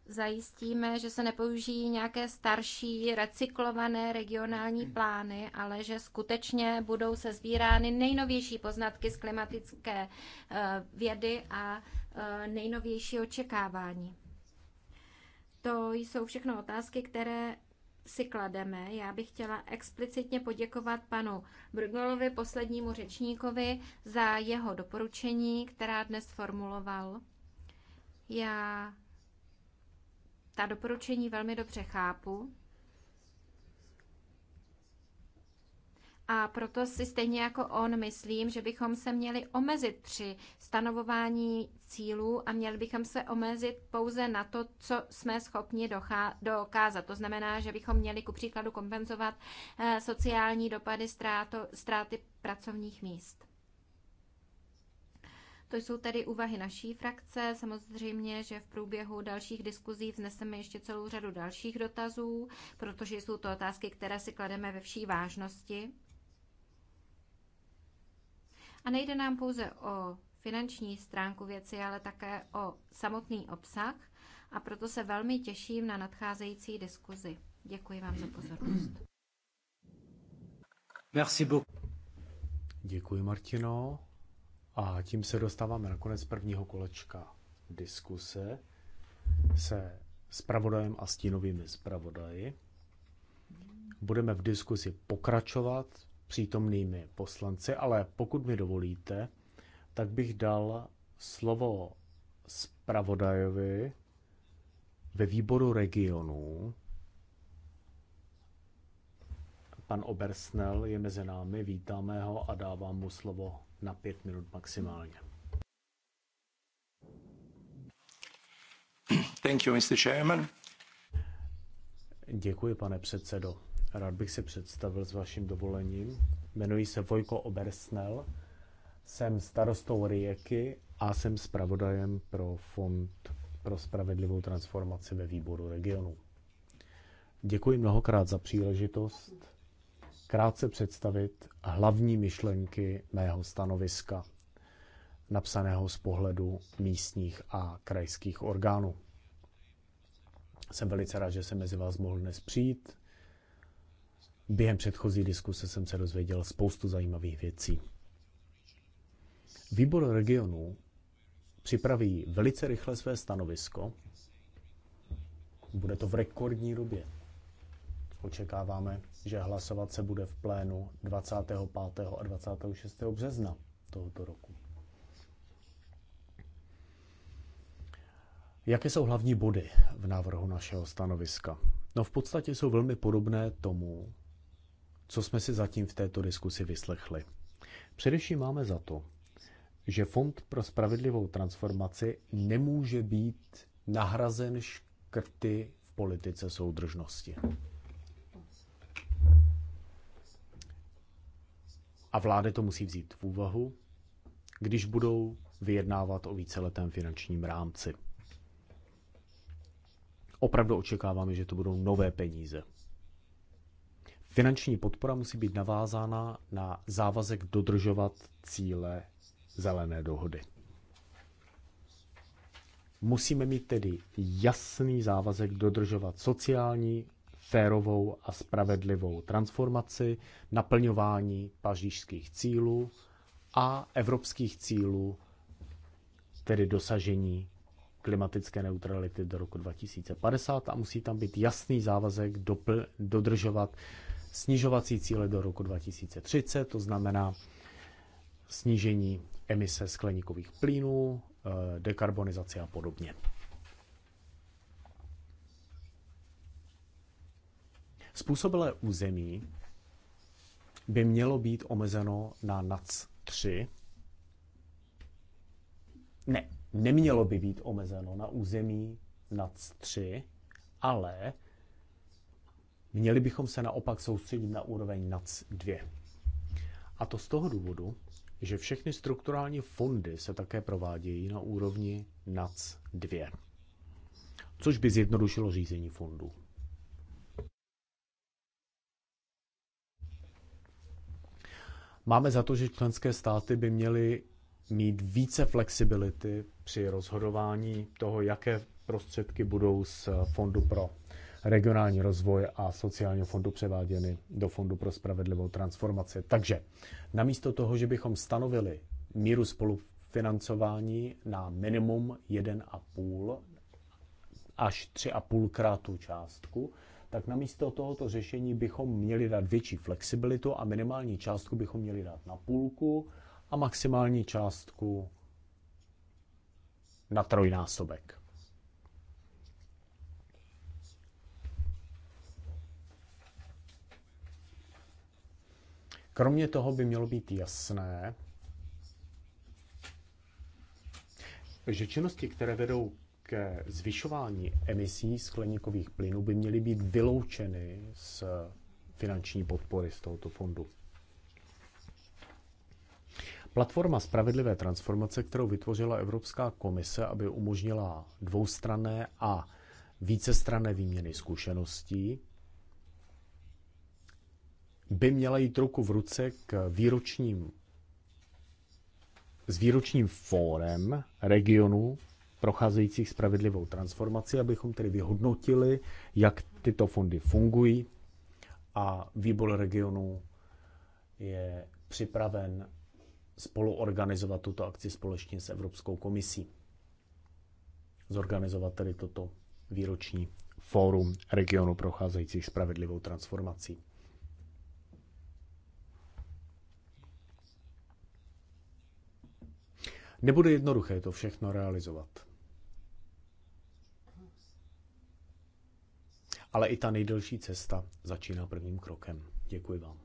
Speaker 3: zajistíme, že se nepoužijí nějaké starší recyklované regionální plány, ale že skutečně budou se sbírány nejnovější poznatky z klimatické eh, vědy a eh, nejnovější očekávání. To jsou všechno otázky, které si klademe. Já bych chtěla explicitně poděkovat panu Brgolovi, poslednímu řečníkovi, za jeho doporučení, která dnes formuloval. Já ta doporučení velmi dobře chápu. A proto si stejně jako on myslím, že bychom se měli omezit při stanovování cílů a měli bychom se omezit pouze na to, co jsme schopni dokázat. To znamená, že bychom měli ku příkladu kompenzovat eh, sociální dopady ztráto, ztráty pracovních míst. To jsou tedy úvahy naší frakce. Samozřejmě, že v průběhu dalších diskuzí vzneseme ještě celou řadu dalších dotazů, protože jsou to otázky, které si klademe ve vší vážnosti. A nejde nám pouze o finanční stránku věci, ale také o samotný obsah a proto se velmi těším na nadcházející diskuzi. Děkuji vám za pozornost.
Speaker 1: Merci beaucoup. Děkuji, Martino. A tím se dostáváme na konec prvního kolečka diskuse se spravodajem a stínovými zpravodaji. Budeme v diskusi pokračovat přítomnými poslanci, ale pokud mi dovolíte, tak bych dal slovo zpravodajovi ve výboru regionů. Pan Obersnel je mezi námi, vítáme ho a dávám mu slovo na pět minut maximálně. Thank you, Mr. Chairman. Děkuji, pane předsedo. Rád bych se představil s vaším dovolením. Jmenuji se Vojko Obersnel, jsem starostou Rijeky a jsem zpravodajem pro Fond pro spravedlivou transformaci ve výboru regionu. Děkuji mnohokrát za příležitost krátce představit hlavní myšlenky mého stanoviska, napsaného z pohledu místních a krajských orgánů. Jsem velice rád, že jsem mezi vás mohl dnes přijít Během předchozí diskuse jsem se dozvěděl spoustu zajímavých věcí. Výbor regionů připraví velice rychle své stanovisko. Bude to v rekordní době. Očekáváme, že hlasovat se bude v plénu 25. a 26. března tohoto roku. Jaké jsou hlavní body v návrhu našeho stanoviska? No v podstatě jsou velmi podobné tomu, co jsme si zatím v této diskusi vyslechli. Především máme za to, že Fond pro spravedlivou transformaci nemůže být nahrazen škrty v politice soudržnosti. A vlády to musí vzít v úvahu, když budou vyjednávat o víceletém finančním rámci. Opravdu očekáváme, že to budou nové peníze, Finanční podpora musí být navázána na závazek dodržovat cíle zelené dohody. Musíme mít tedy jasný závazek dodržovat sociální, férovou a spravedlivou transformaci, naplňování pařížských cílů a evropských cílů, tedy dosažení klimatické neutrality do roku 2050 a musí tam být jasný závazek dodržovat snižovací cíle do roku 2030, to znamená snížení emise skleníkových plynů, eh, dekarbonizace a podobně. Způsobilé území by mělo být omezeno na NAC 3. Ne, nemělo by být omezeno na území NAC 3, ale Měli bychom se naopak soustředit na úroveň NAC 2. A to z toho důvodu, že všechny strukturální fondy se také provádějí na úrovni NAC 2, což by zjednodušilo řízení fondů. Máme za to, že členské státy by měly mít více flexibility při rozhodování toho, jaké prostředky budou z Fondu pro regionální rozvoj a sociálního fondu převáděny do Fondu pro spravedlivou transformaci. Takže namísto toho, že bychom stanovili míru spolufinancování na minimum 1,5 až 3,5 krát tu částku, tak namísto tohoto řešení bychom měli dát větší flexibilitu a minimální částku bychom měli dát na půlku a maximální částku na trojnásobek. Kromě toho by mělo být jasné, že činnosti, které vedou ke zvyšování emisí skleníkových plynů, by měly být vyloučeny z finanční podpory z tohoto fondu. Platforma spravedlivé transformace, kterou vytvořila Evropská komise, aby umožnila dvoustranné a vícestranné výměny zkušeností, by měla jít ruku v ruce k výročním s výročním fórem regionu procházejících spravedlivou transformaci, abychom tedy vyhodnotili, jak tyto fondy fungují a výbor regionu je připraven spoluorganizovat tuto akci společně s Evropskou komisí. Zorganizovat tedy toto výroční fórum regionu procházejících spravedlivou transformací. Nebude jednoduché to všechno realizovat. Ale i ta nejdelší cesta začíná prvním krokem. Děkuji vám.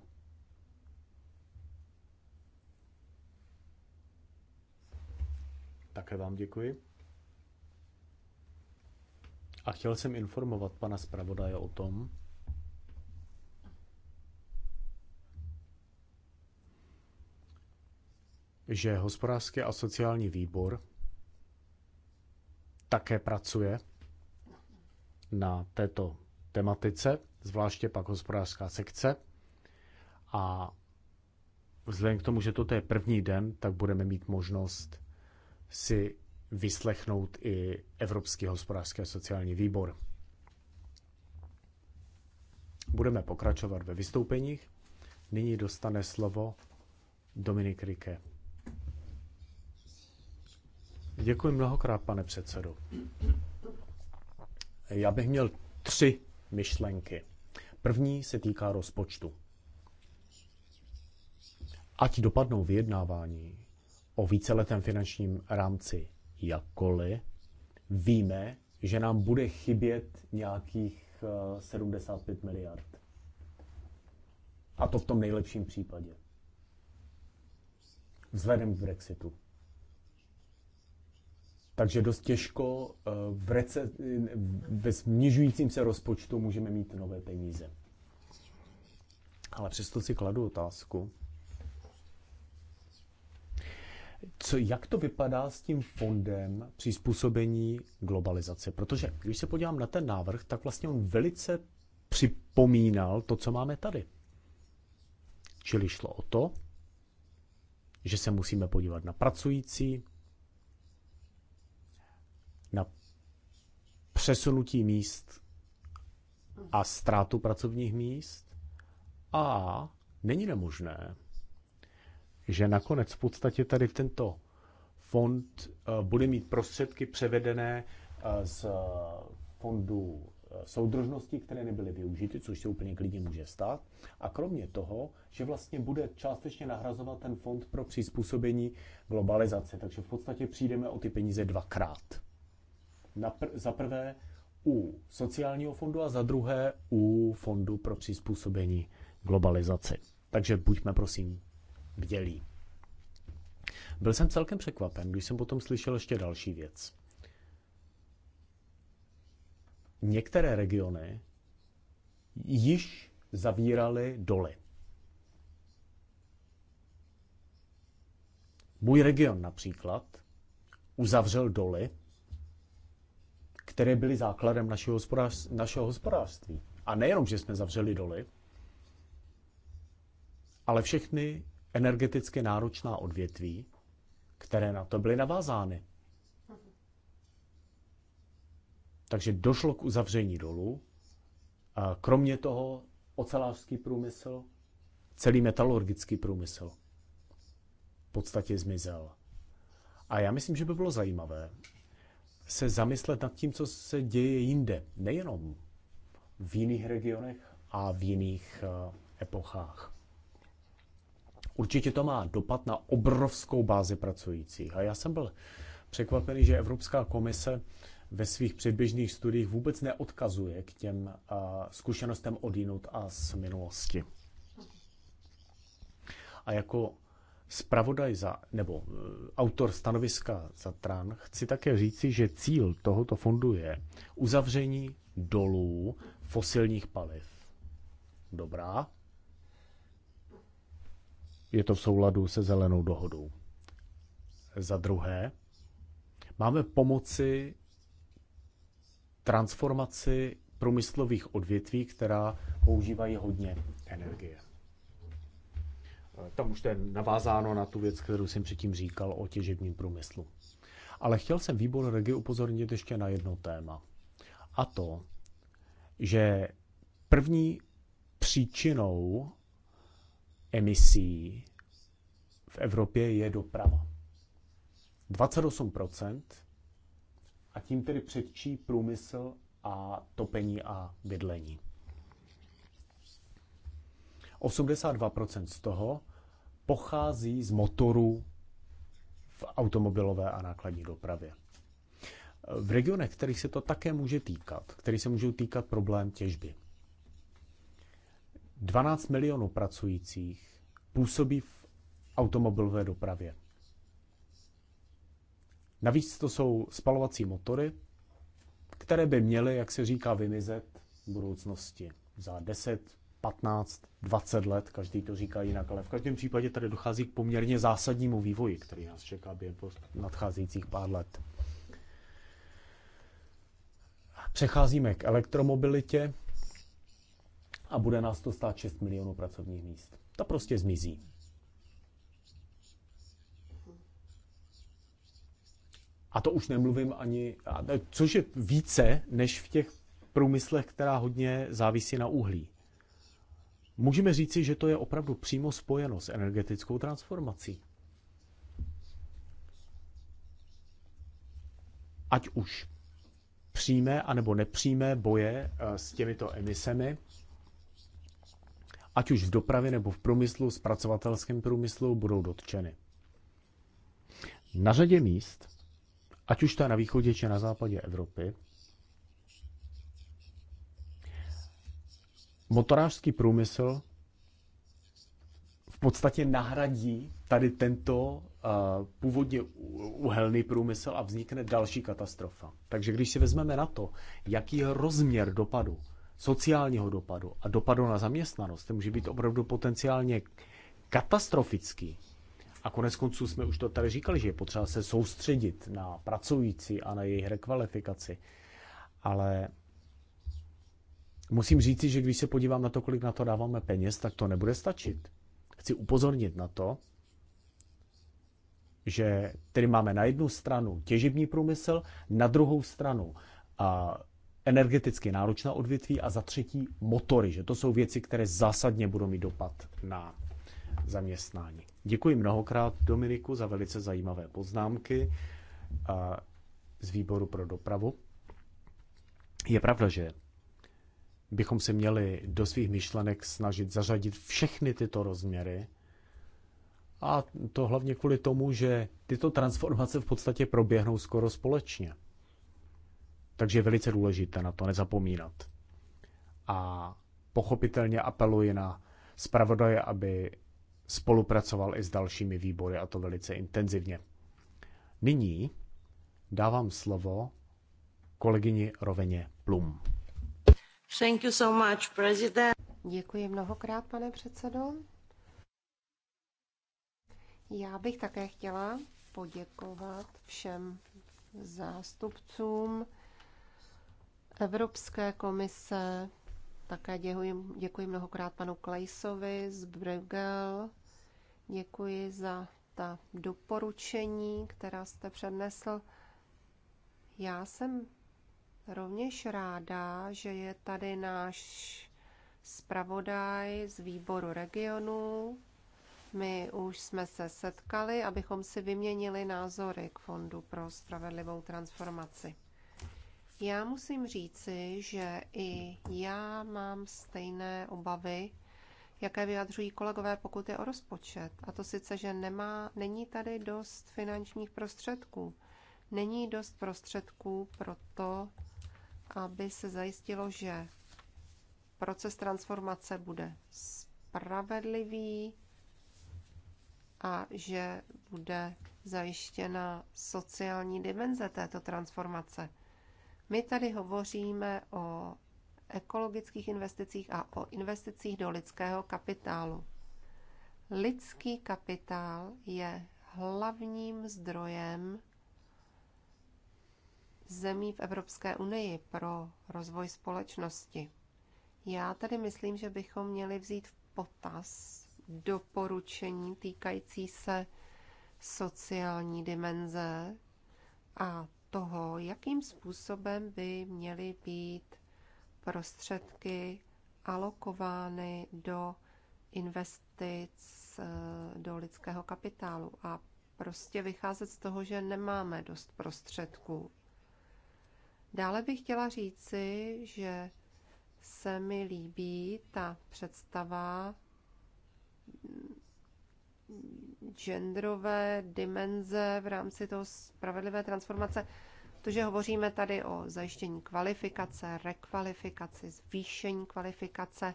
Speaker 1: Také vám děkuji. A chtěl jsem informovat pana zpravodaje o tom, že hospodářský a sociální výbor také pracuje na této tematice, zvláště pak hospodářská sekce. A vzhledem k tomu, že toto je první den, tak budeme mít možnost si vyslechnout i Evropský hospodářský a sociální výbor. Budeme pokračovat ve vystoupeních. Nyní dostane slovo Dominik Rike. Děkuji mnohokrát, pane předsedo. Já bych měl tři myšlenky. První se týká rozpočtu. Ať dopadnou vyjednávání o víceletém finančním rámci jakkoliv, víme, že nám bude chybět nějakých 75 eh, miliard. A to v tom nejlepším případě. Vzhledem k Brexitu. Takže dost těžko eh, v rece- ve snižujícím se rozpočtu můžeme mít nové peníze. Ale přesto si kladu otázku. Co, jak to vypadá s tím fondem přizpůsobení globalizace? Protože když se podívám na ten návrh, tak vlastně on velice připomínal to, co máme tady. Čili šlo o to, že se musíme podívat na pracující, na přesunutí míst a ztrátu pracovních míst a není nemožné, že nakonec v podstatě tady tento fond eh, bude mít prostředky převedené eh, z fondu eh, soudržnosti, které nebyly využity, což se úplně klidně může stát. A kromě toho, že vlastně bude částečně nahrazovat ten fond pro přizpůsobení globalizace, Takže v podstatě přijdeme o ty peníze dvakrát. Napr- za prvé u sociálního fondu a za druhé u fondu pro přizpůsobení globalizaci. Takže buďme prosím vdělí. Byl jsem celkem překvapen, když jsem potom slyšel ještě další věc. Některé regiony již zavíraly doly. Můj region například uzavřel doly které byly základem našeho, hospodář, našeho hospodářství. A nejenom, že jsme zavřeli doly, ale všechny energeticky náročná odvětví, které na to byly navázány. Takže došlo k uzavření dolů. Kromě toho ocelářský průmysl, celý metalurgický průmysl v podstatě zmizel. A já myslím, že by bylo zajímavé, se zamyslet nad tím, co se děje jinde. Nejenom v jiných regionech a v jiných eh, epochách. Určitě to má dopad na obrovskou bázi pracujících. A já jsem byl překvapený, že Evropská komise ve svých předběžných studiích vůbec neodkazuje k těm eh, zkušenostem odinut a z minulosti. A jako Spravodaj za, nebo eh, autor stanoviska za TRAN chci také říci, že cíl tohoto fondu je uzavření dolů fosilních paliv. Dobrá. Je to v souladu se zelenou dohodou. Za druhé, máme pomoci transformaci průmyslových odvětví, která používají hodně energie. Eh, tam už to je navázáno na tu věc, kterou jsem předtím říkal o těžebním průmyslu. Ale chtěl jsem výbor Regi upozornit ještě na jedno téma. A to, že první příčinou emisí v Evropě je doprava. 28% a tím tedy předčí průmysl a topení a bydlení. 82% z toho pochází z motorů v automobilové a nákladní dopravě. V regionech, kterých se to také může týkat, který se můžou týkat problém těžby. 12 milionů pracujících působí v automobilové dopravě. Navíc to jsou spalovací motory, které by měly, jak se říká, vymizet v budoucnosti za 10, 15-20 let, každý to říká jinak, ale v každém případě tady dochází k poměrně zásadnímu vývoji, který nás čeká během nadcházejících pár let. Přecházíme k elektromobilitě a bude nás to stát 6 milionů pracovních míst. Ta prostě zmizí. A to už nemluvím ani, což je více než v těch průmyslech, která hodně závisí na uhlí. Můžeme říci, že to je opravdu přímo spojeno s energetickou transformací. Ať už přímé anebo nepřímé boje eh, s těmito emisemi, ať už v dopravě nebo v průmyslu, zpracovatelském průmyslu, budou dotčeny. Na řadě míst, ať už ta na východě či na západě Evropy, motorářský průmysl v podstatě nahradí tady tento eh, původně uhelný průmysl a vznikne další katastrofa. Takže když si vezmeme na to, jaký je rozměr dopadu, sociálního dopadu a dopadu na zaměstnanost, to může být opravdu potenciálně katastrofický. A konec konců jsme už to tady říkali, že je potřeba se soustředit na pracující a na jejich rekvalifikaci. Ale Musím říci, že když se podívám na to, kolik na to dáváme peněz, tak to nebude stačit. Chci upozornit na to, že tedy máme na jednu stranu těžební průmysl, na druhou stranu a energeticky náročná odvětví a za třetí motory, že to jsou věci, které zásadně budou mít dopad na zaměstnání. Děkuji mnohokrát Dominiku za velice zajímavé poznámky z výboru pro dopravu. Je pravda, že bychom se měli do svých myšlenek snažit zařadit všechny tyto rozměry. A to hlavně kvůli tomu, že tyto transformace v podstatě proběhnou skoro společně. Takže je velice důležité na to nezapomínat. A pochopitelně apeluji na zpravodaje, aby spolupracoval i s dalšími výbory a to velice intenzivně. Nyní dávám slovo kolegyni Roveně Plum.
Speaker 2: Thank you so much, president. Děkuji mnohokrát, pane předsedo. Já bych také chtěla poděkovat všem zástupcům Evropské komise. Také děkuji, děkuji mnohokrát panu Klejsovi z Brugel. Děkuji za ta doporučení, která jste přednesl. Já jsem rovněž ráda, že je tady náš zpravodaj z výboru regionu. My už jsme se setkali, abychom si vyměnili názory k Fondu pro spravedlivou transformaci. Já musím říci, že i já mám stejné obavy, jaké vyjadřují kolegové, pokud je o rozpočet. A to sice, že nemá, není tady dost finančních prostředků. Není dost prostředků pro to, aby se zajistilo, že proces transformace bude spravedlivý a že bude zajištěna sociální dimenze této transformace. My tady hovoříme o ekologických investicích a o investicích do lidského kapitálu. Lidský kapitál je hlavním zdrojem zemí v Evropské unii pro rozvoj společnosti. Já tedy myslím, že bychom měli vzít v potaz doporučení týkající se sociální dimenze a toho, jakým způsobem by měly být prostředky alokovány do investic eh, do lidského kapitálu a prostě vycházet z toho, že nemáme dost prostředků Dále bych chtěla říci, že se mi líbí ta představa mm, genderové dimenze v rámci toho spravedlivé transformace, že hovoříme tady o zajištění kvalifikace, rekvalifikaci, zvýšení kvalifikace.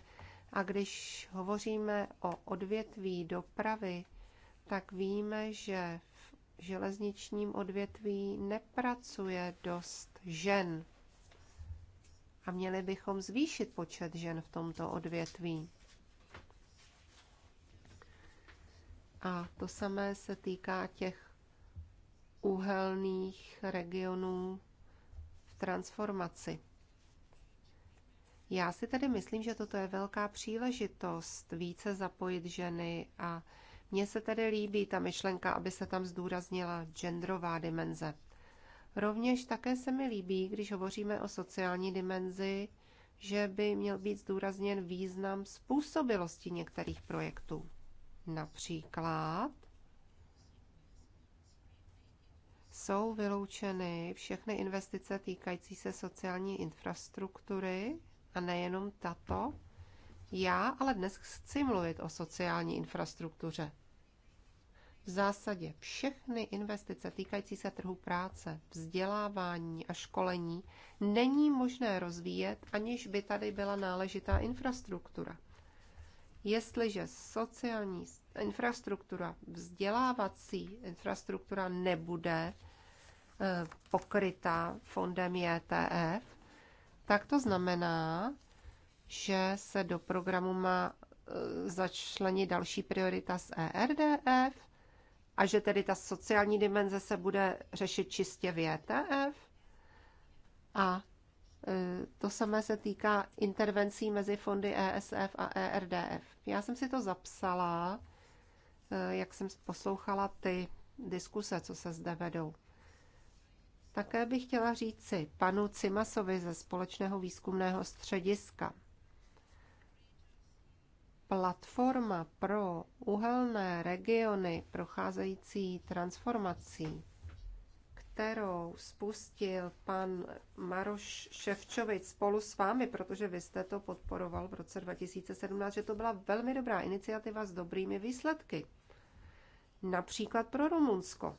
Speaker 2: A když hovoříme o odvětví dopravy, tak víme, že železničním odvětví nepracuje dost žen. A měli bychom zvýšit počet žen v tomto odvětví. A to samé se týká těch úhelných regionů v transformaci. Já si tedy myslím, že toto je velká příležitost více zapojit ženy a mně se tedy líbí ta myšlenka, aby se tam zdůraznila genderová dimenze. Rovněž také se mi líbí, když hovoříme o sociální dimenzi, že by měl být zdůrazněn význam způsobilosti některých projektů. Například jsou vyloučeny všechny investice týkající se sociální infrastruktury a nejenom tato, já ale dnes chci mluvit o sociální infrastruktuře. V zásadě všechny investice týkající se trhu práce, vzdělávání a školení není možné rozvíjet, aniž by tady byla náležitá infrastruktura. Jestliže sociální infrastruktura, vzdělávací infrastruktura nebude eh, pokrytá fondem JTF, tak to znamená, že se do programu má e, začlenit další priorita z ERDF a že tedy ta sociální dimenze se bude řešit čistě v ETF A e, to samé se týká intervencí mezi fondy ESF a ERDF. Já jsem si to zapsala, e, jak jsem poslouchala ty diskuse, co se zde vedou. Také bych chtěla říci panu Cimasovi ze Společného výzkumného střediska, platforma pro uhelné regiony procházející transformací, kterou spustil pan Maroš Ševčovič spolu s vámi, protože vy jste to podporoval v roce 2017, že to byla velmi dobrá iniciativa s dobrými výsledky. Například pro Rumunsko.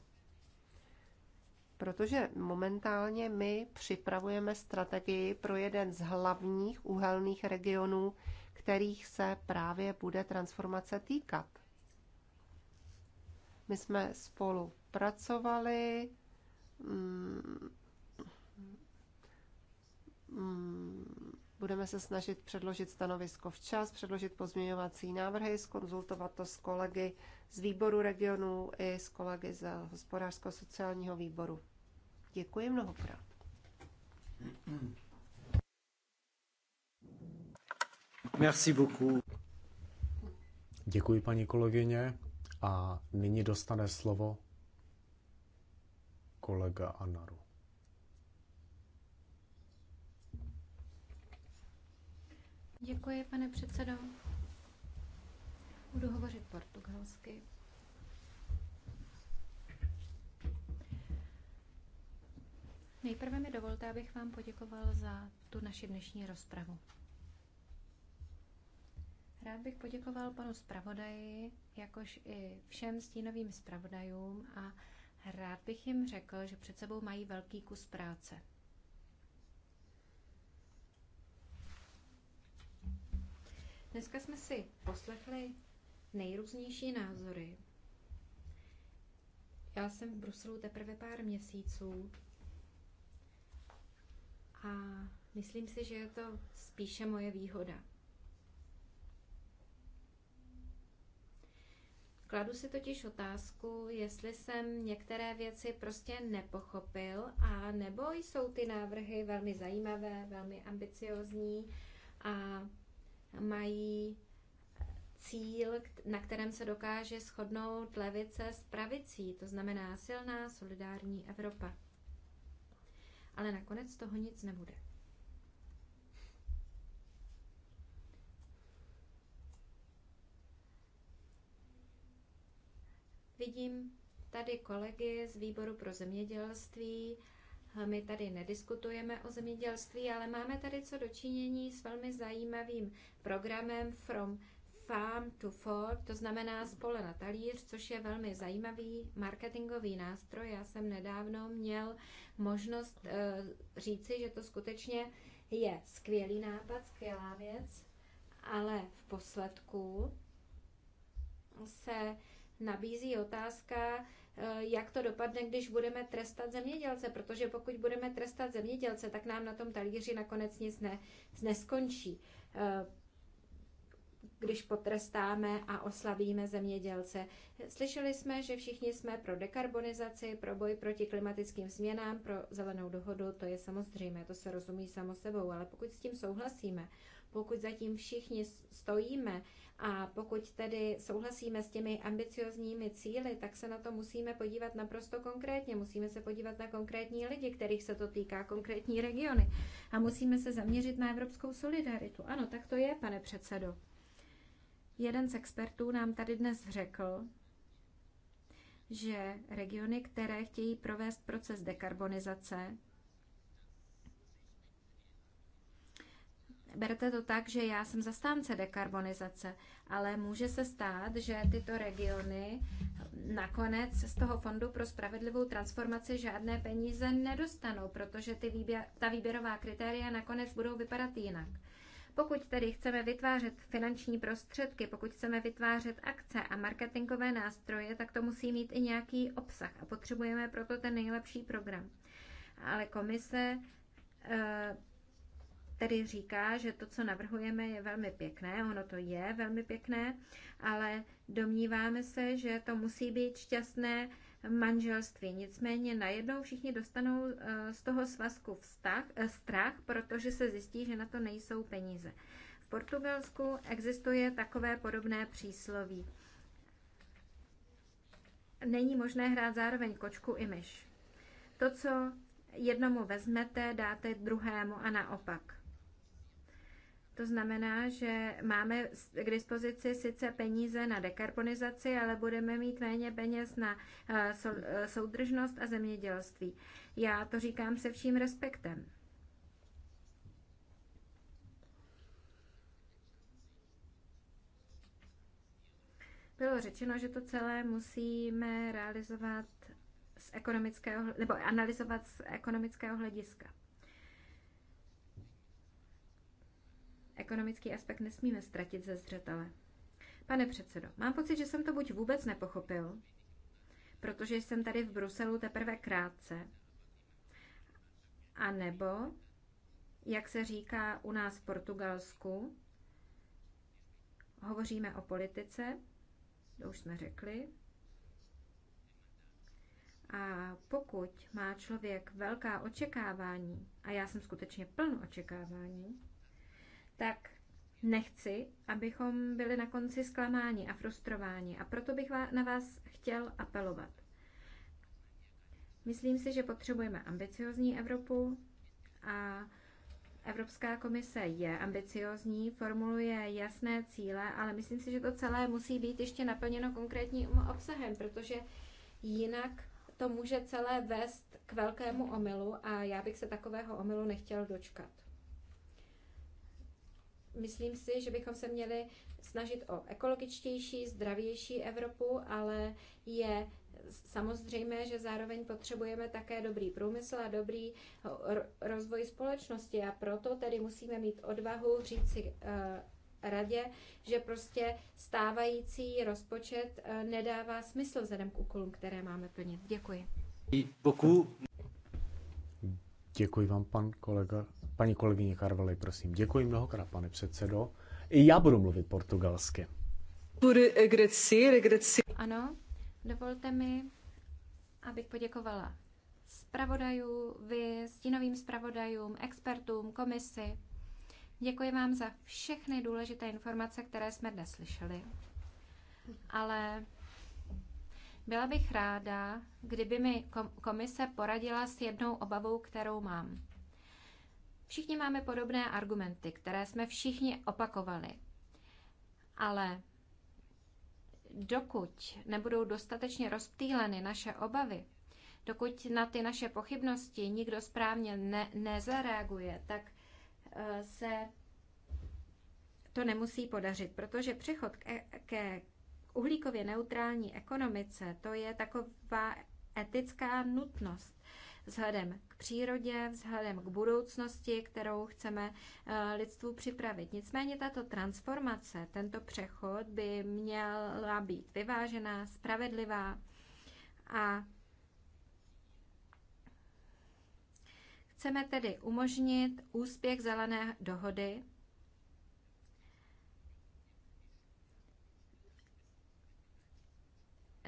Speaker 2: Protože momentálně my připravujeme strategii pro jeden z hlavních uhelných regionů kterých se právě bude transformace týkat. My jsme spolu pracovali, mm, mm, budeme se snažit předložit stanovisko včas, předložit pozměňovací návrhy, skonzultovat to s kolegy z výboru regionu i s kolegy z hospodářsko-sociálního výboru. Děkuji mnohokrát.
Speaker 1: Merci beaucoup. Děkuji, paní kolegyně. A nyní dostane slovo kolega Anaru.
Speaker 3: Děkuji, pane předsedo. Budu hovořit portugalsky. Nejprve mi dovolte, abych vám poděkoval za tu naši dnešní rozpravu. Rád bych poděkoval panu zpravodaji, jakož i všem stínovým zpravodajům a rád bych jim řekl, že před sebou mají velký kus práce. Dneska jsme si poslechli nejrůznější názory. Já jsem v Bruselu teprve pár měsíců a myslím si, že je to spíše moje výhoda. Kladu si totiž otázku, jestli jsem některé věci prostě nepochopil, a nebo jsou ty návrhy velmi zajímavé, velmi ambiciozní a mají cíl, na kterém se dokáže shodnout levice s pravicí, to znamená silná solidární Evropa. Ale nakonec toho nic nebude. Vidím tady kolegy z výboru pro zemědělství. My tady nediskutujeme o zemědělství, ale máme tady co dočinění s velmi zajímavým programem From Farm to Fork, to znamená spole na talíř, což je velmi zajímavý marketingový nástroj. Já jsem nedávno měl možnost eh, říci, že to skutečně je skvělý nápad, skvělá věc, ale v posledku se nabízí otázka, eh, jak to dopadne, když budeme trestat zemědělce, protože pokud budeme trestat zemědělce, tak nám na tom talíři nakonec nic ne, neskončí. Eh, když potrestáme a oslabíme zemědělce. Slyšeli jsme, že všichni jsme pro dekarbonizaci, pro boj proti klimatickým změnám, pro zelenou dohodu, to je samozřejmé, to se rozumí samo sebou, ale pokud s tím souhlasíme, pokud zatím všichni stojíme a pokud tedy souhlasíme s těmi ambiciozními cíly, tak se na to musíme podívat naprosto konkrétně. Musíme se podívat na konkrétní lidi, kterých se to týká, konkrétní regiony. A musíme se zaměřit na evropskou solidaritu. Ano, tak to je, pane předsedo. Jeden z expertů nám tady dnes řekl, že regiony, které chtějí provést proces dekarbonizace, berte to tak, že já jsem zastánce dekarbonizace, ale může se stát, že tyto regiony nakonec z toho Fondu pro spravedlivou transformaci žádné peníze nedostanou, protože ty výběr, ta výběrová kritéria nakonec budou vypadat jinak. Pokud tedy chceme vytvářet finanční prostředky, pokud chceme vytvářet akce a marketingové nástroje, tak to musí mít i nějaký obsah a potřebujeme proto ten nejlepší program. Ale komise eh, tedy říká, že to, co navrhujeme, je velmi pěkné, ono to je velmi pěkné, ale domníváme se, že to musí být šťastné manželství. Nicméně najednou všichni dostanou eh, z toho svazku vztah, eh, strach, protože se zjistí, že na to nejsou peníze. V Portugalsku existuje takové podobné přísloví. Není možné hrát zároveň kočku i myš. To, co jednomu vezmete, dáte druhému a naopak. To znamená, že máme k dispozici sice peníze na dekarbonizaci, ale budeme mít méně peněz na eh, eh, soudržnost a zemědělství. Já to říkám se vším respektem. Bylo řečeno, že to celé musíme realizovat z ekonomického, nebo analyzovat z ekonomického hlediska. Ekonomický aspekt nesmíme ztratit ze zřetele. Pane předsedo, mám pocit, že jsem to buď vůbec nepochopil, protože jsem tady v Bruselu teprve krátce, a nebo, jak se říká u nás v Portugalsku, hovoříme o politice, to už jsme řekli, a pokud má člověk velká očekávání, a já jsem skutečně pln očekávání, tak nechci, abychom byli na konci zklamáni a frustrováni. A proto bych na vás chtěl apelovat. Myslím si, že potřebujeme ambiciozní Evropu a Evropská komise je ambiciozní, formuluje jasné cíle, ale myslím si, že to celé musí být ještě naplněno konkrétním obsahem, protože jinak to může celé vést k velkému omylu a já bych se takového omylu nechtěl dočkat myslím si, že bychom se měli snažit o ekologičtější, zdravější Evropu, ale je samozřejmé, že zároveň potřebujeme také dobrý průmysl a dobrý rozvoj společnosti a proto tedy musíme mít odvahu říct si eh, radě, že prostě stávající rozpočet eh, nedává smysl vzhledem k úkolům, které máme plnit. Děkuji.
Speaker 1: Děkuji vám, pan kolega Paní kolegyně Karvely, prosím. Děkuji mnohokrát, pane předsedo. I já budu mluvit portugalsky.
Speaker 3: Ano, dovolte mi, abych poděkovala zpravodajů, vy, stínovým zpravodajům, expertům, komisi. Děkuji vám za všechny důležité informace, které jsme dnes slyšeli. Ale byla bych ráda, kdyby mi komise poradila s jednou obavou, kterou mám. Všichni máme podobné argumenty, které jsme všichni opakovali. Ale dokud nebudou dostatečně rozptýleny naše obavy, dokud na ty naše pochybnosti nikdo správně ne- nezareaguje, tak eh, se to nemusí podařit, protože přechod e- ke uhlíkově neutrální ekonomice, to je taková etická nutnost vzhledem k přírodě, vzhledem k budoucnosti, kterou chceme eh, lidstvu připravit. Nicméně tato transformace, tento přechod by měla být vyvážená, spravedlivá a Chceme tedy umožnit úspěch zelené dohody,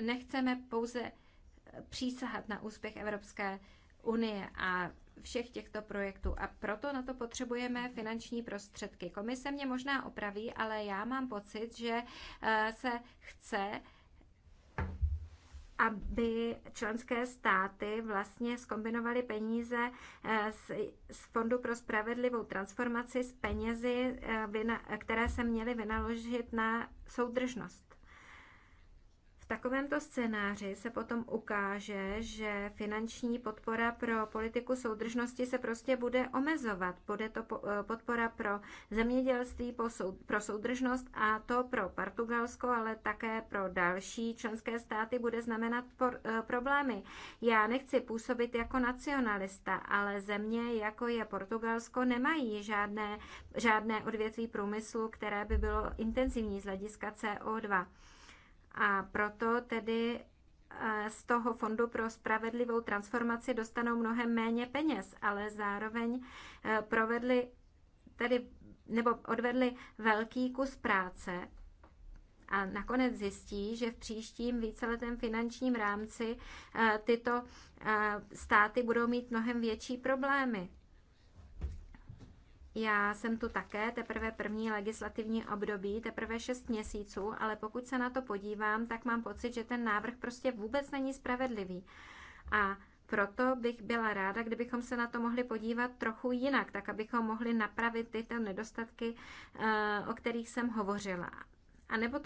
Speaker 3: nechceme pouze eh, přísahat na úspěch Evropské unie a všech těchto projektů a proto na to potřebujeme finanční prostředky. Komise mě možná opraví, ale já mám pocit, že eh, se chce aby členské státy vlastně skombinovaly peníze eh, z, z Fondu pro spravedlivou transformaci s penězi, eh, které se měly vynaložit na soudržnost takovémto scénáři se potom ukáže, že finanční podpora pro politiku soudržnosti se prostě bude omezovat. Bude to eh, podpora pro zemědělství, pro soudržnost a to pro Portugalsko, ale také pro další členské státy bude znamenat eh, problémy. Já nechci působit jako nacionalista, ale země, jako je Portugalsko, nemají žádné, žádné odvětví průmyslu, které by bylo intenzivní z hlediska CO2. A proto tedy eh, z toho Fondu pro spravedlivou transformaci dostanou mnohem méně peněz, ale zároveň eh, provedli tedy nebo odvedli velký kus práce a nakonec zjistí, že v příštím víceletém finančním rámci eh, tyto státy budou mít mnohem větší problémy. Já jsem tu také teprve první legislativní období, teprve 6 měsíců, ale pokud se na to podívám, tak mám pocit, že ten návrh prostě vůbec není spravedlivý. A proto bych byla ráda, kdybychom se na to mohli podívat trochu jinak, tak abychom mohli napravit tyto nedostatky, eh, o kterých jsem hovořila. A nebo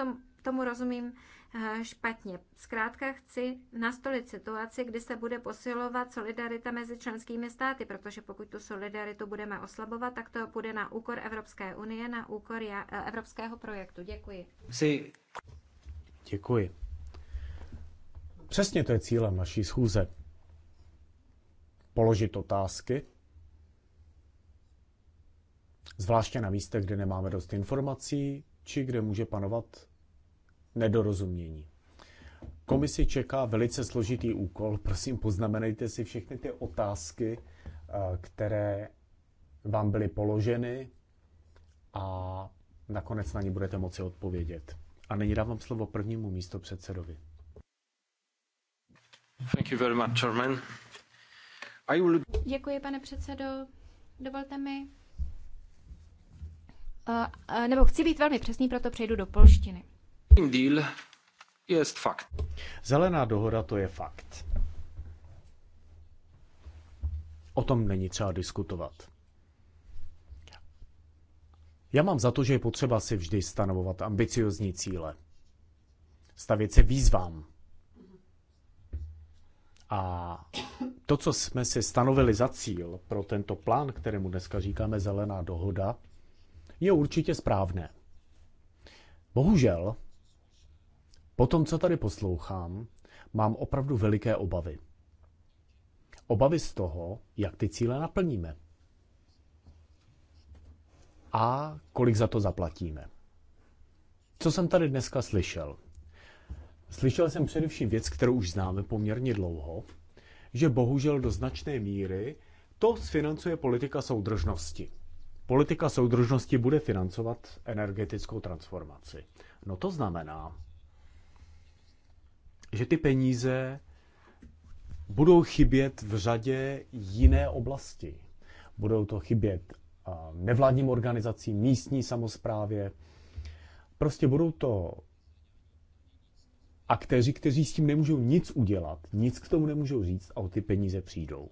Speaker 3: tomu rozumím Eh, špatně. Zkrátka chci nastolit situaci, kdy se bude posilovat solidarita mezi členskými státy, protože pokud tu solidaritu budeme oslabovat, tak to bude na úkor Evropské unie, na úkor eh, evropského projektu. Děkuji.
Speaker 1: Jsi... Děkuji. Přesně to je cílem naší schůze. Položit otázky, zvláště na místech, kde nemáme dost informací, či kde může panovat nedorozumění. Komisi čeká velice složitý úkol. Prosím, poznamenejte si všechny ty otázky, eh, které vám byly položeny a nakonec na ně budete moci odpovědět. A nyní dávám slovo prvnímu místo předsedovi. Thank you very much, Chairman. I will...
Speaker 3: Děkuji, pane předsedo. Dovolte mi. Uh, nebo chci být velmi přesný, proto přejdu do polštiny.
Speaker 1: Deal je fakt. Zelená dohoda to je fakt. O tom není třeba diskutovat. Já mám za to, že je potřeba si vždy stanovovat ambiciozní cíle. Stavět se výzvám. A to, co jsme si stanovili za cíl pro tento plán, kterému dneska říkáme zelená dohoda, je určitě správné. Bohužel po tom, co tady poslouchám, mám opravdu veliké obavy. Obavy z toho, jak ty cíle naplníme. A kolik za to zaplatíme. Co jsem tady dneska slyšel? Slyšel jsem především věc, kterou už známe poměrně dlouho, že bohužel do značné míry to sfinancuje politika soudržnosti. Politika soudržnosti bude financovat energetickou transformaci. No to znamená, že ty peníze budou chybět v řadě jiné oblasti. Budou to chybět nevládním organizacím, místní samozprávě. Prostě budou to aktéři, kteří s tím nemůžou nic udělat, nic k tomu nemůžou říct a o ty peníze přijdou.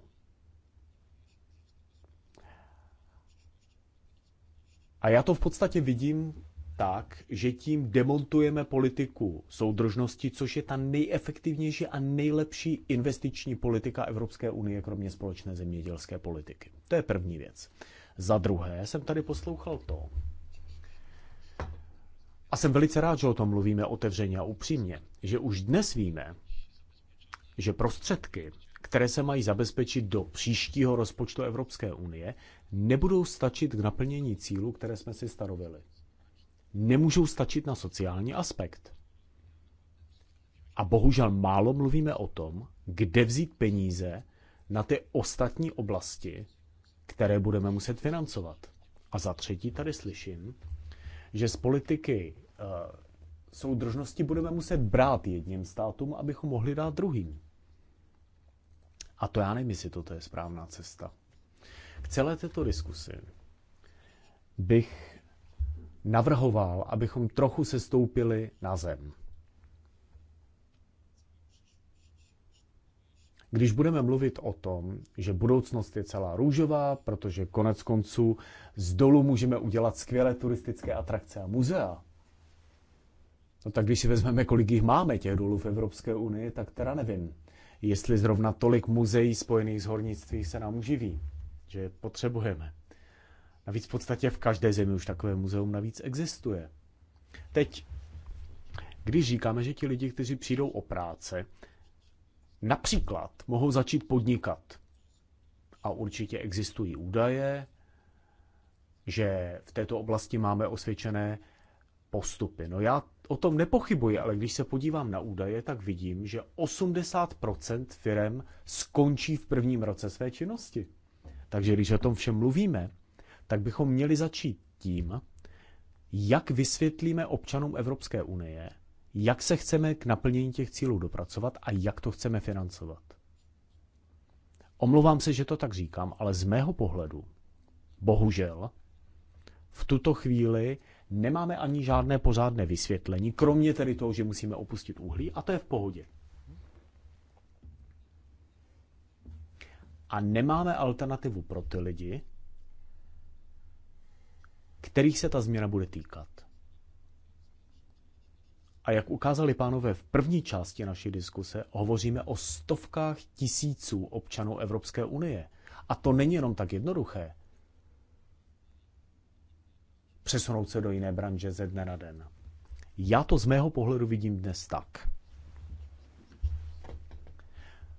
Speaker 1: A já to v podstatě vidím tak, že tím demontujeme politiku soudržnosti, což je ta nejefektivnější a nejlepší investiční politika Evropské unie, kromě společné zemědělské politiky. To je první věc. Za druhé jsem tady poslouchal to, a jsem velice rád, že o tom mluvíme otevřeně a upřímně, že už dnes víme, že prostředky, které se mají zabezpečit do příštího rozpočtu Evropské unie, nebudou stačit k naplnění cílu, které jsme si stanovili nemůžou stačit na sociální aspekt. A bohužel málo mluvíme o tom, kde vzít peníze na ty ostatní oblasti, které budeme muset financovat. A za třetí tady slyším, že z politiky uh, soudržnosti budeme muset brát jedním státům, abychom mohli dát druhým. A to já nevím, jestli toto je správná cesta. K celé této diskusi bych navrhoval, abychom trochu se stoupili na zem. Když budeme mluvit o tom, že budoucnost je celá růžová, protože konec konců z dolu můžeme udělat skvělé turistické atrakce a muzea, no tak když si vezmeme, kolik jich máme těch dolů v Evropské unii, tak teda nevím, jestli zrovna tolik muzeí spojených s hornictví se nám uživí, že potřebujeme. Navíc v podstatě v každé zemi už takové muzeum navíc existuje. Teď, když říkáme, že ti lidi, kteří přijdou o práce, například mohou začít podnikat. A určitě existují údaje, že v této oblasti máme osvědčené postupy. No já o tom nepochybuji, ale když se podívám na údaje, tak vidím, že 80% firm skončí v prvním roce své činnosti. Takže když o tom všem mluvíme, tak bychom měli začít tím, jak vysvětlíme občanům Evropské unie, jak se chceme k naplnění těch cílů dopracovat a jak to chceme financovat. Omlouvám se, že to tak říkám, ale z mého pohledu, bohužel, v tuto chvíli nemáme ani žádné pořádné vysvětlení, kromě tedy toho, že musíme opustit uhlí, a to je v pohodě. A nemáme alternativu pro ty lidi, kterých se ta změna bude týkat. A jak ukázali pánové v první části naší diskuse, hovoříme o stovkách tisíců občanů Evropské unie. A to není jenom tak jednoduché. Přesunout se do jiné branže ze dne na den. Já to z mého pohledu vidím dnes tak.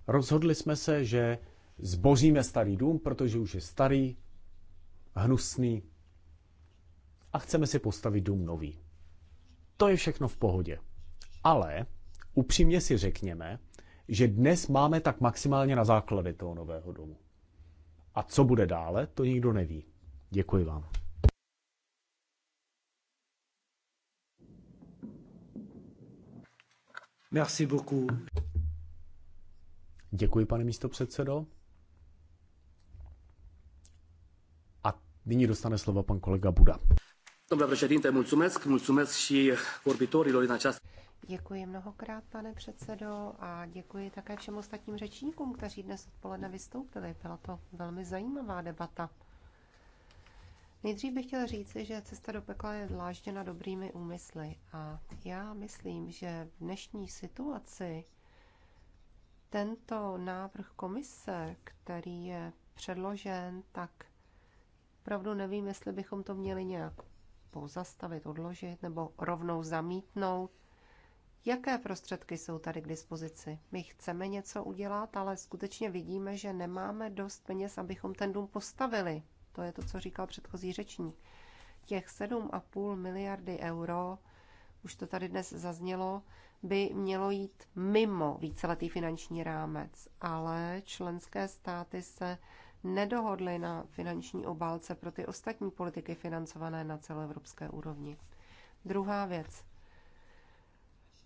Speaker 1: Rozhodli jsme se, že zboříme starý dům, protože už je starý, hnusný, a chceme si postavit dům nový. To je všechno v pohodě. Ale upřímně si řekněme, že dnes máme tak maximálně na základy toho nového domu. A co bude dále, to nikdo neví. Děkuji vám. Merci beaucoup. Děkuji, pane místopředsedo. A nyní dostane slovo pan kolega Buda. Domnule președinte, mulțumesc, mulțumesc și vorbitorilor în această...
Speaker 2: Děkuji mnohokrát, pane předsedo, a děkuji také všem ostatním řečníkům, kteří dnes odpoledne vystoupili. Byla to velmi zajímavá debata. Nejdřív bych chtěl říci, že cesta do pekla je dlážděna dobrými úmysly a já myslím, že v dnešní situaci tento návrh komise, který je předložen, tak opravdu nevím, jestli bychom to měli nějak pozastavit, odložit nebo rovnou zamítnout? Jaké prostředky jsou tady k dispozici? My chceme něco udělat, ale skutečně vidíme, že nemáme dost peněz, abychom ten dům postavili. To je to, co říkal předchozí řečník. Těch 7,5 miliardy euro, už to tady dnes zaznělo, by mělo jít mimo víceletý finanční rámec, ale členské státy se nedohodli na finanční obálce pro ty ostatní politiky financované na celoevropské úrovni. Druhá věc.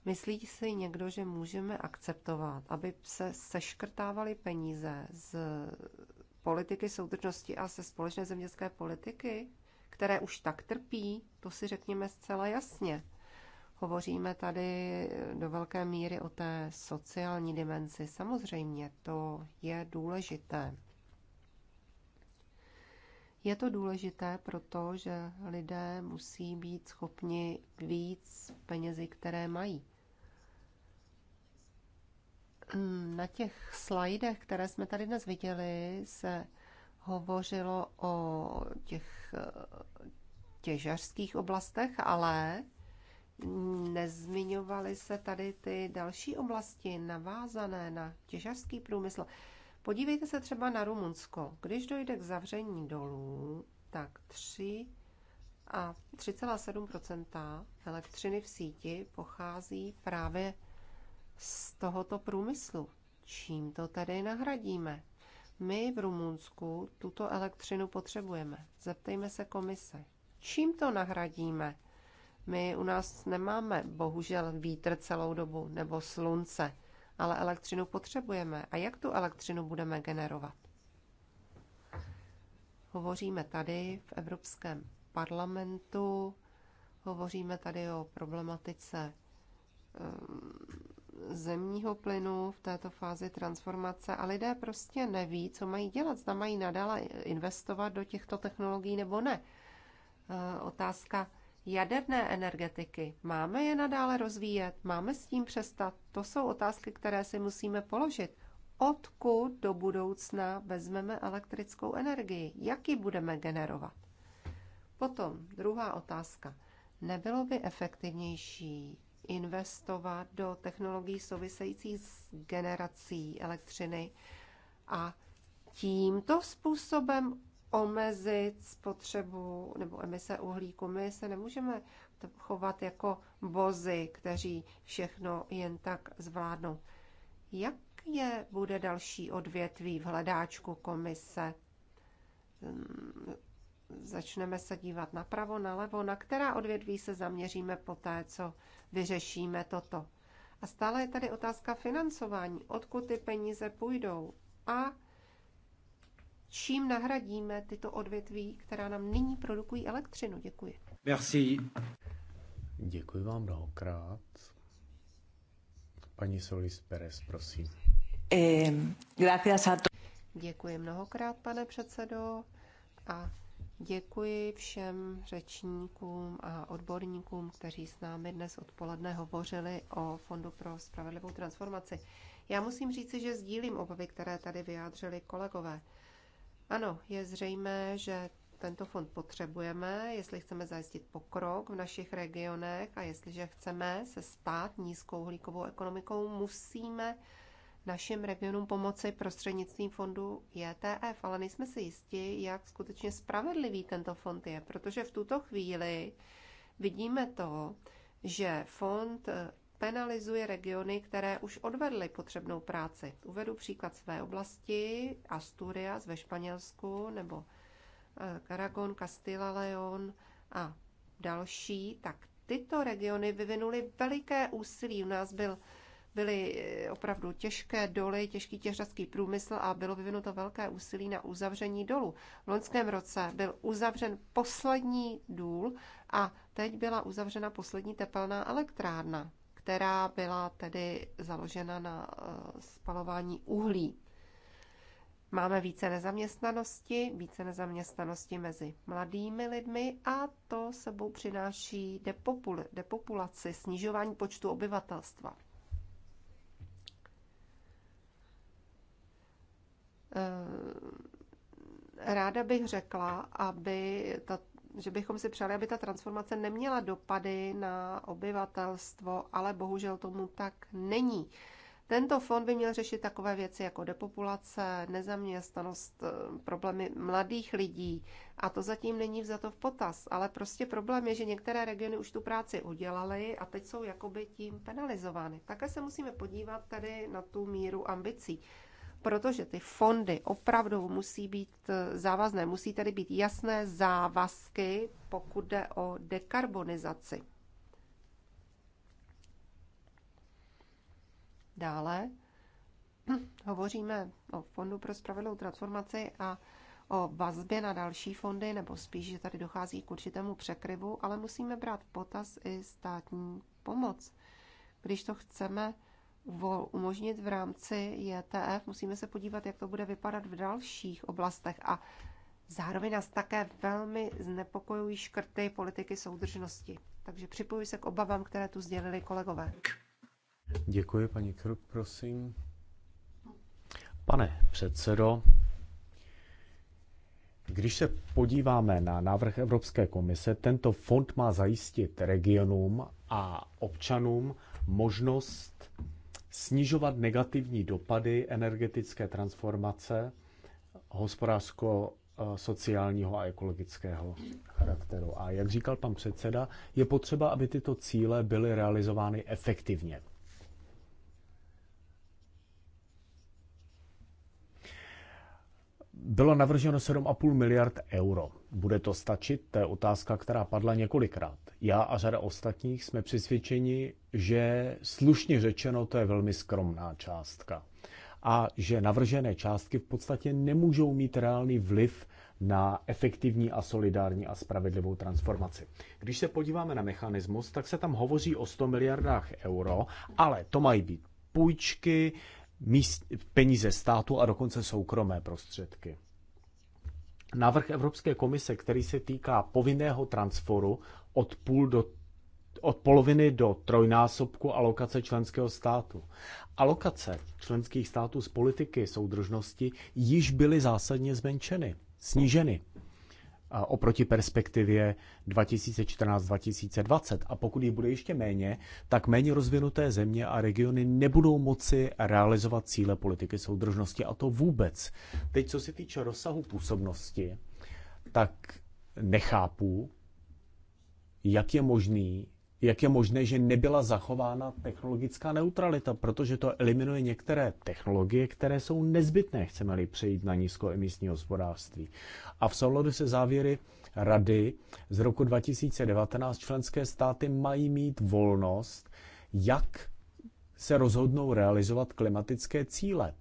Speaker 2: Myslí si někdo, že můžeme akceptovat, aby se seškrtávaly peníze z politiky soudržnosti a se společné zemědělské politiky, které už tak trpí, to si řekněme zcela jasně. Hovoříme tady do velké míry o té sociální dimenzi. Samozřejmě to je důležité. Je to důležité, že lidé musí být schopni víc penězi, které mají. Na těch slajdech, které jsme tady dnes viděli, se hovořilo o těch eh, těžařských oblastech, ale nezmiňovaly se tady ty další oblasti navázané na těžařský průmysl. Podívejte se třeba na Rumunsko. Když dojde k zavření dolů, tak 3 a 3,7 elektřiny v síti pochází právě z tohoto průmyslu. Čím to tedy nahradíme? My v Rumunsku tuto elektřinu potřebujeme. Zeptejme se komise. Čím to nahradíme? My u nás nemáme bohužel vítr celou dobu nebo slunce ale elektřinu potřebujeme. A jak tu elektřinu budeme generovat? Hovoříme tady v Evropském parlamentu, hovoříme tady o problematice eh, zemního plynu v této fázi transformace a lidé prostě neví, co mají dělat, zda mají nadále investovat do těchto technologií nebo ne. Eh, otázka jaderné energetiky. Máme je nadále rozvíjet? Máme s tím přestat? To jsou otázky, které si musíme položit. Odkud do budoucna vezmeme elektrickou energii? Jak ji budeme generovat? Potom druhá otázka. Nebylo by efektivnější investovat do technologií souvisejících s generací elektřiny a tímto způsobem omezit spotřebu nebo emise uhlíku. My se nemůžeme chovat jako bozy, kteří všechno jen tak zvládnou. Jak je bude další odvětví v hledáčku komise? Začneme se dívat napravo, nalevo, na která odvětví se zaměříme po té, co vyřešíme toto. A stále je tady otázka financování, odkud ty peníze půjdou a čím nahradíme tyto odvětví, která nám nyní produkují elektřinu. Děkuji.
Speaker 1: Merci. Děkuji vám mnohokrát. Paní Solis Perez, prosím. Eh,
Speaker 2: děkuji mnohokrát, pane předsedo, a děkuji všem řečníkům a odborníkům, kteří s námi dnes odpoledne hovořili o Fondu pro spravedlivou transformaci. Já musím říci, že sdílím obavy, které tady vyjádřili kolegové. Ano, je zřejmé, že tento fond potřebujeme, jestli chceme zajistit pokrok v našich regionech a jestliže chceme se stát nízkouhlíkovou ekonomikou, musíme našim regionům pomoci prostřednictvím fondu JTF, e ale nejsme si jistí, jak skutečně spravedlivý tento fond je, protože v tuto chvíli vidíme to, že fond penalizuje regiony, které už odvedly potřebnou práci. Uvedu příklad své oblasti, Asturias ve Španělsku nebo eh, Aragon, Castilla León a další, tak tyto regiony vyvinuly veliké úsilí. U nás byl, byly eh, opravdu těžké doly, těžký těžařský průmysl a bylo vyvinuto velké úsilí na uzavření dolu. V loňském roce byl uzavřen poslední důl a teď byla uzavřena poslední tepelná elektrárna která byla tedy založena na eh, spalování uhlí. Máme více nezaměstnanosti, více nezaměstnanosti mezi mladými lidmi a to sebou přináší depopul- depopulaci, snižování počtu obyvatelstva. Eh, ráda bych řekla, aby ta že bychom si přáli, aby ta transformace neměla dopady na obyvatelstvo, ale bohužel tomu tak není. Tento fond by měl řešit takové věci jako depopulace, nezaměstnanost, eh, problémy mladých lidí a to zatím není vzato v potaz. Ale prostě problém je, že některé regiony už tu práci udělaly a teď jsou jakoby tím penalizovány. Také se musíme podívat tady na tu míru ambicí protože ty fondy opravdu musí být eh, závazné, musí tady být jasné závazky, pokud jde o dekarbonizaci. Dále hovoříme o Fondu pro spravedlivou transformaci a o vazbě na další fondy, nebo spíš, že tady dochází k určitému překryvu, ale musíme brát v potaz i státní pomoc. Když to chceme umožnit v rámci JTF, musíme se podívat, jak to bude vypadat v dalších oblastech a zároveň nás také velmi znepokojují škrty politiky soudržnosti. Takže připojuji se k obavám, které tu sdělili kolegové.
Speaker 1: Děkuji, paní Krup, prosím. Pane předsedo, když se podíváme na návrh Evropské komise, tento fond má zajistit regionům a občanům možnost snižovat negativní dopady energetické transformace hospodářsko sociálního a ekologického charakteru. A jak říkal pan předseda, je potřeba, aby tyto cíle byly realizovány efektivně. Bylo navrženo 7,5 miliard euro. Bude to stačit? To je otázka, která padla několikrát. Já a řada ostatních jsme přesvědčeni, že slušně řečeno to je velmi skromná částka a že navržené částky v podstatě nemůžou mít reálný vliv na efektivní a solidární a spravedlivou transformaci. Když se podíváme na mechanismus, tak se tam hovoří o 100 miliardách euro, ale to mají být půjčky, míst, peníze státu a dokonce soukromé prostředky. Návrh Evropské komise, který se týká povinného transferu od půl do od poloviny do trojnásobku alokace členského státu. Alokace členských států z politiky soudržnosti již byly zásadně zmenšeny, sníženy oproti perspektivě 2014-2020. A pokud jich bude ještě méně, tak méně rozvinuté země a regiony nebudou moci realizovat cíle politiky soudržnosti a to vůbec. Teď, co se týče rozsahu působnosti, tak nechápu, jak je možný, jak je možné, že nebyla zachována technologická neutralita, protože to eliminuje některé technologie, které jsou nezbytné, chceme-li přejít na nízkoemisní hospodářství. A v souladu se závěry Rady z roku 2019 členské státy mají mít volnost, jak se rozhodnou realizovat klimatické cíle.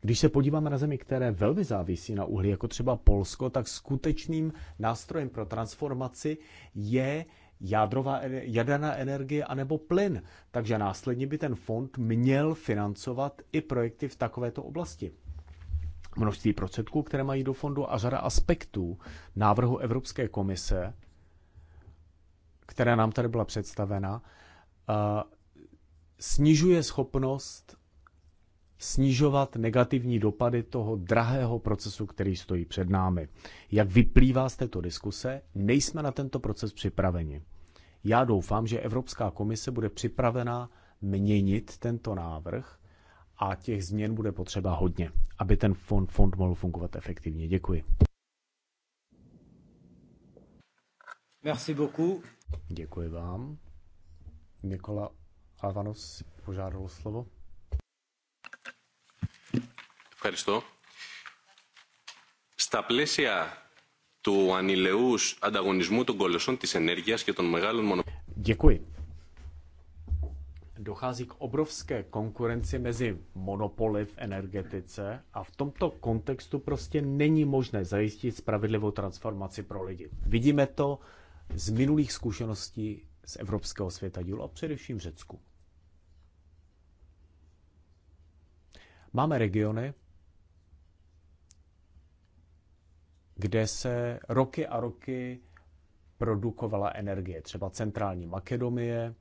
Speaker 1: Když se podíváme na zemi, které velmi závisí na uhlí, jako třeba Polsko, tak skutečným nástrojem pro transformaci je jádrová, jaderná energie anebo plyn. Takže následně by ten fond měl financovat i projekty v takovéto oblasti. Množství prostředků, které mají do fondu a řada aspektů návrhu Evropské komise, která nám tady byla představena, eh, snižuje schopnost snižovat negativní dopady toho drahého procesu, který stojí před námi. Jak vyplývá z této diskuse, nejsme na tento proces připraveni. Já doufám, že Evropská komise bude připravena měnit tento návrh a těch změn bude potřeba hodně, aby ten fond, fond mohl fungovat efektivně. Děkuji. Merci beaucoup. Děkuji vám. Nikola Alvanos požádal slovo. Ευχαριστώ. Στα πλαίσια του ανηλεούς ανταγωνισμού των κολοσσών της ενέργειας και των μεγάλων μονοπωλίων. Děkuji. Dochází k obrovské konkurenci mezi monopoly v energetice a v tomto kontextu prostě není možné zajistit spravedlivou transformaci pro lidi. Vidíme to z minulých zkušeností z evropského světa dílu a především v Řecku. Máme regiony, kde se roky a roky produkovala energie, třeba centrální Makedonie,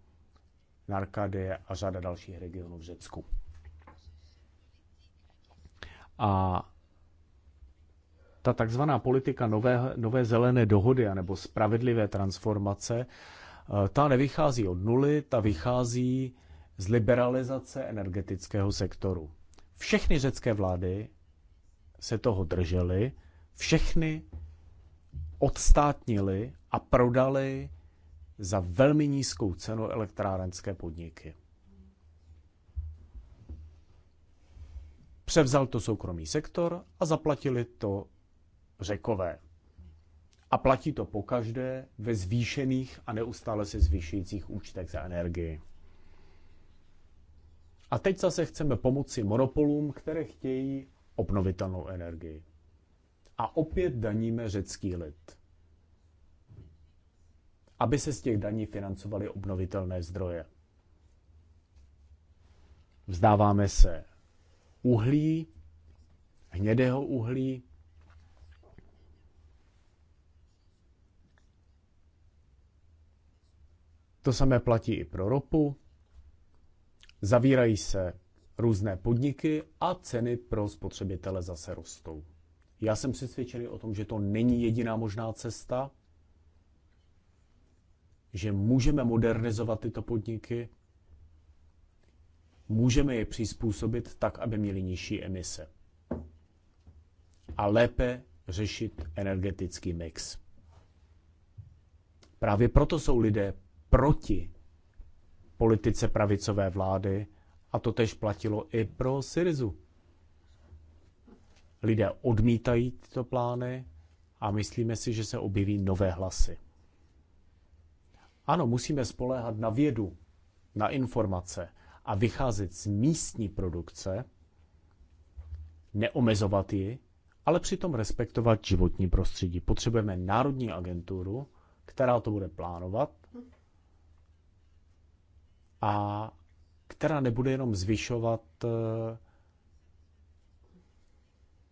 Speaker 1: Narkadie a řada dalších regionů v Řecku. A ta takzvaná politika nové, nové zelené dohody anebo spravedlivé transformace, eh, ta nevychází od nuly, ta vychází z liberalizace energetického sektoru. Všechny řecké vlády se toho držely, všechny odstátnili a prodali za velmi nízkou cenu elektrárenské podniky. Převzal to soukromý sektor a zaplatili to řekové. A platí to pokaždé ve zvýšených a neustále se zvýšujících účtech za energii. A teď zase chceme pomoci monopolům, které chtějí obnovitelnou energii a opět daníme řecký lid. Aby se z těch daní financovaly obnovitelné zdroje. Vzdáváme se uhlí, hnědého uhlí, To samé platí i pro ropu. Zavírají se různé podniky a ceny pro spotřebitele zase rostou. Já jsem přesvědčený o tom, že to není jediná možná cesta, že můžeme modernizovat tyto podniky, můžeme je přizpůsobit tak, aby měly nižší emise a lépe řešit energetický mix. Právě proto jsou lidé proti politice pravicové vlády a to tež platilo i pro Syrizu. Lidé odmítají tyto plány a myslíme si, že se objeví nové hlasy. Ano, musíme spoléhat na vědu, na informace a vycházet z místní produkce, neomezovat ji, ale přitom respektovat životní prostředí. Potřebujeme národní agenturu, která to bude plánovat a která nebude jenom zvyšovat eh,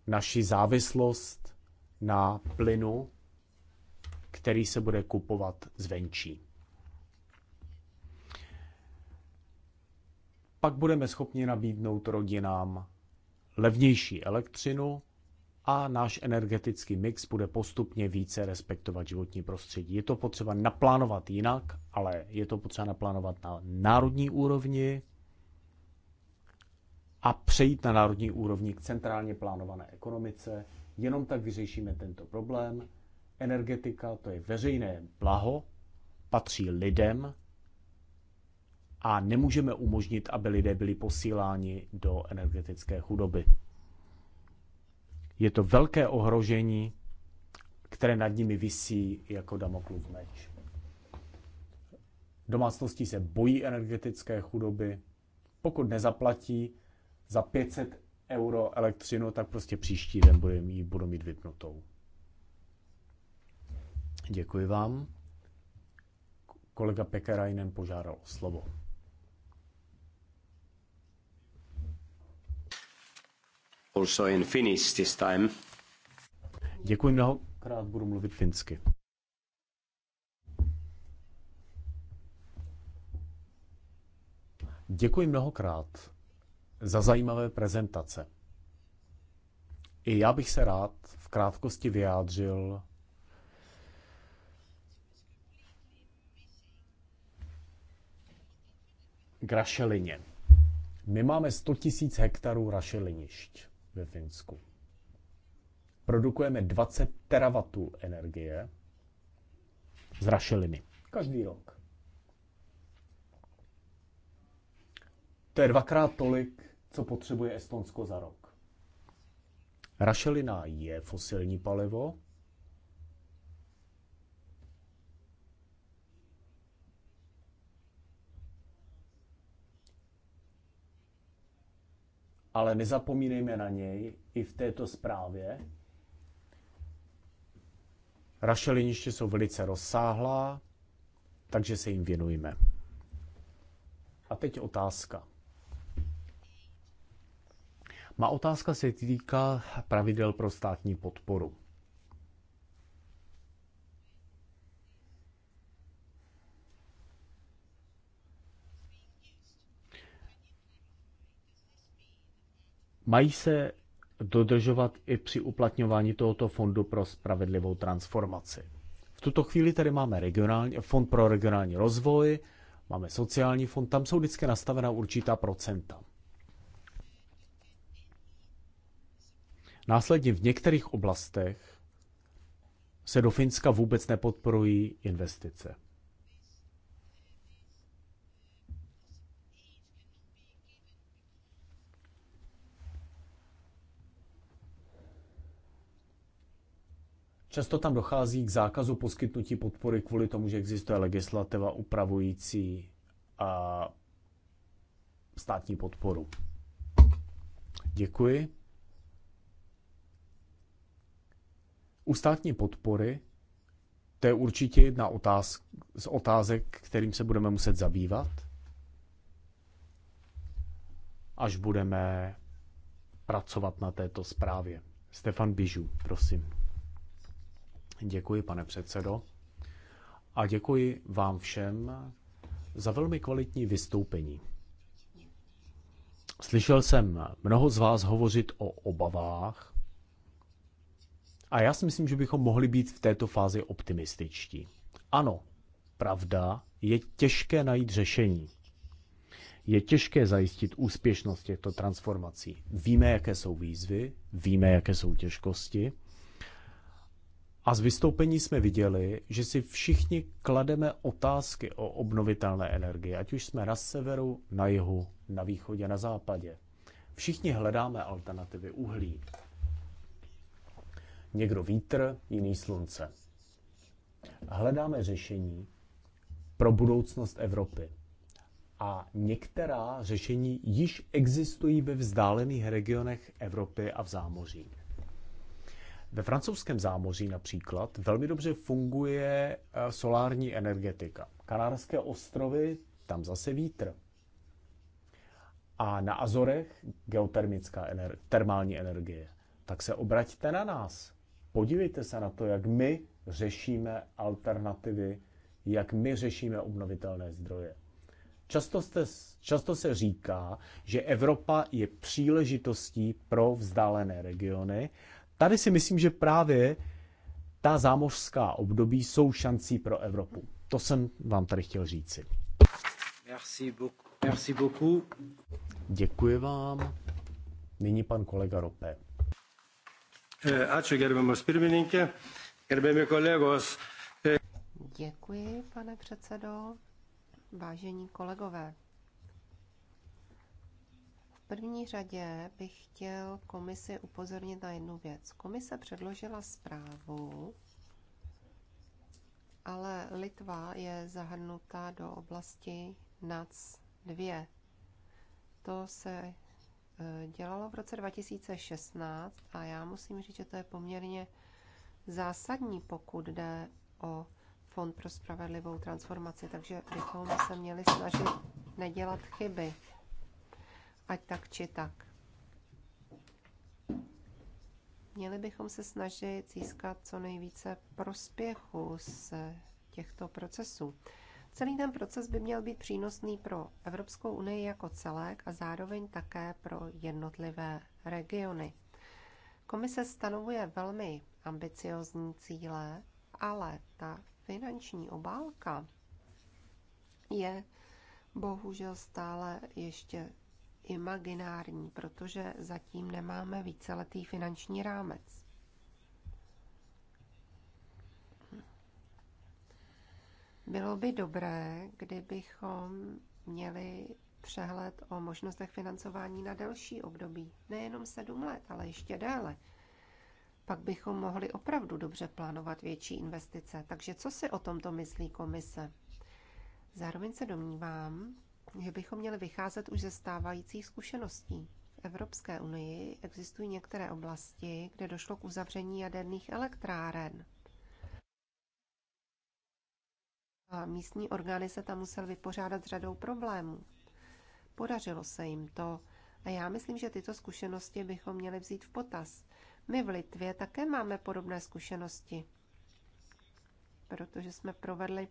Speaker 1: naši závislost na plynu, který se bude kupovat zvenčí. Pak budeme schopni nabídnout rodinám levnější elektřinu a náš energetický mix bude postupně více respektovat životní prostředí. Je to potřeba naplánovat jinak, ale je to potřeba naplánovat na národní úrovni, a přejít na národní úrovni k centrálně plánované ekonomice. Jenom tak vyřešíme tento problém. Energetika to je veřejné blaho, patří lidem a nemůžeme umožnit, aby lidé byli posíláni do energetické chudoby. Je to velké ohrožení, které nad nimi visí jako Damoklův meč. Domácnosti se bojí energetické chudoby. Pokud nezaplatí, za 500 euro elektřinu, tak prostě příští den budu mít, budu mít vypnutou. Děkuji vám. Kolega Pekarajnen požádal o slovo. Also in Finnish this time. Děkuji mnohokrát, budu mluvit finsky. Děkuji mnohokrát za zajímavé prezentace. I já bych se rád v krátkosti vyjádřil k rašelině. My máme 100 000 hektarů rašelinišť ve Finsku. Produkujeme 20 teravatů energie z rašeliny. Každý rok. To je dvakrát tolik, co potřebuje Estonsko za rok. Rašelina je fosilní palivo. Ale nezapomínejme na něj i v této zprávě. Rašeliniště jsou velice rozsáhlá, takže se jim věnujeme. A teď otázka. Má otázka se týká pravidel pro státní podporu. Mají se dodržovat i při uplatňování tohoto fondu pro spravedlivou transformaci. V tuto chvíli tady máme regionální, fond pro regionální rozvoj, máme sociální fond, tam jsou vždycky nastavena určitá procenta. Následně v některých oblastech se do Finska vůbec nepodporují investice. Často tam dochází k zákazu poskytnutí podpory kvůli tomu, že existuje legislativa upravující a státní podporu. Děkuji. U státní podpory to je určitě jedna otázk, z otázek, kterým se budeme muset zabývat, až budeme pracovat na této zprávě. Stefan Bižu, prosím. Děkuji, pane předsedo. A děkuji vám všem za velmi kvalitní vystoupení. Slyšel jsem mnoho z vás hovořit o obavách, a já si myslím, že bychom mohli být v této fázi optimističtí. Ano, pravda, je těžké najít řešení. Je těžké zajistit úspěšnost těchto transformací. Víme, jaké jsou výzvy, víme, jaké jsou těžkosti. A z vystoupení jsme viděli, že si všichni klademe otázky o obnovitelné energie. ať už jsme na severu, na jihu, na východě, na západě. Všichni hledáme alternativy uhlí, Někdo vítr, jiný slunce. Hledáme řešení pro budoucnost Evropy. A některá řešení již existují ve vzdálených regionech Evropy a v zámoří. Ve francouzském zámoří například velmi dobře funguje eh, solární energetika. Kanárské ostrovy, tam zase vítr. A na Azorech geotermická ener- termální energie. Tak se obraťte na nás podívejte se na to, jak my řešíme alternativy, jak my řešíme obnovitelné zdroje. Často, jste, často se říká, že Evropa je příležitostí pro vzdálené regiony. Tady si myslím, že právě ta zámořská období jsou šancí pro Evropu. To jsem vám tady chtěl říci. Merci beaucoup. Merci beaucoup. Děkuji vám. Nyní pan kolega Rope. Eh, ačiū gerbiamas pirmininkė, gerbiami kolegos. Eh,
Speaker 2: Děkuji, pane předsedo. Vážení kolegové, v první řadě bych chtěl komisi upozornit na jednu věc. Komise předložila zprávu, ale Litva je zahrnutá do oblasti NAC 2. To se Eh, dělalo v roce 2016 a já musím říct, že to je poměrně zásadní, pokud jde o Fond pro spravedlivou transformaci, takže bychom se měli snažit nedělat chyby, ať tak či tak. Měli bychom se snažit získat co nejvíce prospěchu z těchto procesů. Celý ten proces by měl být přínosný pro Evropskou unii jako celek a zároveň také pro jednotlivé regiony. Komise stanovuje velmi ambiciozní cíle, ale ta finanční obálka je bohužel stále ještě imaginární, protože zatím nemáme víceletý finanční rámec. Bylo by dobré, kdybychom měli přehled o možnostech financování na delší období, nejenom sedm let, ale ještě déle. Pak bychom mohli opravdu dobře plánovat větší investice. Takže co si o tomto myslí komise? Zároveň se domnívám, že bychom měli vycházet už ze stávajících zkušeností. V Evropské unii existují některé oblasti, kde došlo k uzavření jaderných elektráren. A místní orgány se tam musel vypořádat s řadou problémů. Podařilo se jim to a já myslím, že tyto zkušenosti bychom měli vzít v potaz. My v Litvě také máme podobné zkušenosti, protože jsme provedli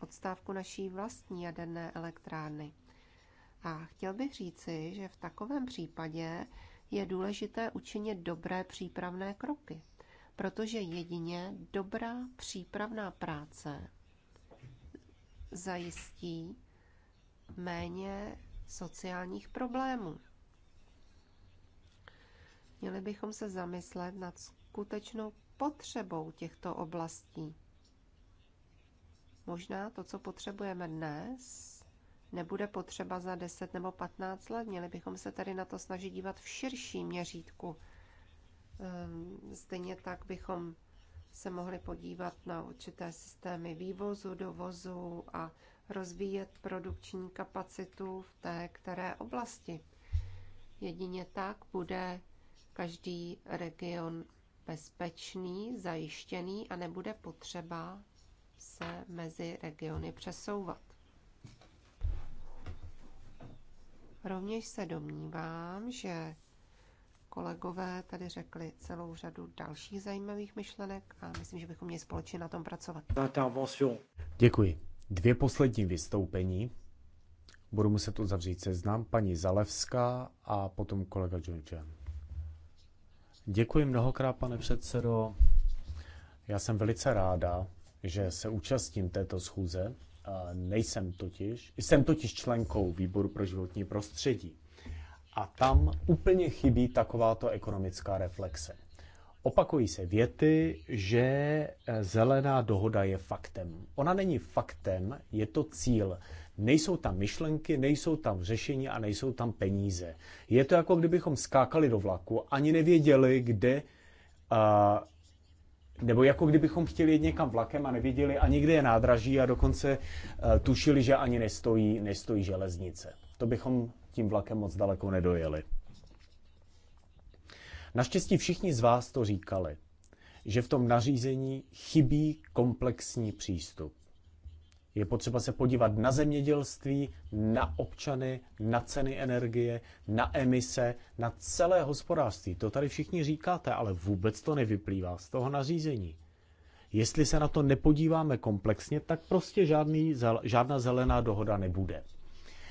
Speaker 2: odstávku naší vlastní jaderné elektrárny. A chtěl bych říci, že v takovém případě je důležité učinit dobré přípravné kroky, protože jedině dobrá přípravná práce zajistí méně sociálních problémů. Měli bychom se zamyslet nad skutečnou potřebou těchto oblastí. Možná to, co potřebujeme dnes, nebude potřeba za 10 nebo 15 let. Měli bychom se tedy na to snažit dívat v širším měřítku. Ehm, stejně tak bychom se mohli podívat na určité systémy vývozu, dovozu a rozvíjet produkční kapacitu v té které oblasti. Jedině tak bude každý region bezpečný, zajištěný a nebude potřeba se mezi regiony přesouvat. Rovněž se domnívám, že Kolegové tady řekli celou řadu dalších zajímavých myšlenek a myslím, že bychom měli společně na tom pracovat.
Speaker 1: Děkuji. Dvě poslední vystoupení. Budu muset uzavřít seznam. Paní Zalevská a potom kolega Junjan. Děkuji mnohokrát, pane předsedo. Já jsem velice ráda, že se účastním této schůze. Nejsem totiž, jsem totiž členkou výboru pro životní prostředí a tam úplně chybí takováto ekonomická reflexe. Opakují se věty, že eh, zelená dohoda je faktem. Ona není faktem, je to cíl. Nejsou tam myšlenky, nejsou tam řešení a nejsou tam peníze. Je to jako kdybychom skákali do vlaku, ani nevěděli, kde, uh, nebo jako kdybychom chtěli jít někam vlakem a nevěděli ani kde je nádraží a dokonce uh, tušili, že ani nestojí, nestojí železnice. To bychom tím vlakem moc daleko nedojeli. Naštěstí všichni z vás to říkali, že v tom nařízení chybí komplexní přístup. Je potřeba se podívat na zemědělství, na občany, na ceny energie, na emise, na celé hospodářství. To tady všichni říkáte, ale vůbec to nevyplývá z toho nařízení. Jestli se na to nepodíváme komplexně, tak prostě žádný, žádná zelená dohoda nebude.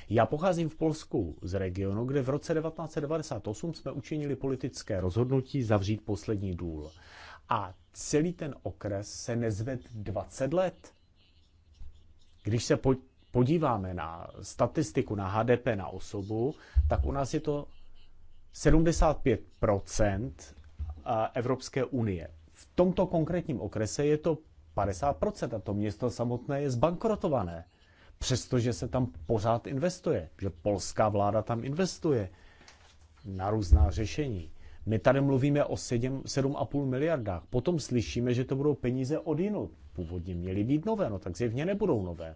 Speaker 1: Já pocházím v Polsku z regionu, kde v roce 1998 jsme učinili politické rozhodnutí zavřít poslední důl. A celý ten okres se nezvedl 20 let. Když se po, podíváme na statistiku, na HDP na osobu, tak u nás je to 75 Evropské unie. V tomto konkrétním okrese je to 50 a to město samotné je zbankrotované přestože se tam pořád investuje, že polská vláda tam investuje na různá řešení. My tady mluvíme o 7,5 miliardách. Potom slyšíme, že to budou peníze od jinut. Původně měly být nové, no tak zjevně nebudou nové.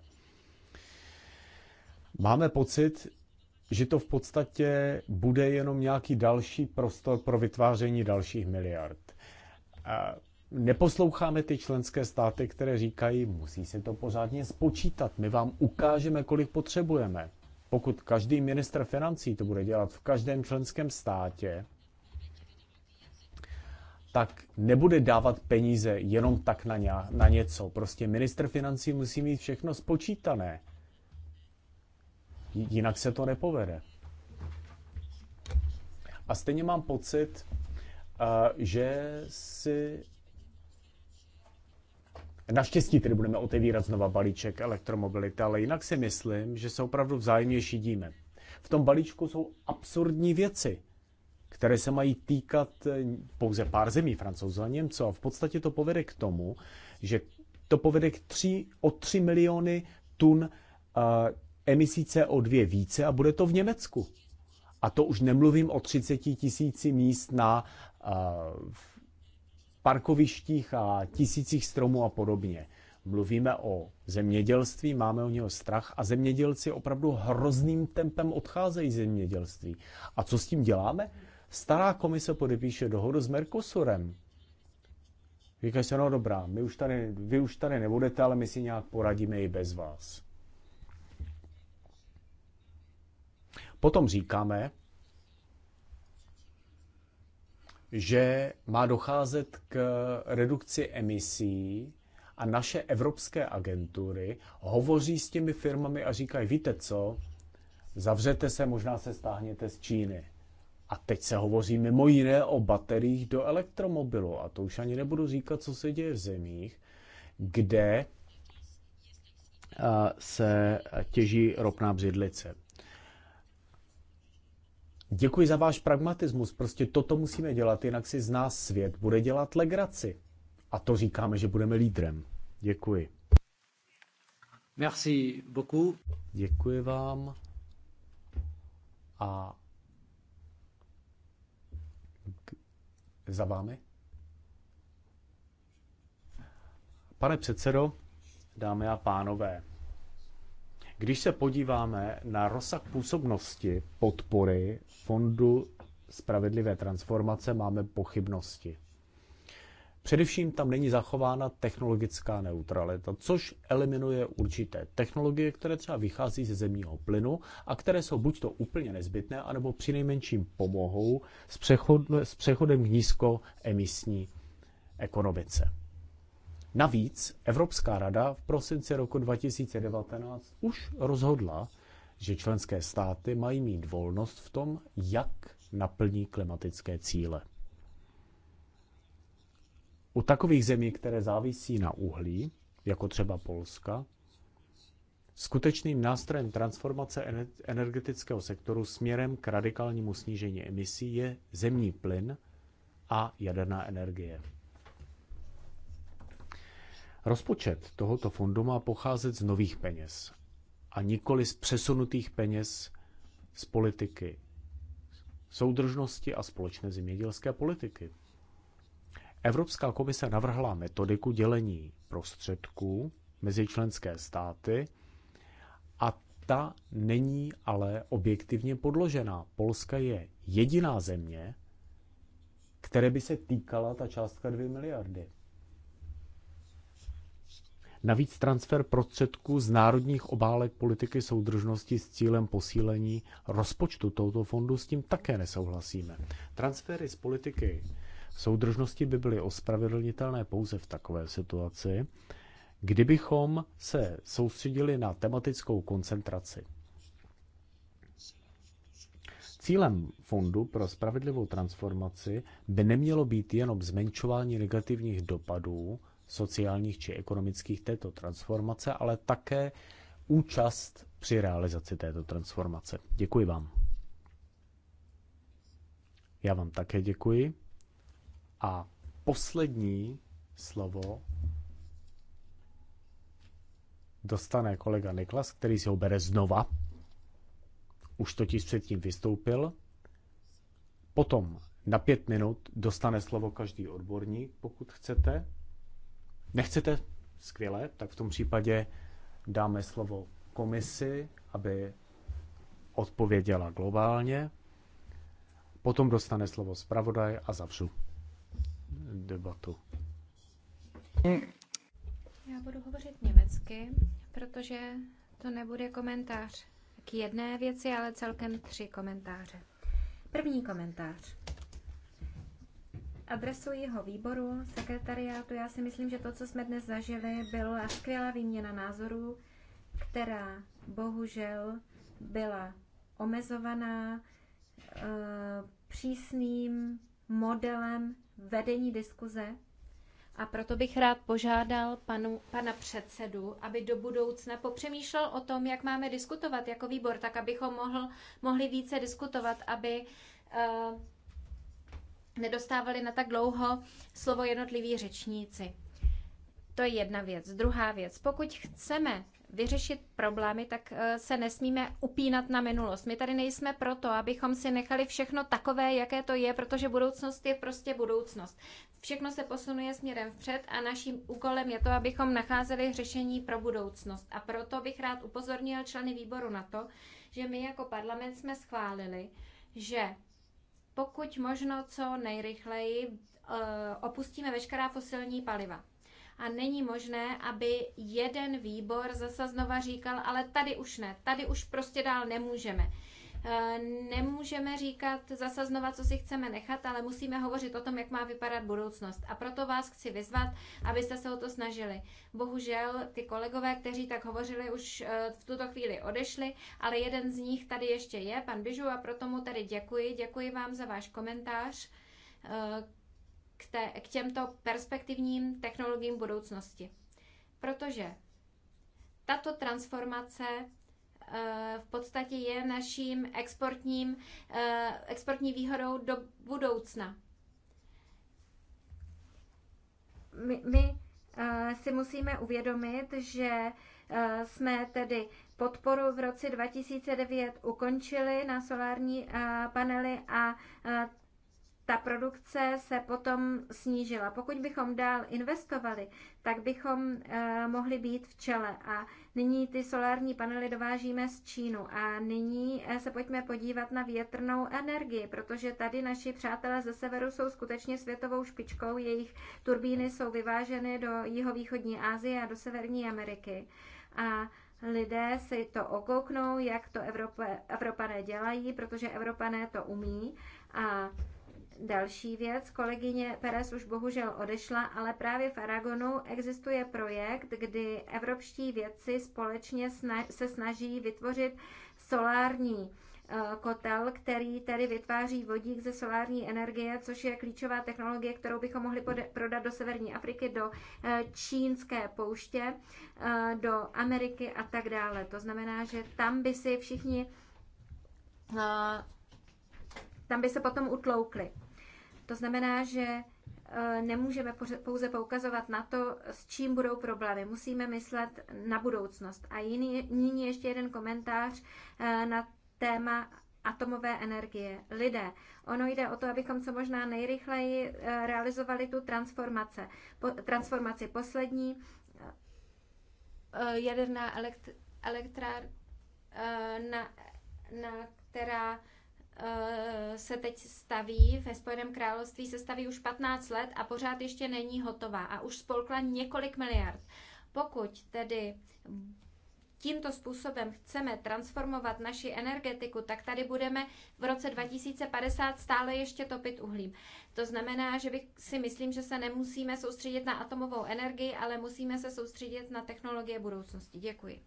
Speaker 1: Máme pocit, že to v podstatě bude jenom nějaký další prostor pro vytváření dalších miliard. A neposloucháme ty členské státy, které říkají, musí si to pořádně spočítat, my vám ukážeme, kolik potřebujeme. Pokud každý minister financí to bude dělat v každém členském státě, tak nebude dávat peníze jenom tak na, ně, na něco. Prostě minister financí musí mít všechno spočítané. Jinak se to nepovede. A stejně mám pocit, eh, že si Naštěstí tedy budeme otevírat znova balíček elektromobility, ale jinak si myslím, že se opravdu vzájemně šidíme. V tom balíčku jsou absurdní věci, které se mají týkat eh, pouze pár zemí, francouzů a Němců. A v podstatě to povede k tomu, že to povede k tři, o 3 miliony tun uh, emisí CO2 více a bude to v Německu. A to už nemluvím o 30 tisíci míst na uh, parkovištích a tisících stromů a podobně. Mluvíme o zemědělství, máme o něho strach a zemědělci opravdu hrozným tempem odcházejí zemědělství. A co s tím děláme? Stará komise podepíše dohodu s Mercosurem. Říkají se, no dobrá, my už tady, vy už tady nebudete, ale my si nějak poradíme i bez vás. Potom říkáme, že má docházet k redukci emisí a naše evropské agentury hovoří s těmi firmami a říkají, víte co, zavřete se, možná se stáhněte z Číny. A teď se hovoří mimo jiné o bateriích do elektromobilu. A to už ani nebudu říkat, co se děje v zemích, kde eh, se těží ropná břidlice. Děkuji za váš pragmatismus, prostě toto musíme dělat, jinak si z nás svět bude dělat legraci. A to říkáme, že budeme lídrem. Děkuji. Merci beaucoup. Děkuji vám. A za vámi. Pane předsedo, dámy a pánové, když se podíváme na rozsah působnosti podpory Fondu spravedlivé transformace, máme pochybnosti. Především tam není zachována technologická neutralita, což eliminuje určité technologie, které třeba vychází ze zemního plynu a které jsou buď to úplně nezbytné, anebo přinejmenším pomohou s, přechod, s přechodem k nízkoemisní ekonomice. Navíc Evropská rada v prosinci roku 2019 už rozhodla, že členské státy mají mít volnost v tom, jak naplní klimatické cíle. U takových zemí, které závisí na uhlí, jako třeba Polska, skutečným nástrojem transformace energetického sektoru směrem k radikálnímu snížení emisí je zemní plyn a jaderná energie. Rozpočet tohoto fondu má pocházet z nových peněz a nikoli z přesunutých peněz z politiky soudržnosti a společné zemědělské politiky. Evropská komise navrhla metodiku dělení prostředků mezi členské státy a ta není ale objektivně podložená. Polska je jediná země, které by se týkala ta částka 2 miliardy. Navíc transfer prostředků z národních obálek politiky soudržnosti s cílem posílení rozpočtu tohoto fondu s tím také nesouhlasíme. Transfery z politiky soudržnosti by byly ospravedlnitelné pouze v takové situaci, kdybychom se soustředili na tematickou koncentraci. Cílem Fondu pro spravedlivou transformaci by nemělo být jenom zmenšování negativních dopadů sociálních či ekonomických této transformace, ale také účast při realizaci této transformace. Děkuji vám. Já vám také děkuji. A poslední slovo dostane kolega Niklas, který si ho bere znova. Už totiž předtím vystoupil. Potom na pět minut dostane slovo každý odborník, pokud chcete. Nechcete? Skvěle, tak v tom případě dáme slovo komisi, aby odpověděla globálně. Potom dostane slovo zpravodaj a zavřu debatu.
Speaker 3: Já budu hovořit německy, protože to nebude komentář k jedné věci, ale celkem tři komentáře. První komentář adresuji ho výboru, sekretariátu. Já si myslím, že to, co jsme dnes zažili, byla skvělá výměna názorů, která bohužel byla omezovaná eh, přísným modelem vedení diskuze. A proto bych rád požádal panu, pana předsedu, aby do budoucna popřemýšlel o tom, jak máme diskutovat jako výbor, tak abychom mohl, mohli více diskutovat, aby eh, nedostávali na tak dlouho slovo jednotliví řečníci. To je jedna věc. Druhá věc, pokud chceme vyřešit problémy, tak eh, se nesmíme upínat na minulost. My tady nejsme proto, abychom si nechali všechno takové, jaké to je, protože budoucnost je prostě budoucnost. Všechno se posunuje směrem vpřed a naším úkolem je to, abychom nacházeli řešení pro budoucnost. A proto bych rád upozornil členy výboru na to, že my jako parlament jsme schválili, že pokud možno co nejrychleji eh, opustíme veškerá fosilní paliva. A není možné, aby jeden výbor zase znova říkal, ale tady už ne, tady už prostě dál nemůžeme. Eh, nemůžeme říkat, zasaznovat, co si chceme nechat, ale musíme hovořit o tom, jak má vypadat budoucnost. A proto vás chci vyzvat, abyste se o to snažili. Bohužel ty kolegové, kteří tak hovořili, už eh, v tuto chvíli odešli, ale jeden z nich tady ještě je, pan Bižu, a proto mu tady děkuji. Děkuji vám za váš komentář eh, k, te, k těmto perspektivním technologiím budoucnosti. Protože tato transformace v podstatě je naším exportním, eh, exportní výhodou do budoucna. My, my eh, si musíme uvědomit, že eh, jsme tedy podporu v roce 2009 ukončili na solární panely a ta produkce se potom snížila. Pokud bychom dál investovali, tak bychom mohli být v čele. A Nyní ty solární panely dovážíme z Čínu a nyní eh, se pojďme podívat na větrnou energii, protože tady naši přátelé ze severu jsou skutečně světovou špičkou, jejich turbíny jsou vyváženy do jihovýchodní Asie a do Severní Ameriky. A lidé si to okouknou, jak to Evropa, Evropané dělají, protože Evropané to umí a Další věc, kolegyně Perez už bohužel odešla, ale právě v Aragonu existuje projekt, kdy evropští vědci společně se snaží vytvořit solární eh, kotel, který tedy vytváří vodík ze solární energie, což je klíčová technologie, kterou bychom mohli prodat do Severní Afriky, do eh, čínské pouště, eh, do Ameriky a tak dále. To znamená, že tam by si všichni, tam by se potom utloukli. To znamená, že e, nemůžeme pouze poukazovat na to, s čím budou problémy. Musíme myslet na budoucnost. A jiný, nyní ještě jeden komentář e, na téma atomové energie. Lidé. Ono jde o to, abychom co možná nejrychleji e, realizovali tu transformace. Po, transformaci poslední jaderná elektrárna, na, na která Eh, se teď staví, ve Spojeném království se staví už 15 let a pořád ještě není hotová a už spolkla několik miliard. Pokud tedy tímto způsobem chceme transformovat naši energetiku, tak tady budeme v roce 2050 stále ještě topit uhlím. To znamená, že bych si myslím, že se nemusíme soustředit na atomovou energii, ale musíme se soustředit na technologie budoucnosti. Děkuji.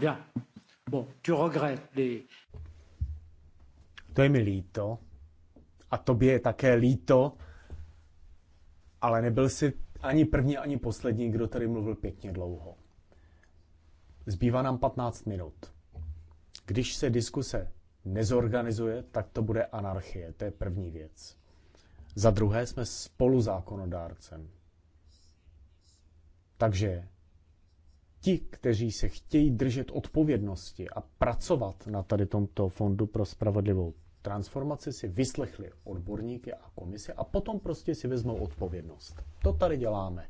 Speaker 1: Ja tu To je mi líto. A tobě je také líto. Ale nebyl jsi ani první, ani poslední, kdo tady mluvil pěkně dlouho. Zbývá nám 15 minut. Když se diskuse nezorganizuje, tak to bude anarchie. To je první věc. Za druhé jsme spolu zákonodárcem. Takže ti, kteří se chtějí držet odpovědnosti a pracovat na tady tomto fondu pro spravedlivou transformaci, si vyslechli odborníky a komise a potom prostě si vezmou odpovědnost. To tady děláme.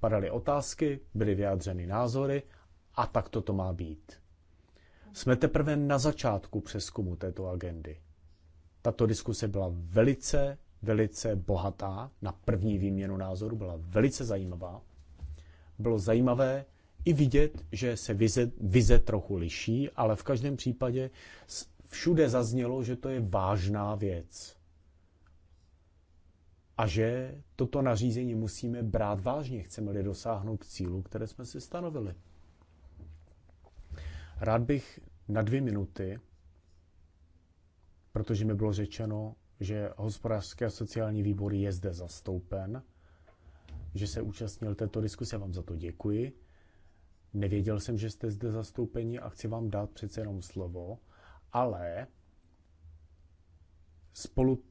Speaker 1: Padaly otázky, byly vyjádřeny názory a tak to to má být. Jsme teprve na začátku přeskumu této agendy. Tato diskuse byla velice, velice bohatá, na první výměnu názoru byla velice zajímavá. Bylo zajímavé i vidět, že se vize, vize trochu liší, ale v každém případě všude zaznělo, že to je vážná věc. A že toto nařízení musíme brát vážně, chceme-li dosáhnout cílu, které jsme si stanovili. Rád bych na dvě minuty, protože mi bylo řečeno, že hospodářský a sociální výbor je zde zastoupen, že se účastnil této diskuse, vám za to děkuji. Nevěděl jsem, že jste zde zastoupení a chci vám dát přece jenom slovo, ale spolu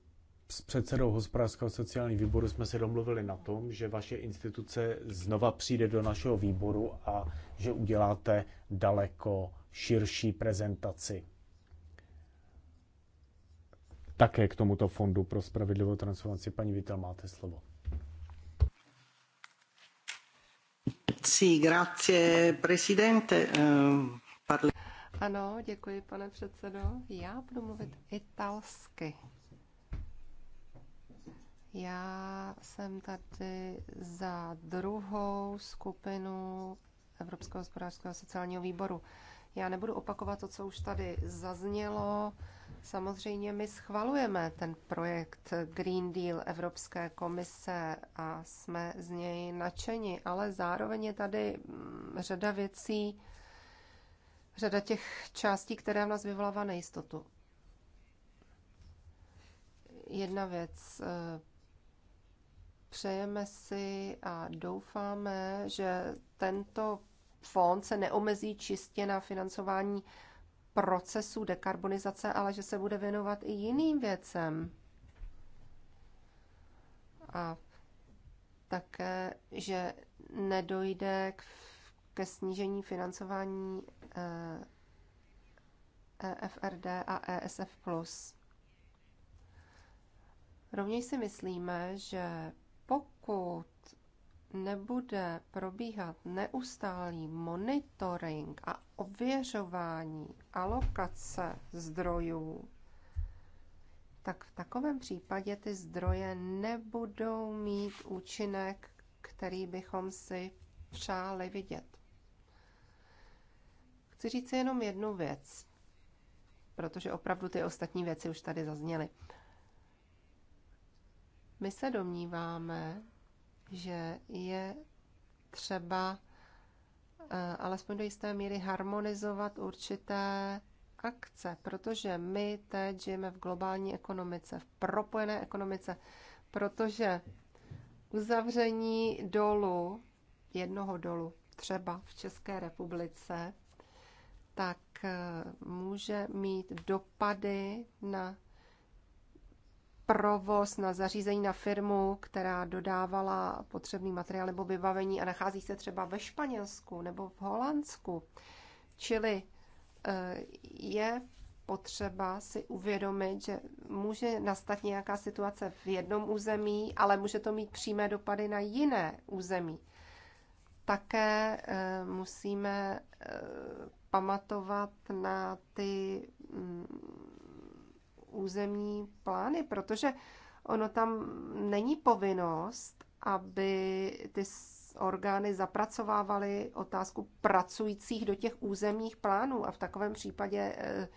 Speaker 1: s předsedou hospodářského sociální výboru jsme se domluvili na tom, že vaše instituce znova přijde do našeho výboru a že uděláte daleko širší prezentaci také k tomuto fondu pro spravedlivou transformaci. Paní Vítel, máte slovo.
Speaker 2: Eh, ano, děkuji, pane předsedo. Já budu mluvit italsky. Já jsem tady za druhou skupinu Evropského hospodářského sociálního výboru. Já nebudu opakovat to, co už tady zaznělo. Samozřejmě my schvalujeme ten projekt Green Deal Evropské komise a jsme z něj nadšeni, ale zároveň je tady mm, řada věcí, řada těch částí, které v nás vyvolává nejistotu. Jedna věc. Eh, přejeme si a doufáme, že tento fond se neomezí čistě na financování procesu dekarbonizace, ale že se bude věnovat i jiným věcem. A také, že nedojde k, ke snížení financování EFRD eh, e a ESF+. Rovněž si myslíme, že pokud nebude probíhat neustálý monitoring a ověřování alokace zdrojů, tak v takovém případě ty zdroje nebudou mít účinek, který bychom si přáli vidět. Chci říct jenom jednu věc, protože opravdu ty ostatní věci už tady zazněly. My se domníváme, že je třeba eh, alespoň do jisté míry harmonizovat určité akce, protože my teď žijeme v globální ekonomice, v propojené ekonomice, protože uzavření dolu, jednoho dolu, třeba v České republice, tak eh, může mít dopady na provoz na zařízení na firmu, která dodávala potřebný materiál nebo vybavení a nachází se třeba ve Španělsku nebo v Holandsku. Čili eh, je potřeba si uvědomit, že může nastat nějaká situace v jednom území, ale může to mít přímé dopady na jiné území. Také eh, musíme eh, pamatovat na ty mm, územní plány, protože ono tam není povinnost, aby ty orgány zapracovávaly otázku pracujících do těch územních plánů a v takovém případě eh,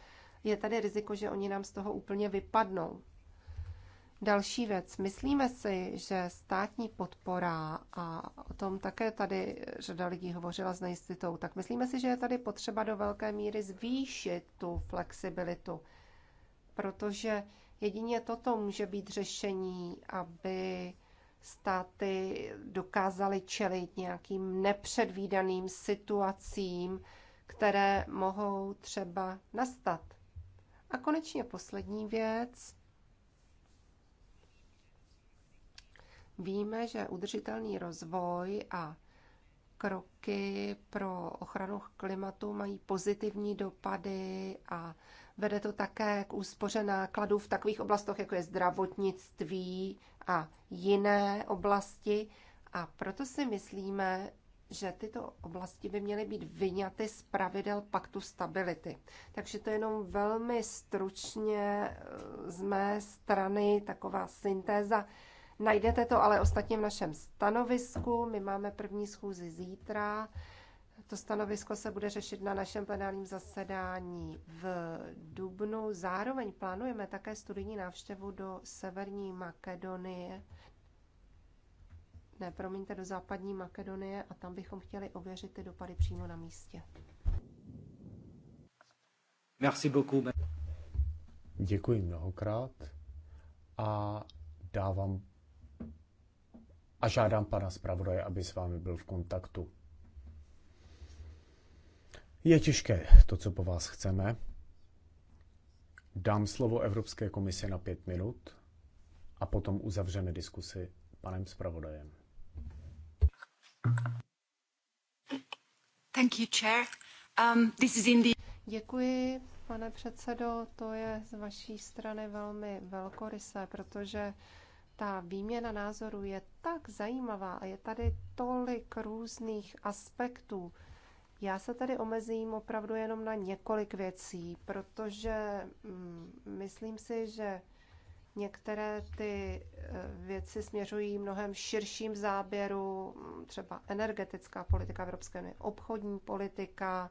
Speaker 2: je tady riziko, že oni nám z toho úplně vypadnou. Další věc. Myslíme si, že státní podpora, a o tom také tady řada lidí hovořila s nejistitou, tak myslíme si, že je tady potřeba do velké míry zvýšit tu flexibilitu protože jedině toto může být řešení, aby státy dokázaly čelit nějakým nepředvídaným situacím, které mohou třeba nastat. A konečně poslední věc. Víme, že udržitelný rozvoj a kroky pro ochranu klimatu mají pozitivní dopady a Vede to také k úspoře nákladů v takových oblastech, jako je zdravotnictví a jiné oblasti. A proto si myslíme, že tyto oblasti by měly být vyňaty z pravidel paktu stability. Takže to je jenom velmi stručně eh, z mé strany taková syntéza. Najdete to ale ostatně v našem stanovisku. My máme první schůzi zítra. To stanovisko se bude řešit na našem plenárním zasedání v Dubnu. Zároveň plánujeme také studijní návštěvu do Severní Makedonie. Ne, promiňte, do Západní Makedonie a tam bychom chtěli ověřit ty dopady přímo na místě.
Speaker 1: Merci beaucoup. Děkuji mnohokrát a dávám a žádám pana zpravodaje, aby s vámi byl v kontaktu. Je těžké to, co po vás chceme. Dám slovo Evropské komisi na pět minut a potom uzavřeme diskusi panem zpravodajem.
Speaker 2: Thank you, chair. Um, this is indeed... Děkuji, pane předsedo. To je z vaší strany velmi velkorysé, protože ta výměna názorů je tak zajímavá a je tady tolik různých aspektů. Já se tady omezím opravdu jenom na několik věcí, protože mm, myslím si, že některé ty e, věci směřují mnohem širším záběru, mm, třeba energetická politika Evropské unie, obchodní politika,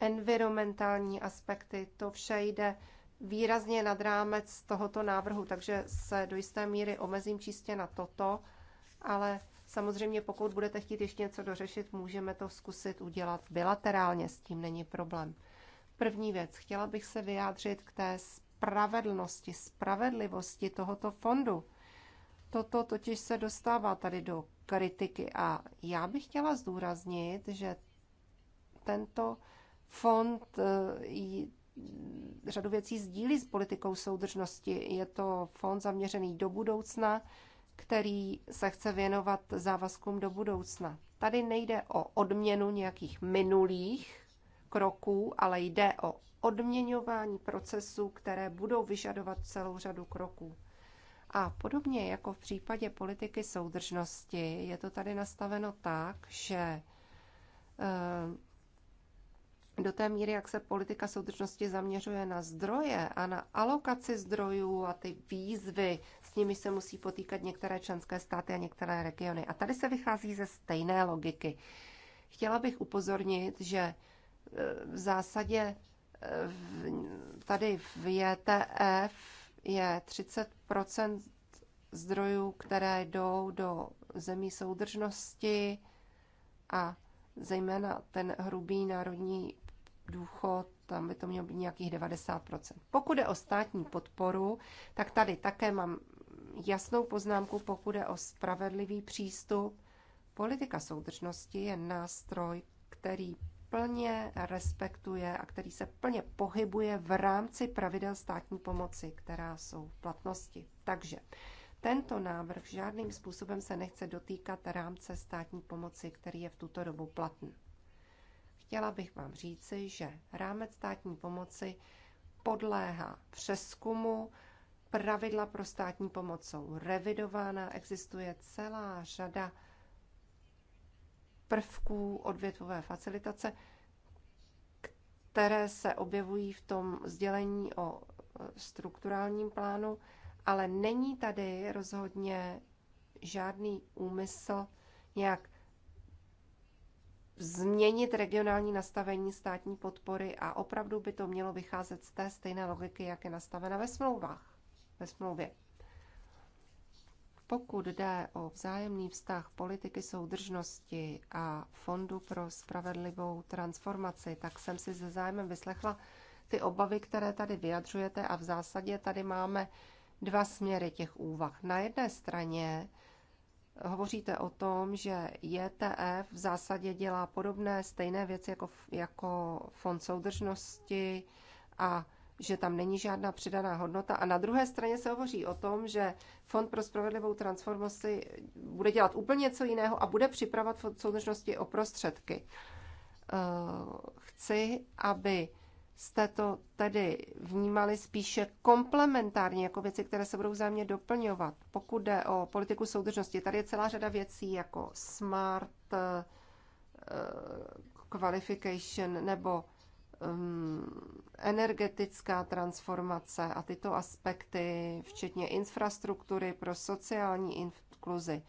Speaker 2: environmentální aspekty, to vše jde výrazně nad rámec tohoto návrhu, takže se do jisté míry omezím čistě na toto, ale Samozřejmě, pokud budete chtít ještě něco dořešit, můžeme to zkusit udělat bilaterálně, s tím není problém. První věc, chtěla bych se vyjádřit k té spravedlnosti, spravedlivosti tohoto fondu. Toto totiž se dostává tady do kritiky a já bych chtěla zdůraznit, že tento fond eh, řadu věcí sdílí s politikou soudržnosti. Je to fond zaměřený do budoucna, který se chce věnovat závazkům do budoucna. Tady nejde o odměnu nějakých minulých kroků, ale jde o odměňování procesů, které budou vyžadovat celou řadu kroků. A podobně jako v případě politiky soudržnosti, je to tady nastaveno tak, že eh, do té míry, jak se politika soudržnosti zaměřuje na zdroje a na alokaci zdrojů a ty výzvy s nimi se musí potýkat některé členské státy a některé regiony. A tady se vychází ze stejné logiky. Chtěla bych upozornit, že e, v zásadě e, tady v JTF e je 30 zdrojů, které jdou do zemí soudržnosti a zejména ten hrubý národní důchod, tam by to mělo být nějakých 90%. Pokud je o státní podporu, tak tady také mám jasnou poznámku, pokud je o spravedlivý přístup. Politika soudržnosti je nástroj, který plně respektuje a který se plně pohybuje v rámci pravidel státní pomoci, která jsou v platnosti. Takže tento návrh žádným způsobem se nechce dotýkat rámce státní pomoci, který je v tuto dobu platný. Chtěla bych vám říci, že rámec státní pomoci podléhá přeskumu, pravidla pro státní pomoc jsou revidována, existuje celá řada prvků odvětvové facilitace, které se objevují v tom sdělení o e, strukturálním plánu, ale není tady rozhodně žádný úmysl nějak změnit regionální nastavení státní podpory a opravdu by to mělo vycházet z té stejné logiky, jak je nastavena ve smlouvách ve smlouvě. Pokud jde o vzájemný vztah politiky soudržnosti a Fondu pro spravedlivou transformaci, tak jsem si se zájmem vyslechla ty obavy, které tady vyjadřujete a v zásadě tady máme dva směry těch úvah. Na jedné straně hovoříte o tom, že JTF e v zásadě dělá podobné stejné věci jako, jako Fond soudržnosti a že tam není žádná přidaná hodnota. A na druhé straně se hovoří o tom, že Fond pro spravedlivou transformaci bude dělat úplně něco jiného a bude připravovat fond soudržnosti o prostředky. Eh, chci, aby jste to tedy vnímali spíše komplementárně, jako věci, které se budou vzájemně doplňovat. Pokud jde o politiku soudržnosti, tady je celá řada věcí jako smart, eh, eh, qualification nebo Ehm, energetická transformace a tyto aspekty, včetně infrastruktury pro sociální inkluzi.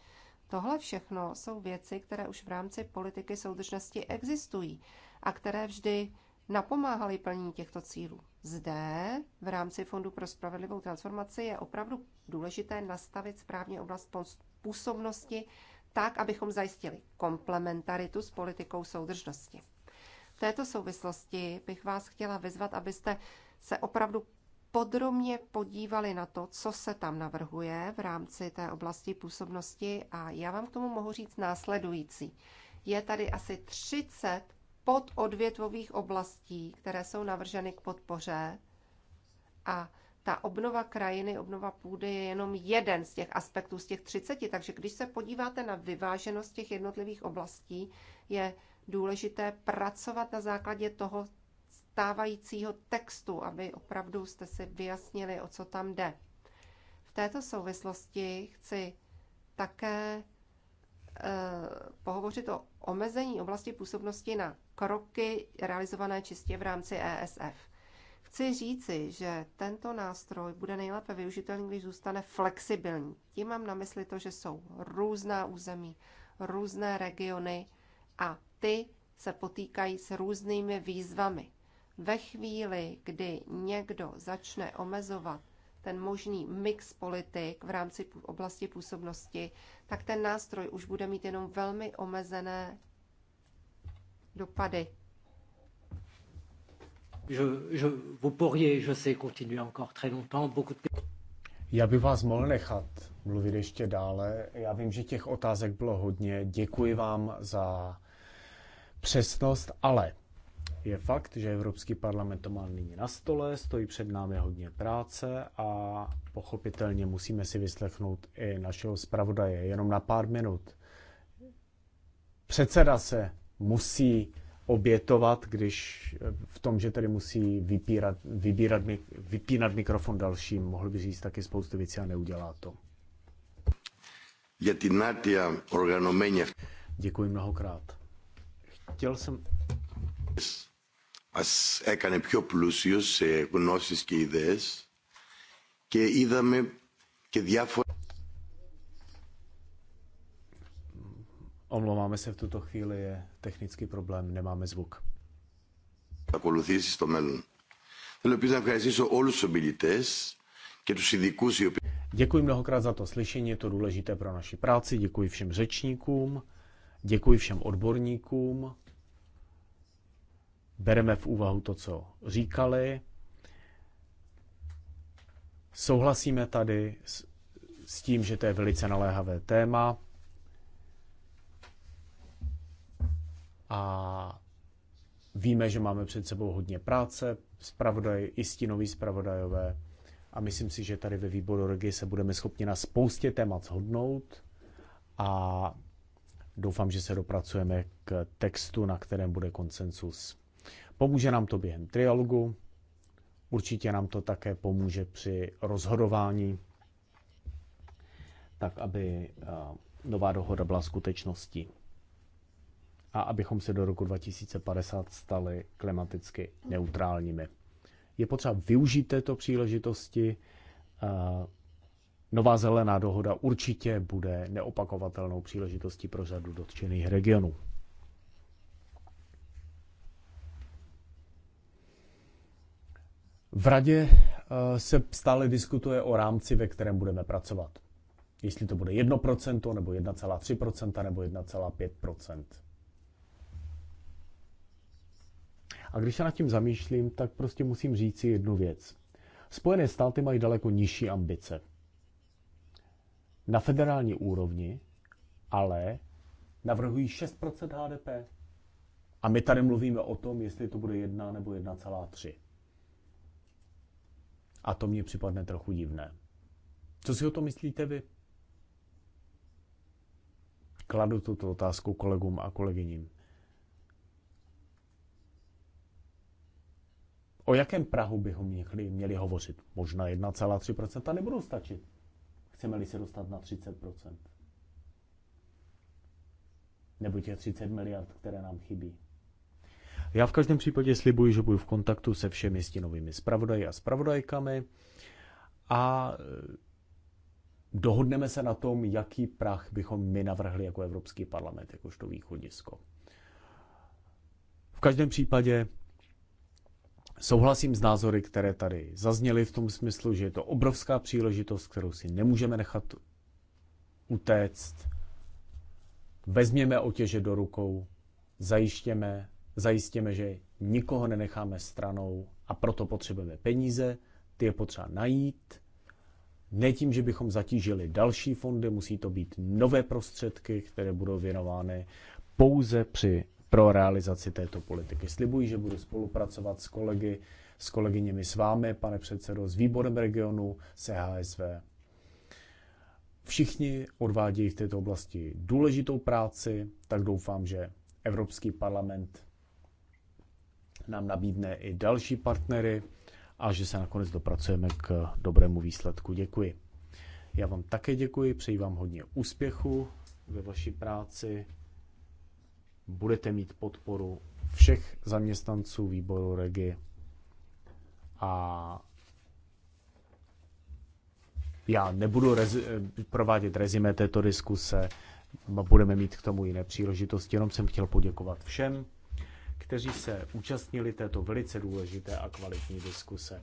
Speaker 2: Tohle všechno jsou věci, které už v rámci politiky soudržnosti existují a které vždy napomáhaly plnění těchto cílů. Zde v rámci Fondu pro spravedlivou transformaci je opravdu důležité nastavit správně oblast působnosti tak, abychom zajistili komplementaritu s politikou soudržnosti této souvislosti bych vás chtěla vyzvat, abyste se opravdu podrobně podívali na to, co se tam navrhuje v rámci té oblasti působnosti a já vám k tomu mohu říct následující. Je tady asi 30 pododvětvových oblastí, které jsou navrženy k podpoře a ta obnova krajiny, obnova půdy je jenom jeden z těch aspektů z těch 30, takže když se podíváte na vyváženost těch jednotlivých oblastí, je důležité pracovat na základě toho stávajícího textu, aby opravdu jste si vyjasnili, o co tam jde. V této souvislosti chci také eh, pohovořit o omezení oblasti působnosti na kroky realizované čistě v rámci ESF. Chci říci, že tento nástroj bude nejlépe využitelný, když zůstane flexibilní. Tím mám na mysli to, že jsou různá území, různé regiony a ty se potýkají s různými výzvami. Ve chvíli, kdy někdo začne omezovat ten možný mix politik v rámci oblasti působnosti, tak ten nástroj už bude mít jenom velmi omezené dopady.
Speaker 1: Je, je, vous pourriez, je sais, continuer encore très longtemps. Beaucoup de... Já bych vás mohl nechat mluvit ještě dále. Já vím, že těch otázek bylo hodně. Děkuji vám za přesnost, ale je fakt, že Evropský parlament to má nyní na stole, stojí před námi hodně práce a pochopitelně musíme si vyslechnout i našeho zpravodaje jenom na pár minut. Předseda se musí obětovat, když eh, v tom, že tady musí vypírat, vybírat, vypínat mikrofon dalším, mohl by říct taky spoustu věcí a neudělá to. Děkuji mnohokrát chtěl jsem... Ας έκανε πιο πλούσιο σε γνώσεις και ιδέες και είδαμε και διάφορα... Omlouváme se v tuto chvíli, je technický problém, nemáme zvuk. Ακολουθήσει στο μέλλον. Θέλω επίση να ευχαριστήσω όλου του ομιλητέ και του ειδικού οι Děkuji mnohokrát za to slyšení, je to důležité pro naši práci. Děkuji všem řečníkům. Děkuji všem odborníkům. Bereme v úvahu to, co říkali. Souhlasíme tady s, s tím, že to je velice naléhavé téma. A víme, že máme před sebou hodně práce, spravodaj, i stinoví spravodajové. A myslím si, že tady ve výboru Regi se budeme schopni na spoustě témat shodnout a Doufám, že se dopracujeme k textu, na kterém bude konsensus. Pomůže nám to během trialogu, určitě nám to také pomůže při rozhodování, tak aby eh, nová dohoda byla skutečností a abychom se do roku 2050 stali klimaticky neutrálními. Je potřeba využít této příležitosti eh, Nová zelená dohoda určitě bude neopakovatelnou příležitostí pro řadu dotčených regionů. V radě eh, se stále diskutuje o rámci, ve kterém budeme pracovat. Jestli to bude 1%, nebo 1,3%, nebo 1,5%. A když se nad tím zamýšlím, tak prostě musím říct si jednu věc. Spojené státy mají daleko nižší ambice na federální úrovni ale navrhují 6 HDP. A my tady mluvíme o tom, jestli to bude 1 nebo 1,3. A to mně připadne trochu divné. Co si o to myslíte vy? Kladu tuto otázku kolegům a kolegyním. O jakém Prahu bychom měli, měli hovořit? Možná 1,3% nebudou stačit chceme-li se dostat na 30%. Nebo těch 30 miliard, které nám chybí. Já v každém případě slibuji, že budu v kontaktu se všemi stinovými zpravodaji a zpravodajkami a e, dohodneme se na tom, jaký prach bychom my navrhli jako Evropský parlament, jakožto východisko. V každém případě Souhlasím s názory, které tady zazněly v tom smyslu, že je to obrovská příležitost, kterou si nemůžeme nechat utéct. Vezměme otěže do rukou, zajištěme, zajistěme, že nikoho nenecháme stranou a proto potřebujeme peníze, ty je potřeba najít. Ne tím, že bychom zatížili další fondy, musí to být nové prostředky, které budou věnovány pouze při pro realizaci této politiky. Slibuji, že budu spolupracovat s kolegy, s kolegyněmi s vámi, pane předsedo, s výborem regionu, se HSV. Všichni odvádějí v této oblasti důležitou práci, tak doufám, že Evropský parlament nám nabídne i další partnery a že se nakonec dopracujeme k dobrému výsledku. Děkuji. Já vám také děkuji, přeji vám hodně úspěchu ve vaší práci budete mít podporu všech zaměstnanců výboru Regi a já nebudu rezi, provádět rezime této diskuse, budeme mít k tomu jiné příležitosti, jenom jsem chtěl poděkovat všem, kteří se účastnili této velice důležité a kvalitní diskuse.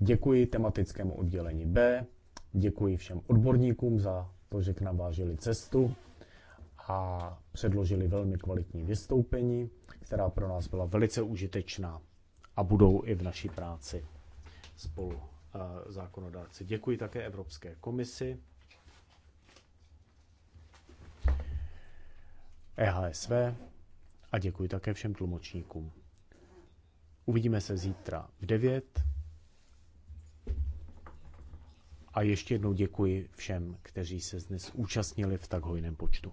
Speaker 1: Děkuji tematickému oddělení B, děkuji všem odborníkům za to, že k nám vážili cestu a předložili velmi kvalitní vystoupení, která pro nás byla velice užitečná a budou i v naší práci spolu eh, zákonodárci. Děkuji také Evropské komisi, EHSV a děkuji také všem tlumočníkům. Uvidíme se zítra v 9. A ještě jednou děkuji všem, kteří se dnes účastnili v tak hojném počtu.